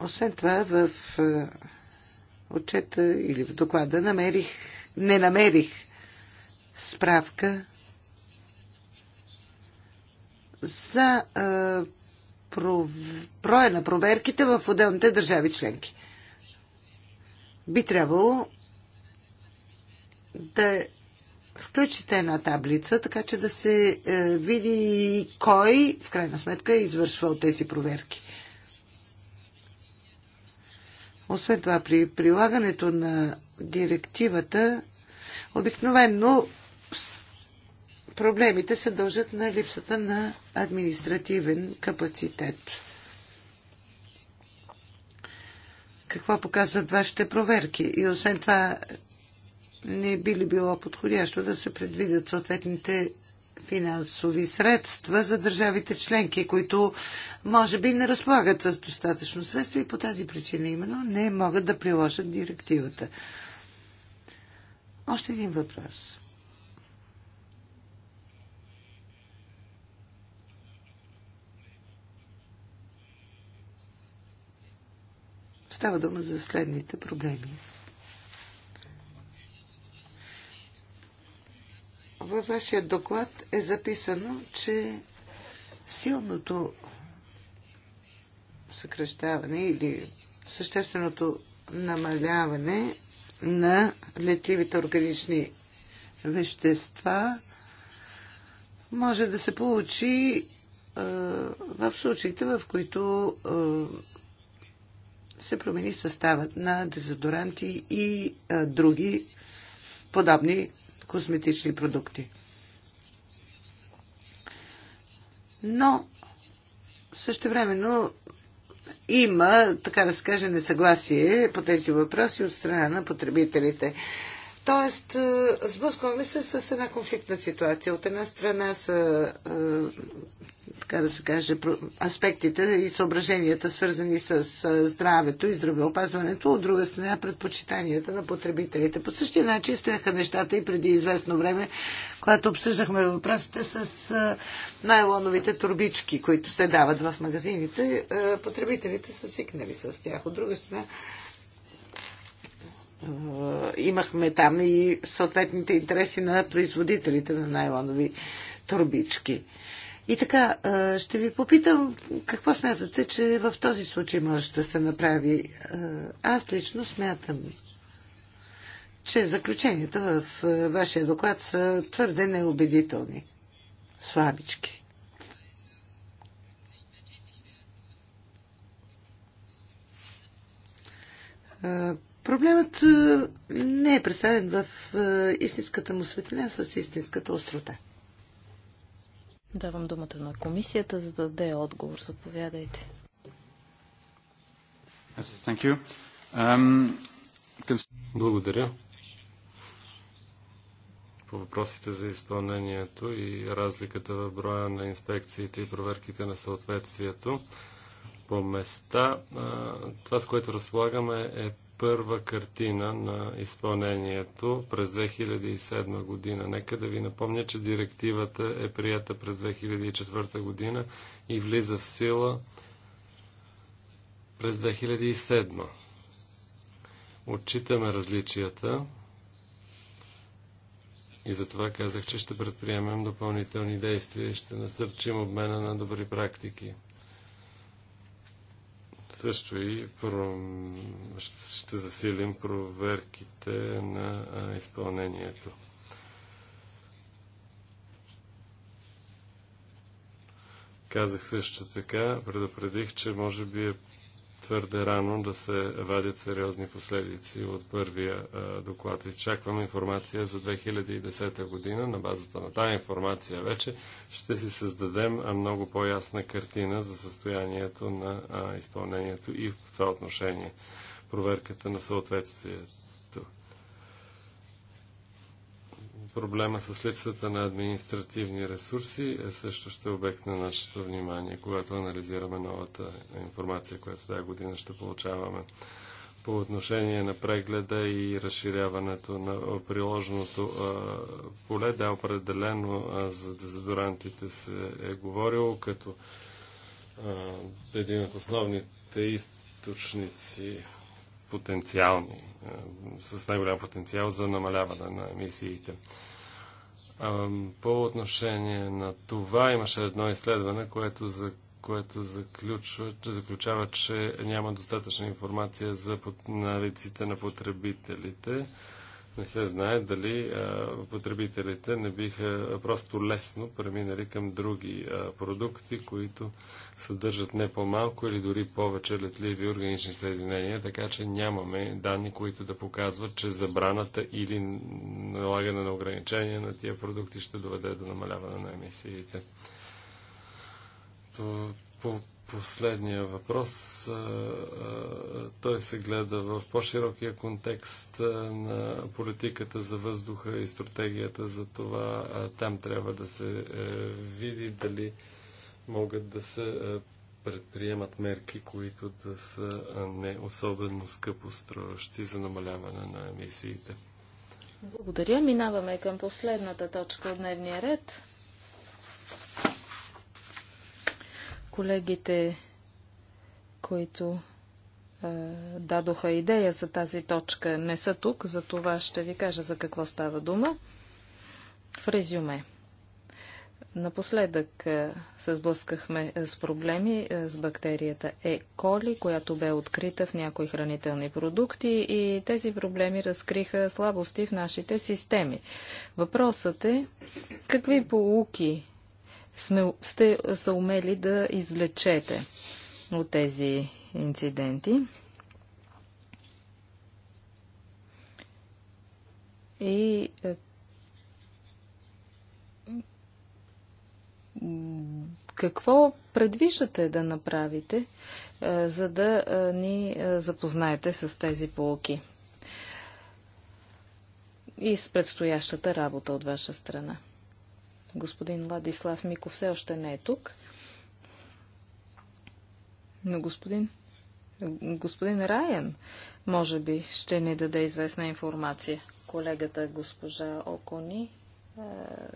Освен това, в отчета или в доклада намерих, не намерих справка за броя на проверките в отделните държави членки би трябвало да включите една таблица, така че да се е, види кой в крайна сметка е извършвал тези проверки. Освен това, при прилагането на директивата, обикновенно проблемите се дължат на липсата на административен капацитет. какво показват вашите проверки. И освен това, не би ли било подходящо да се предвидят съответните финансови средства за държавите членки, които може би не разполагат с достатъчно средства и по тази причина именно не могат да приложат директивата. Още един въпрос. Става дума за следните проблеми. Във вашия доклад е записано, че силното съкръщаване или същественото намаляване на летливите органични вещества може да се получи е, в случаите, в които е, се промени съставът на дезодоранти и а, други подобни косметични продукти. Но същевременно има, така да се каже, несъгласие по тези въпроси от страна на потребителите. Тоест, сблъскваме се с една конфликтна ситуация. От една страна са така да се каже, аспектите и съображенията, свързани с здравето и здравеопазването, от друга страна предпочитанията на потребителите. По същия начин стояха нещата и преди известно време, когато обсъждахме въпросите с найлоновите турбички, които се дават в магазините. Потребителите са свикнали с тях. От друга страна, имахме там и съответните интереси на производителите на найлонови турбички. И така, ще ви попитам какво смятате, че в този случай може да се направи. Аз лично смятам, че заключенията в вашия доклад са твърде неубедителни, слабички. Проблемът не е представен в истинската му светлина с истинската острота. Давам думата на комисията, за да даде отговор. Заповядайте. Um, Благодаря. По въпросите за изпълнението и разликата в броя на инспекциите и проверките на съответствието по места, това с което разполагаме е първа картина на изпълнението през 2007 година. Нека да ви напомня, че директивата е прията през 2004 година и влиза в сила през 2007. Отчитаме различията и затова казах, че ще предприемем допълнителни действия и ще насърчим обмена на добри практики също и про... ще засилим проверките на изпълнението. Казах също така, предупредих, че може би е твърде рано да се вадят сериозни последици от първия доклад. Изчаквам информация за 2010 година. На базата на тази информация вече ще си създадем много по-ясна картина за състоянието на изпълнението и в това отношение проверката на съответствието Проблема с липсата на административни ресурси е също ще обект на нашето внимание, когато анализираме новата информация, която тази година ще получаваме по отношение на прегледа и разширяването на приложеното поле. Да, определено за дезодорантите се е говорило като един от основните източници потенциални с най-голям потенциал за намаляване на емисиите. По отношение на това имаше едно изследване, което, за, което заключва, че заключава, че няма достатъчна информация за навиците на потребителите не се знае дали а, потребителите не биха просто лесно преминали към други а, продукти, които съдържат не по-малко или дори повече летливи органични съединения, така че нямаме данни, които да показват, че забраната или налагане на ограничения на тия продукти ще доведе до намаляване на емисиите. по последния въпрос. Той се гледа в по-широкия контекст на политиката за въздуха и стратегията за това. Там трябва да се е, види дали могат да се е, предприемат мерки, които да са не особено скъпо струващи за намаляване на емисиите. Благодаря. Минаваме към последната точка от дневния ред колегите, които е, дадоха идея за тази точка, не са тук, за това ще ви кажа за какво става дума. В резюме. Напоследък се сблъскахме с проблеми с бактерията Е-коли, която бе открита в някои хранителни продукти и тези проблеми разкриха слабости в нашите системи. Въпросът е какви полуки сме, сте са умели да извлечете от тези инциденти. И е, какво предвиждате да направите, е, за да е, ни запознаете с тези полуки и с предстоящата работа от ваша страна? Господин Владислав Мико все още не е тук. Но господин, господин Райен, може би, ще ни даде известна информация. Колегата госпожа Окони е,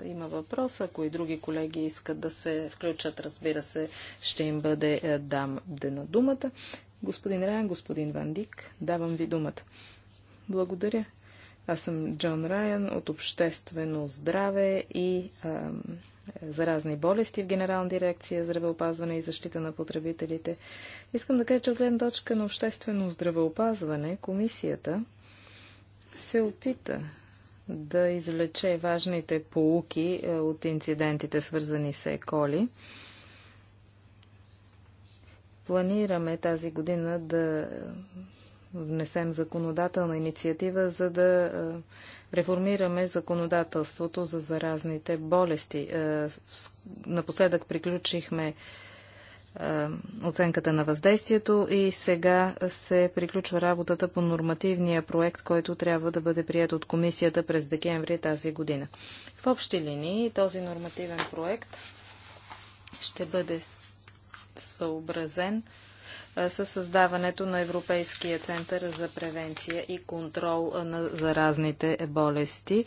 има въпрос. Ако и други колеги искат да се включат, разбира се, ще им бъде е, дам дена думата. Господин Райан, господин Вандик, давам ви думата. Благодаря. Аз съм Джон Райан от Обществено здраве и а, заразни болести в Генерална дирекция здравеопазване и защита на потребителите. Искам да кажа, че от гледна точка на обществено здравеопазване, комисията се опита да извлече важните поуки е, от инцидентите, свързани с еколи. Планираме тази година да внесем законодателна инициатива, за да реформираме законодателството за заразните болести. Напоследък приключихме оценката на въздействието и сега се приключва работата по нормативния проект, който трябва да бъде прият от комисията през декември тази година. В общи линии този нормативен проект ще бъде съобразен със създаването на Европейския център за превенция и контрол на заразните болести.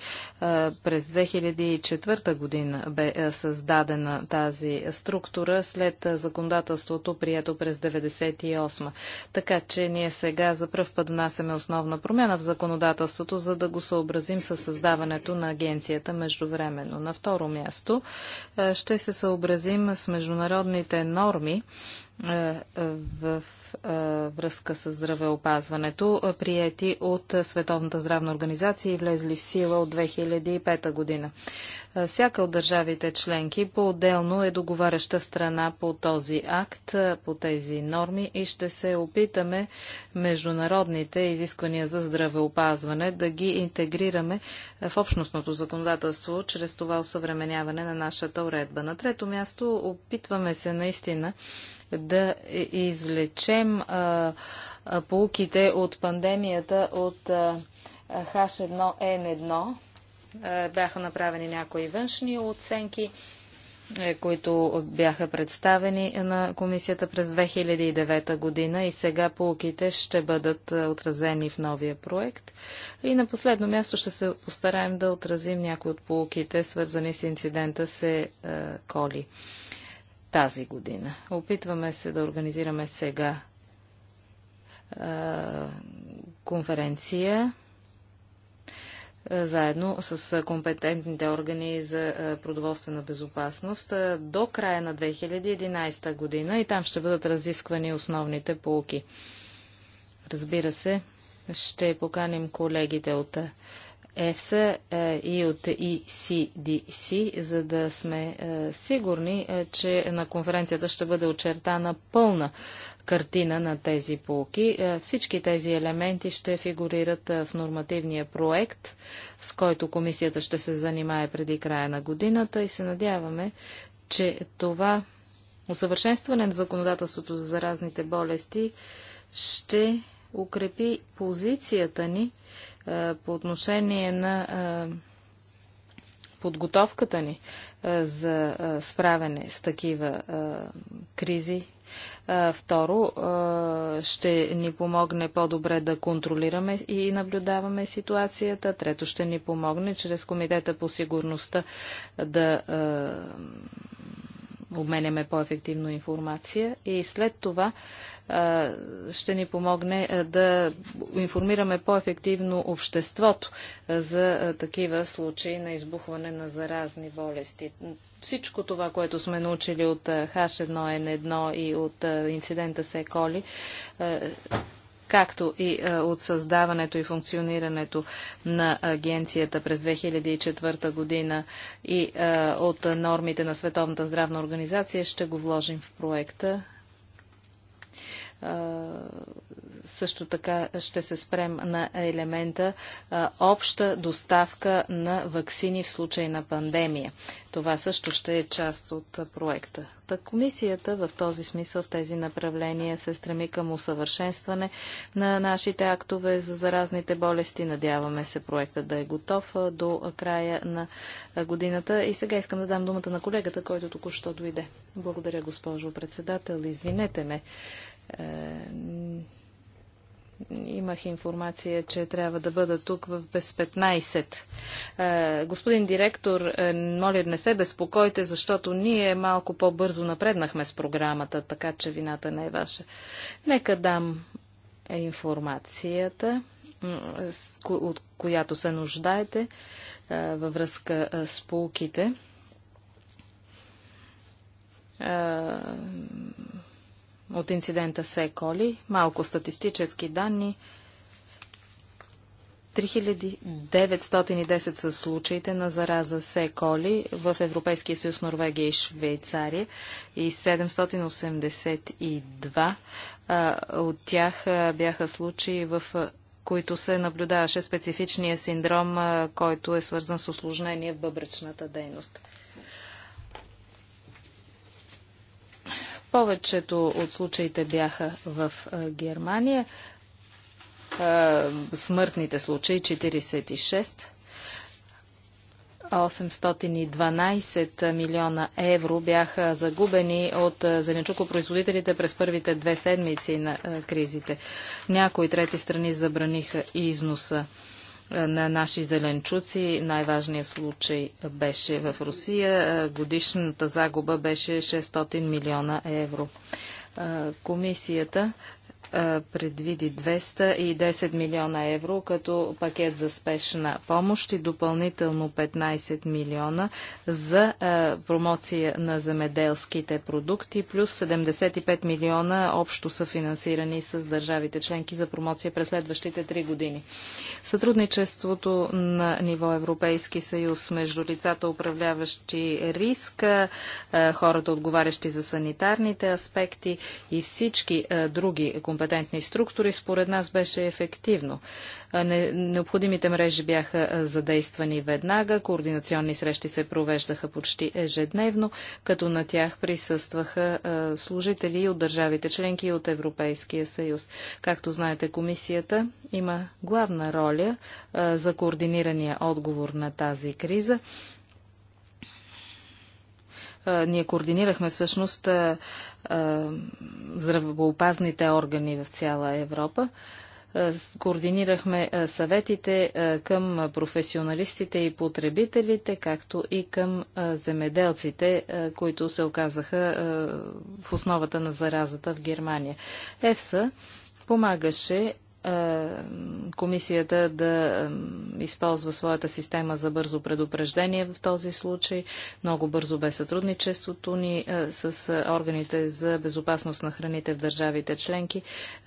През 2004 година бе създадена тази структура след законодателството, прието през 1998. Така че ние сега за пръв път внасяме основна промяна в законодателството, за да го съобразим с създаването на агенцията междувременно. На второ място ще се съобразим с международните норми, е, е, в е, връзка с здравеопазването, прияти от Световната здравна организация и влезли в сила от 2005 година. Е, всяка от държавите членки по-отделно е договаряща страна по този акт, е, по тези норми и ще се опитаме международните изисквания за здравеопазване да ги интегрираме е, в общностното законодателство чрез това осъвременяване на нашата уредба. На трето място опитваме се наистина да извлечем а, а, полуките от пандемията от а, H1N1 е, бяха направени някои външни оценки, е, които бяха представени на комисията през 2009 година и сега полуките ще бъдат е, отразени в новия проект. И на последно място ще се постараем да отразим някои от полуките, свързани с инцидента се коли тази година. Опитваме се да организираме сега конференция е, заедно с е, компетентните органи за е, продоволствена безопасност до края на 2011 година и там ще бъдат разисквани основните полки. Разбира се, ще поканим колегите от ЕФСА е, и от ECDC, за да сме е, сигурни, е, че на конференцията ще бъде очертана пълна картина на тези полки. Всички тези елементи ще фигурират в нормативния проект, с който комисията ще се занимае преди края на годината и се надяваме, че това усъвършенстване на законодателството за заразните болести ще укрепи позицията ни е, по отношение на е, подготовката ни е, за справяне с такива кризи. Второ, ще ни помогне по-добре да контролираме и наблюдаваме ситуацията. Трето, ще ни помогне чрез Комитета по сигурността да обменяме по-ефективно информация и след това ще ни помогне да информираме по-ефективно обществото за такива случаи на избухване на заразни болести. Всичко това, което сме научили от H1N1 и от инцидента с Еколи, както и е, от създаването и функционирането на агенцията през 2004 година и е, от нормите на Световната здравна организация, ще го вложим в проекта също така ще се спрем на елемента обща доставка на вакцини в случай на пандемия. Това също ще е част от проекта. Та комисията в този смисъл, в тези направления се стреми към усъвършенстване на нашите актове за заразните болести. Надяваме се проекта да е готов до края на годината. И сега искам да дам думата на колегата, който току-що дойде. Благодаря, госпожо председател. Извинете ме е, имах информация, че трябва да бъда тук в без 15. Е, господин директор, е, моля, не се безпокойте, защото ние малко по-бързо напреднахме с програмата, така че вината не е ваша. Нека дам информацията, от която се нуждаете във връзка с полките от инцидента с Еколи. Малко статистически данни. 3910 са случаите на зараза Се Коли в Европейския съюз, Норвегия и Швейцария и 782 а, от тях а, бяха случаи в които се наблюдаваше специфичния синдром, който е свързан с осложнение в бъбречната дейност. Повечето от случаите бяха в Германия. Смъртните случаи 46. 812 милиона евро бяха загубени от зеленчукопроизводителите през първите две седмици на кризите. Някои трети страни забраниха износа на наши зеленчуци. Най-важният случай беше в Русия. Годишната загуба беше 600 милиона евро. Комисията е, предвиди 210 милиона евро като пакет за спешна помощ и допълнително 15 милиона за е, промоция на земеделските продукти, плюс 75 милиона общо са финансирани с държавите членки за промоция през следващите 3 години. Сътрудничеството на ниво Европейски съюз между лицата, управляващи риска, е, хората, отговарящи за санитарните аспекти и всички други компетенции компетентни структури, според нас беше ефективно. необходимите мрежи бяха задействани веднага, координационни срещи се провеждаха почти ежедневно, като на тях присъстваха служители от държавите членки и от Европейския съюз. Както знаете, комисията има главна роля за координирания отговор на тази криза. Е, ние координирахме всъщност е, е, здравоопазните органи в цяла Европа координирахме съветите към професионалистите и потребителите, както и към земеделците, които се оказаха в основата на заразата в Германия. ЕФСА помагаше е, комисията да е, използва своята система за бързо предупреждение в този случай. Много бързо бе сътрудничеството ни е, с органите за безопасност на храните в държавите членки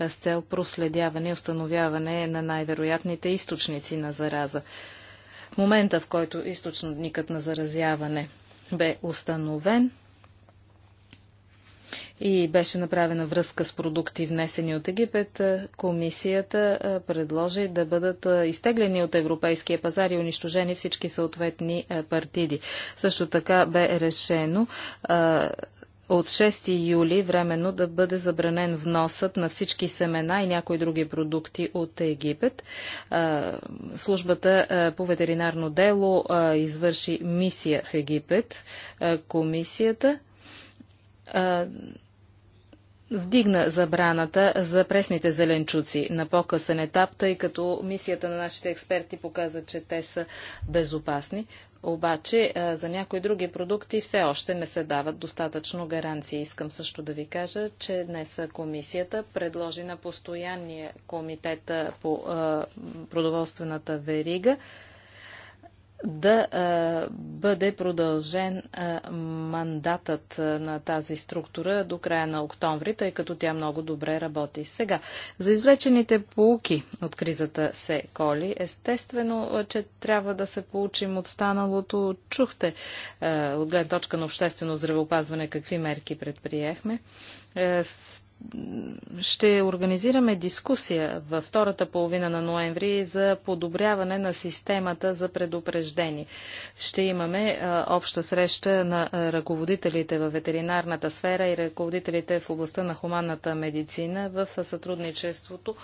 с цел проследяване и установяване на най-вероятните източници на зараза. В момента, в който източникът на заразяване бе установен, и беше направена връзка с продукти внесени от Египет, комисията предложи да бъдат изтеглени от европейския пазар и унищожени всички съответни партиди. Също така бе решено от 6 юли временно да бъде забранен вносът на всички семена и някои други продукти от Египет. Службата по ветеринарно дело извърши мисия в Египет. Комисията вдигна забраната за пресните зеленчуци на по-късен етап, тъй като мисията на нашите експерти показа, че те са безопасни. Обаче за някои други продукти все още не се дават достатъчно гаранции. Искам също да ви кажа, че днес комисията предложи на постоянния комитет по продоволствената верига да бъде продължен мандатът на тази структура до края на октомври, тъй като тя много добре работи. Сега, за извлечените полуки от кризата се коли, естествено, че трябва да се получим от станалото. Чухте от гледна точка на обществено здравеопазване какви мерки предприехме. Е, ще организираме дискусия във втората половина на ноември за подобряване на системата за предупреждение. Ще имаме а, обща среща на а, ръководителите в ветеринарната сфера и ръководителите в областта на хуманната медицина в сътрудничеството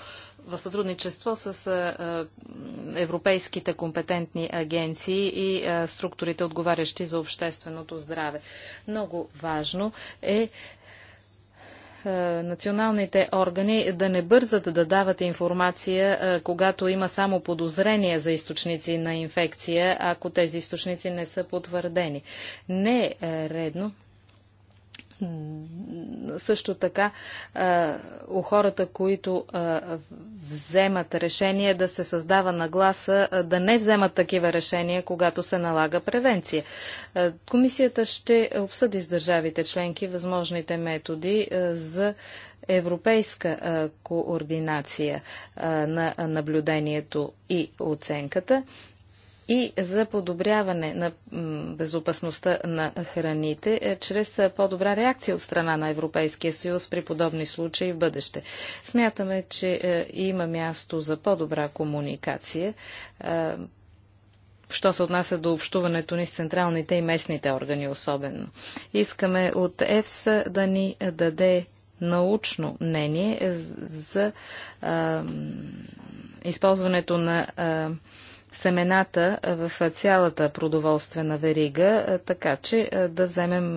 в сътрудничество с а, европейските компетентни агенции и а, структурите, отговарящи за общественото здраве. Много важно е е, националните органи да не бързат да дават информация, е, когато има само подозрение за източници на инфекция, ако тези източници не са потвърдени. Не е редно също така а, у хората, които а, вземат решение да се създава нагласа да не вземат такива решения, когато се налага превенция. Комисията ще обсъди с държавите членки възможните методи за европейска координация на наблюдението и оценката и за подобряване на безопасността на храните е, чрез е, по-добра реакция от страна на Европейския съюз при подобни случаи в бъдеще. Смятаме, че е, има място за по-добра комуникация що се отнася до общуването ни с централните и местните органи особено. Искаме от ЕФСА да ни даде научно мнение за а, използването на а, семената в цялата продоволствена верига, така че да вземем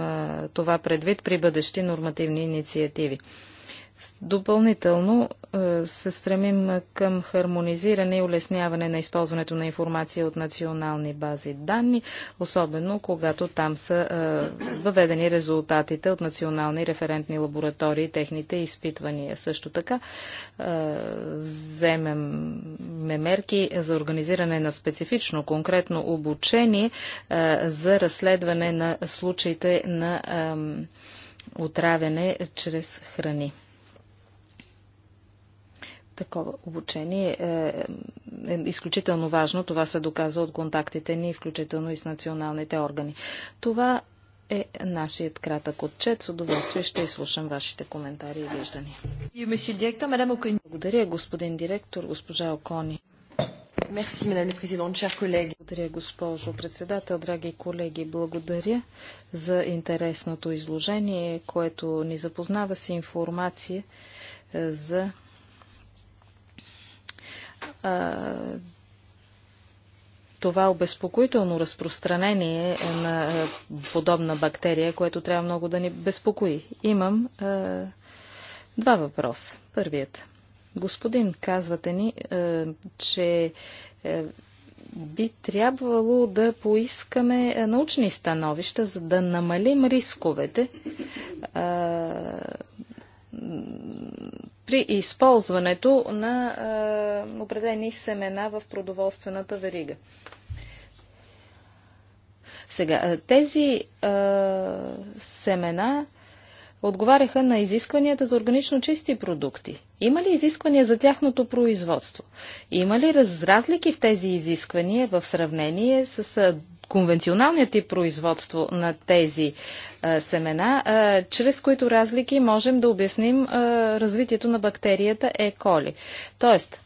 това предвид при бъдещи нормативни инициативи. Допълнително е, се стремим към хармонизиране и улесняване на използването на информация от национални бази данни, особено когато там са е, въведени резултатите от национални референтни лаборатории, техните изпитвания. Също така е, вземем мерки за организиране на специфично, конкретно обучение за разследване на случаите на отравяне чрез храни такова обучение е, е, е изключително важно. Това се доказва от контактите ни, включително и с националните органи. Това е нашият кратък отчет. С удоволствие ще изслушам вашите коментари и виждания. Благодаря, господин директор, госпожа Окони. Merci, madame Благодаря, госпожо председател, драги колеги. Благодаря за интересното изложение, което ни запознава с информация е, за а, това обезпокоително разпространение е на а, подобна бактерия, което трябва много да ни безпокои. Имам а, два въпроса. Първият. Господин, казвате ни, а, че а, би трябвало да поискаме научни становища, за да намалим рисковете. А, при използването на а, е, определени семена в продоволствената верига. Сега, е, тези а, е, семена отговаряха на изискванията за органично чисти продукти. Има ли изисквания за тяхното производство? Има ли разлики в тези изисквания в сравнение с конвенционалният тип производство на тези а, семена, а, чрез които разлики можем да обясним а, развитието на бактерията Е. коли. Тоест,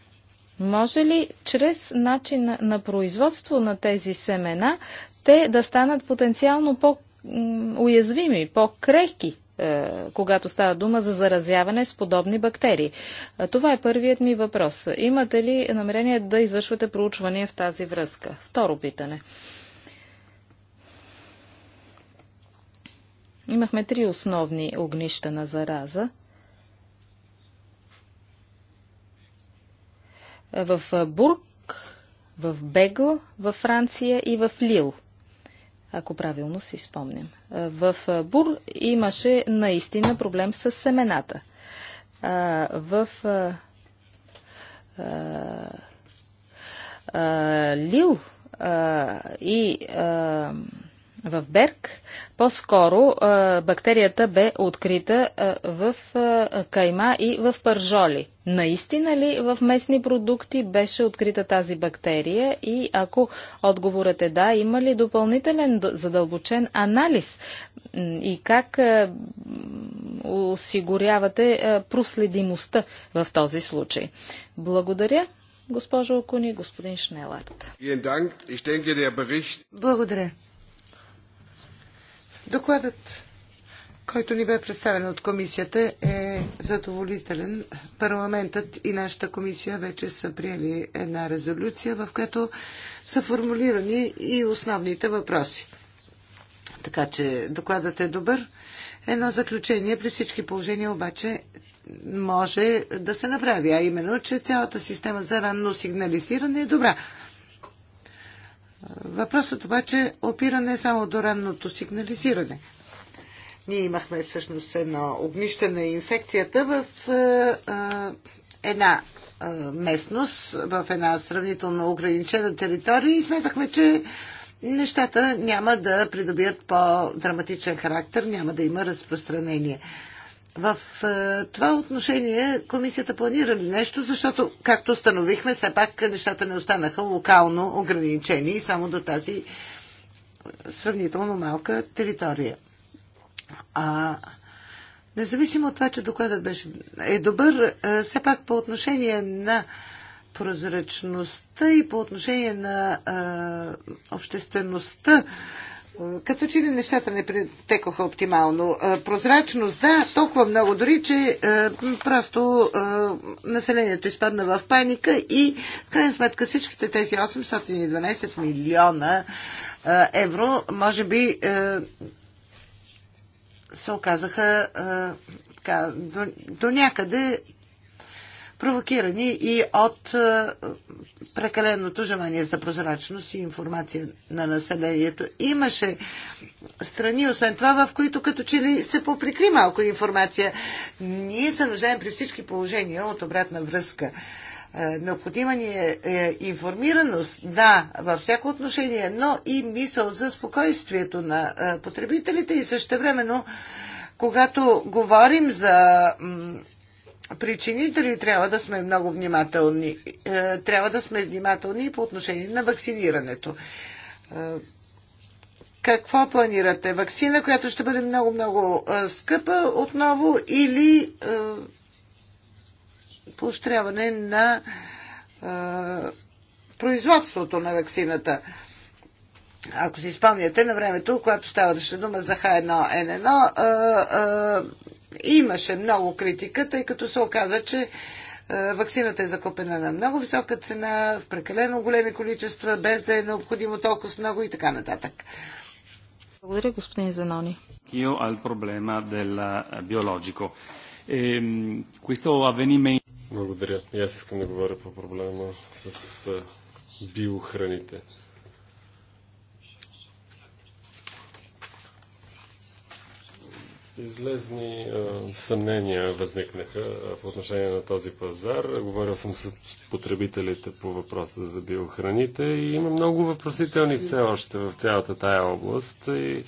може ли чрез начин на производство на тези семена те да станат потенциално по-уязвими, по-крехки, е, когато става дума за заразяване с подобни бактерии? Това е първият ми въпрос. Имате ли намерение да извършвате проучвания в тази връзка? Второ питане. Имахме три основни огнища на зараза. В Бург, в Бегл, във Франция и в Лил ако правилно си спомням. В Бур имаше наистина проблем с семената. в Лил и в Берг. По-скоро бактерията бе открита в кайма и в пържоли. Наистина ли в местни продукти беше открита тази бактерия и ако отговорът е да, има ли допълнителен задълбочен анализ и как осигурявате проследимостта в този случай? Благодаря. Госпожо Окуни, господин Шнелард. Благодаря. Докладът, който ни бе представен от комисията, е задоволителен. Парламентът и нашата комисия вече са приели една резолюция, в която са формулирани и основните въпроси. Така че докладът е добър. Едно заключение при всички положения обаче може да се направи, а именно, че цялата система за ранно сигнализиране е добра. Въпросът обаче опира не само до ранното сигнализиране. Ние имахме всъщност едно огнище на инфекцията в а, е, е, една а, е, местност, в една сравнително ограничена територия и сметахме, че нещата няма да придобият по-драматичен характер, няма да има разпространение. В е, това отношение комисията планира ли нещо, защото, както установихме, все пак нещата не останаха локално ограничени и само до тази е, сравнително малка територия. А, независимо от това, че докладът беше, е добър, е, все пак по отношение на прозрачността и по отношение на а, обществеността, като че ли нещата не претекоха оптимално. Прозрачност, да, толкова много, дори че просто населението изпадна в паника и в крайна сметка всичките тези 812 милиона евро, може би се оказаха така, до, до някъде провокирани и от е, прекаленото желание за прозрачност и информация на населението. Имаше страни, освен това, в които като че ли се поприкри малко информация. Ние се нуждаем при всички положения от обратна връзка. Е, необходима ни е, е информираност, да, във всяко отношение, но и мисъл за спокойствието на потребителите и същевременно, когато говорим за причинители трябва да сме много внимателни. Е, трябва да сме внимателни и по отношение на вакцинирането. Е, какво планирате? Вакцина, която ще бъде много-много е, скъпа отново или поощряване на производството на вакцината? Ако си спомняте, на времето, когато ставаше дума за H1N1, имаше много критика, тъй като се оказа, че е, вакцината е закупена на много висока цена, в прекалено големи количества, без да е необходимо толкова много и така нататък. Благодаря, господин Занони. Кио ал проблема дела биологико. E, questo Благодаря. И аз искам да говоря по проблема с eh, биохраните. Излезни съмнения възникнаха по отношение на този пазар. Говорил съм с потребителите по въпроса за биохраните и има много въпросителни все още в цялата тая област. И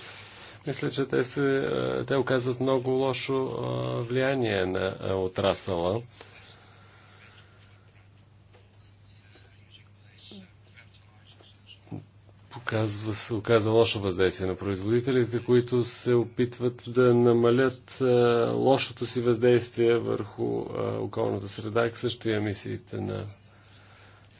мисля, че те, се, те оказват много лошо влияние на отрасъла. оказва, се лошо въздействие на производителите, които се опитват да намалят а, лошото си въздействие върху а, околната среда, също и емисиите на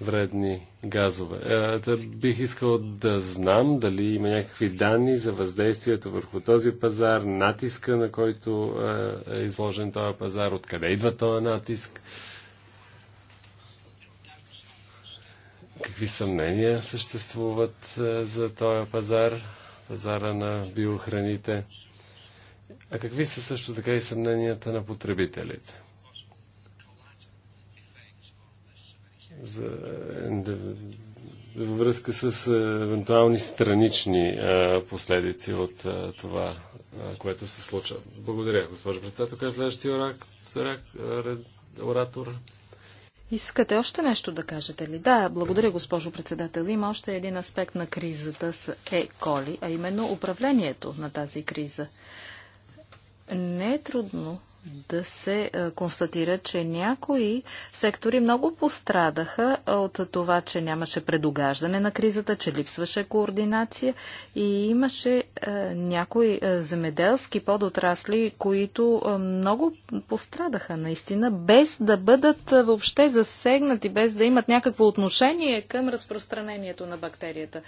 вредни газове. А, е, да бих искал да знам дали има някакви данни за въздействието върху този пазар, натиска, на който а, е изложен този пазар, откъде идва този натиск какви съмнения съществуват е, за този пазар, пазара на биохраните, а какви са също така и съмненията на потребителите. За, е, във връзка с е, евентуални странични а, последици от а, това, а, което се случва. Благодаря, госпожо председател. Следващия е следващия оратор. Искате още нещо да кажете ли? Да, благодаря, госпожо председател. Има още един аспект на кризата с Е-коли, а именно управлението на тази криза. Не е трудно да се констатира, че някои сектори много пострадаха от това, че нямаше предогаждане на кризата, че липсваше координация и имаше някои земеделски подотрасли, които много пострадаха наистина, без да бъдат въобще засегнати, без да имат някакво отношение към разпространението на бактерията.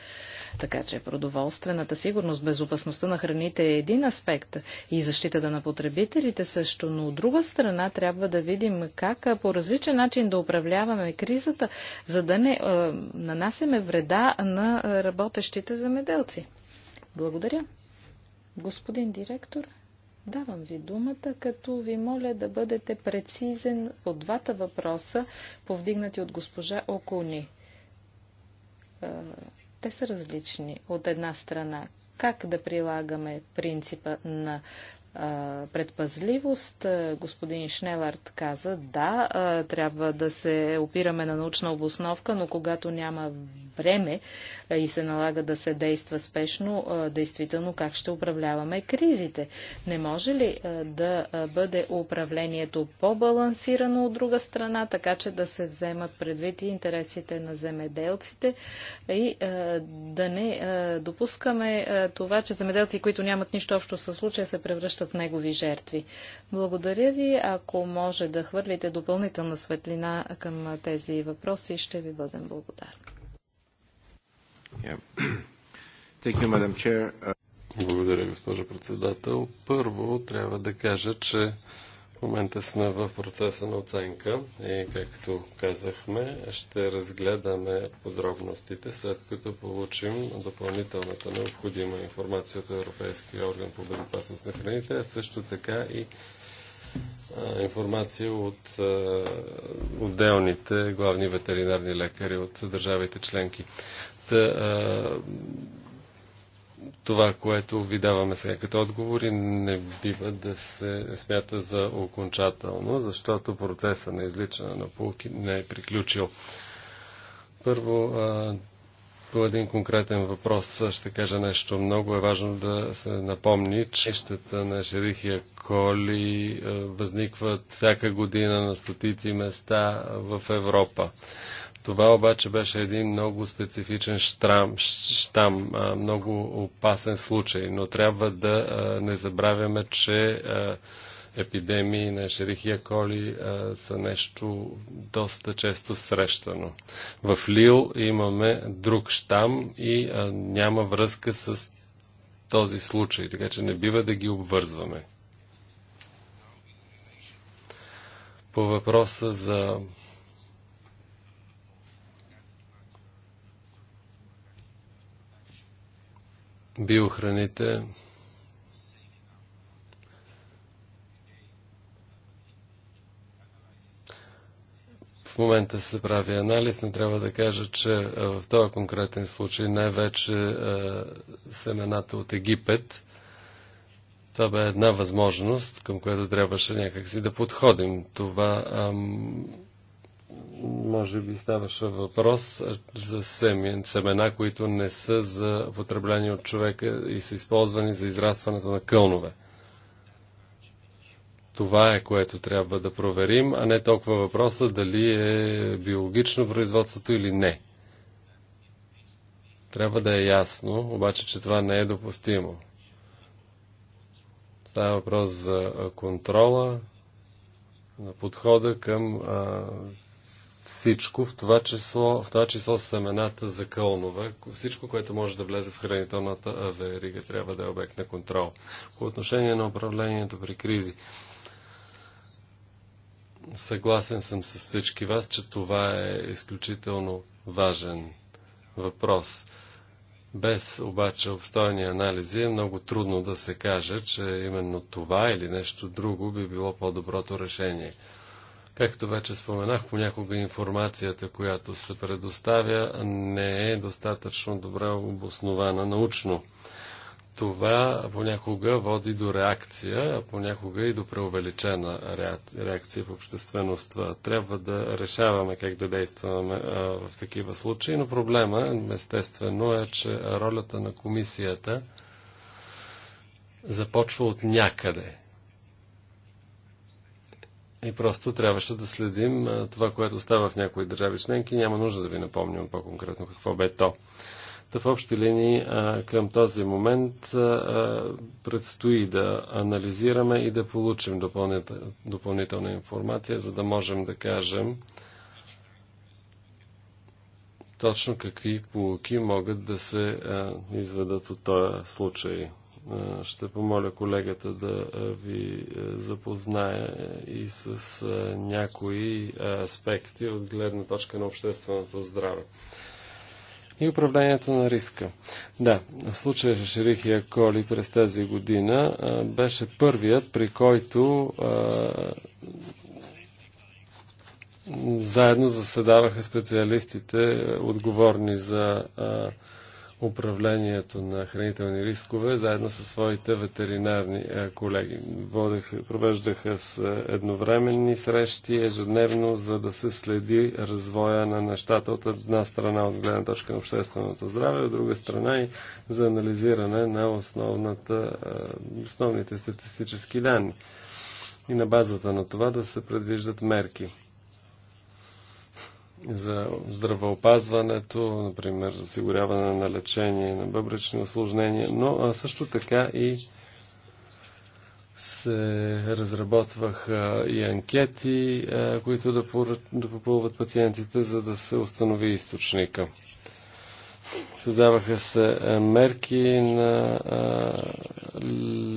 Така че продоволствената сигурност, безопасността на храните е един аспект и защитата на потребителите също но от друга страна трябва да видим как по различен начин да управляваме кризата, за да не е, нанасяме вреда на работещите замеделци. Благодаря. Господин директор, давам ви думата, като ви моля да бъдете прецизен по двата въпроса, повдигнати от госпожа Окуни. Те са различни. От една страна, как да прилагаме принципа на предпазливост. Господин Шнелард каза, да, трябва да се опираме на научна обосновка, но когато няма време и се налага да се действа спешно, действително как ще управляваме кризите? Не може ли да бъде управлението по-балансирано от друга страна, така че да се вземат предвид и интересите на земеделците и да не допускаме това, че земеделци, които нямат нищо общо със случая, се превръщат срещат негови жертви. Благодаря ви. Ако може да хвърлите допълнителна светлина към тези въпроси, ще ви бъдем благодарни. Благодаря, госпожо председател. Първо трябва да кажа, че в момента сме в процеса на оценка и, както казахме, ще разгледаме подробностите, след като получим допълнителната необходима информация от Европейския орган по безопасност на храните, а също така и информация от отделните главни ветеринарни лекари от държавите членки това, което ви даваме сега като отговори, не бива да се смята за окончателно, защото процеса на изличане на полки не е приключил. Първо, по един конкретен въпрос ще кажа нещо. Много е важно да се напомни, че нещата на Шерихия Коли възникват всяка година на стотици места в Европа. Това обаче беше един много специфичен штрам, штам, много опасен случай, но трябва да не забравяме, че епидемии на Шерихия коли са нещо доста често срещано. В Лил имаме друг штам и няма връзка с този случай, така че не бива да ги обвързваме. По въпроса за биохраните. В момента се прави анализ, но трябва да кажа, че в този конкретен случай най-вече семената от Египет. Това бе една възможност, към която трябваше някакси да подходим. Това ам, може би ставаше въпрос за семен, семена, които не са за потребление от човека и са използвани за израстването на кълнове. Това е което трябва да проверим, а не толкова въпроса дали е биологично производството или не. Трябва да е ясно, обаче, че това не е допустимо. Става въпрос за контрола на подхода към а, всичко, в това число, в това число семената за кълнове, всичко, което може да влезе в хранителната верига, трябва да е обект на контрол. По отношение на управлението при кризи, съгласен съм с всички вас, че това е изключително важен въпрос. Без обаче обстойни анализи е много трудно да се каже, че именно това или нещо друго би било по-доброто решение. Както вече споменах, понякога информацията, която се предоставя, не е достатъчно добре обоснована научно. Това понякога води до реакция, а понякога и до преувеличена реакция в обществеността. Трябва да решаваме как да действаме в такива случаи, но проблема естествено е, че ролята на комисията започва от някъде и просто трябваше да следим това, което става в някои държави членки. Няма нужда да ви напомням по-конкретно какво бе то. Та в общи линии към този момент предстои да анализираме и да получим допълнителна информация, за да можем да кажем точно какви полуки могат да се изведат от този случай ще помоля колегата да ви запознае и с някои аспекти от гледна точка на общественото здраве. И управлението на риска. Да, случая Шерихия Коли през тази година беше първият, при който заедно заседаваха специалистите, отговорни за а, управлението на хранителни рискове, заедно със своите ветеринарни е, колеги. Водех, провеждаха с е, едновременни срещи ежедневно, за да се следи развоя на нещата от една страна от гледна точка на общественото здраве, от друга страна и за анализиране на основната, е, основните статистически данни. И на базата на това да се предвиждат мерки за здравеопазването, например, за осигуряване на лечение на бъбречни осложнения, но също така и се разработваха и анкети, които да, да попълват пациентите, за да се установи източника. Създаваха се е, мерки на е,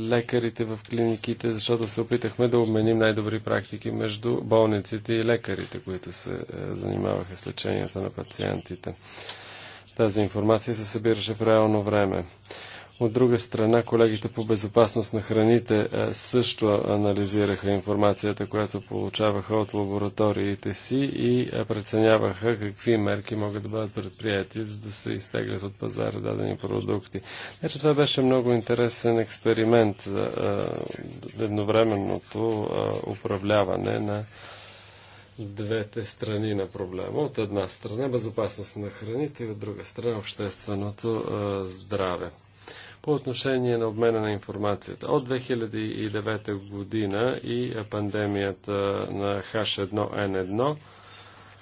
лекарите в клиниките, защото се опитахме да обменим най-добри практики между болниците и лекарите, които се е, занимаваха с лечението на пациентите. Тази информация се събираше в реално време. От друга страна, колегите по безопасност на храните е, също анализираха информацията, която получаваха от лабораториите си и е, преценяваха какви мерки могат да бъдат предприяти, за да се изтеглят от пазара дадени продукти. Значи това беше много интересен експеримент за едновременното управляване на двете страни на проблема. От една страна безопасност на храните и от друга страна общественото здраве по отношение на обмена на информацията. От 2009 година и пандемията на H1N1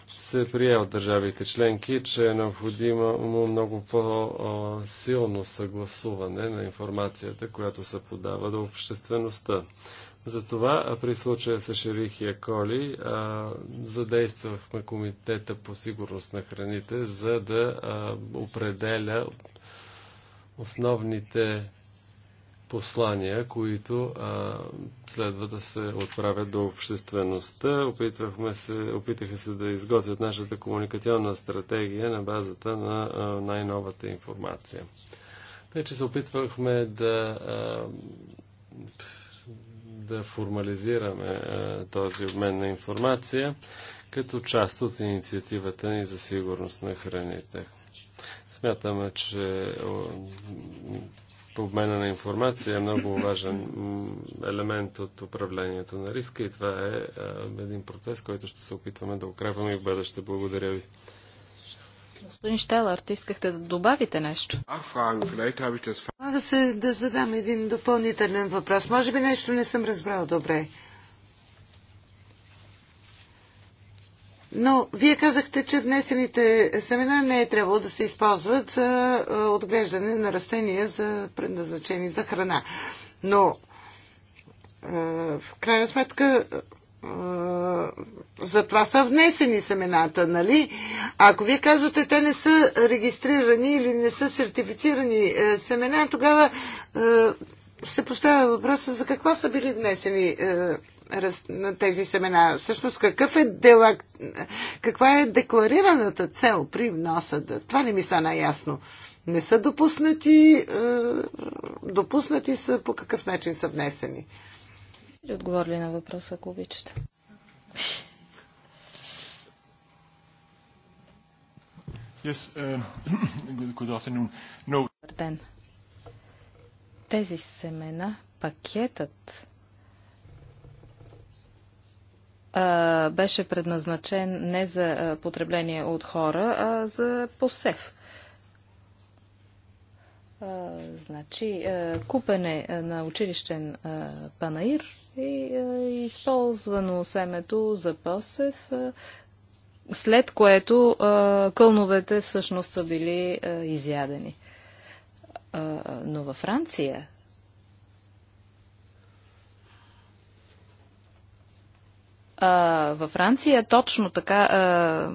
се прие от държавите членки, че е необходимо много по-силно съгласуване на информацията, която се подава до обществеността. Затова при случая с Шерихия Коли задействахме Комитета по сигурност на храните, за да определя основните послания, които а, следва да се отправят до обществеността. Опитвахме се, опитаха се да изготвят нашата комуникационна стратегия на базата на най-новата информация. Тъй, че се опитвахме да, а, да формализираме а, този обмен на информация като част от инициативата ни за сигурност на храните. Смятаме, че обмена на информация е много важен елемент от управлението на риска и това е един процес, който ще се опитваме да укрепваме и в бъдеще. Благодаря ви. Господин ти искахте да добавите нещо? Мога се да задам един допълнителен въпрос. Може би нещо не съм разбрал добре. Но вие казахте, че внесените семена не е трябвало да се използват за отглеждане на растения, за предназначени за храна. Но в крайна сметка за това са внесени семената, нали? ако вие казвате, те не са регистрирани или не са сертифицирани семена, тогава се поставя въпроса за какво са били внесени на тези семена. Всъщност, какъв е дела, каква е декларираната цел при вноса? Това не ми стана ясно. Не са допуснати, е, допуснати са по какъв начин са внесени. Отговорили на въпроса, ако обичате. Yes, uh, good afternoon. No. Тези семена, пакетът беше предназначен не за потребление от хора, а за посев. значи, купене на училищен панаир и използвано семето за посев, след което кълновете всъщност са били изядени. Но във Франция във Франция точно така а,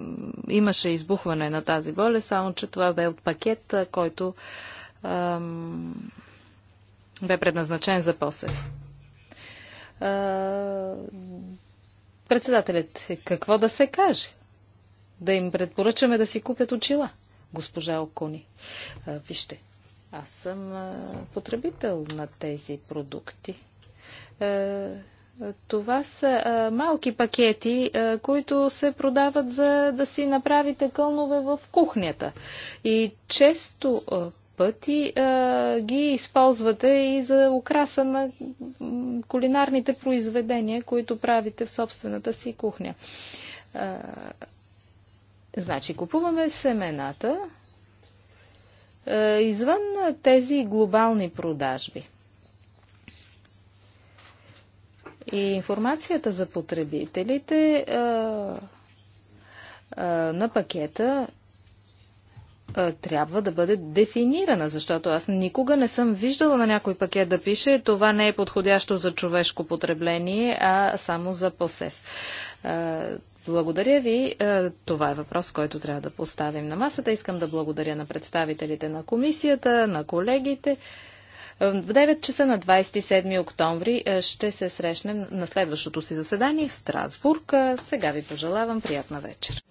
имаше избухване на тази болест, само че това бе от пакет, а, който а, бе предназначен за посев. Председателят, какво да се каже? Да им предпоръчаме да си купят очила, госпожа Окуни. Вижте, аз съм потребител на тези продукти това са а, малки пакети, а, които се продават за да си направите кълнове в кухнята. И често а, пъти а, ги използвате и за украса на кулинарните произведения, които правите в собствената си кухня. А, значи, купуваме семената а, извън тези глобални продажби – И информацията за потребителите а, е, а, е, на пакета а, е, трябва да бъде дефинирана, защото аз никога не съм виждала на някой пакет да пише това не е подходящо за човешко потребление, а само за посев. Благодаря ви. Това е въпрос, който трябва да поставим на масата. Искам да благодаря на представителите на комисията, на колегите. В 9 часа на 27 октомври е, ще се срещнем на следващото си заседание в Страсбург. Е, сега ви пожелавам приятна вечер.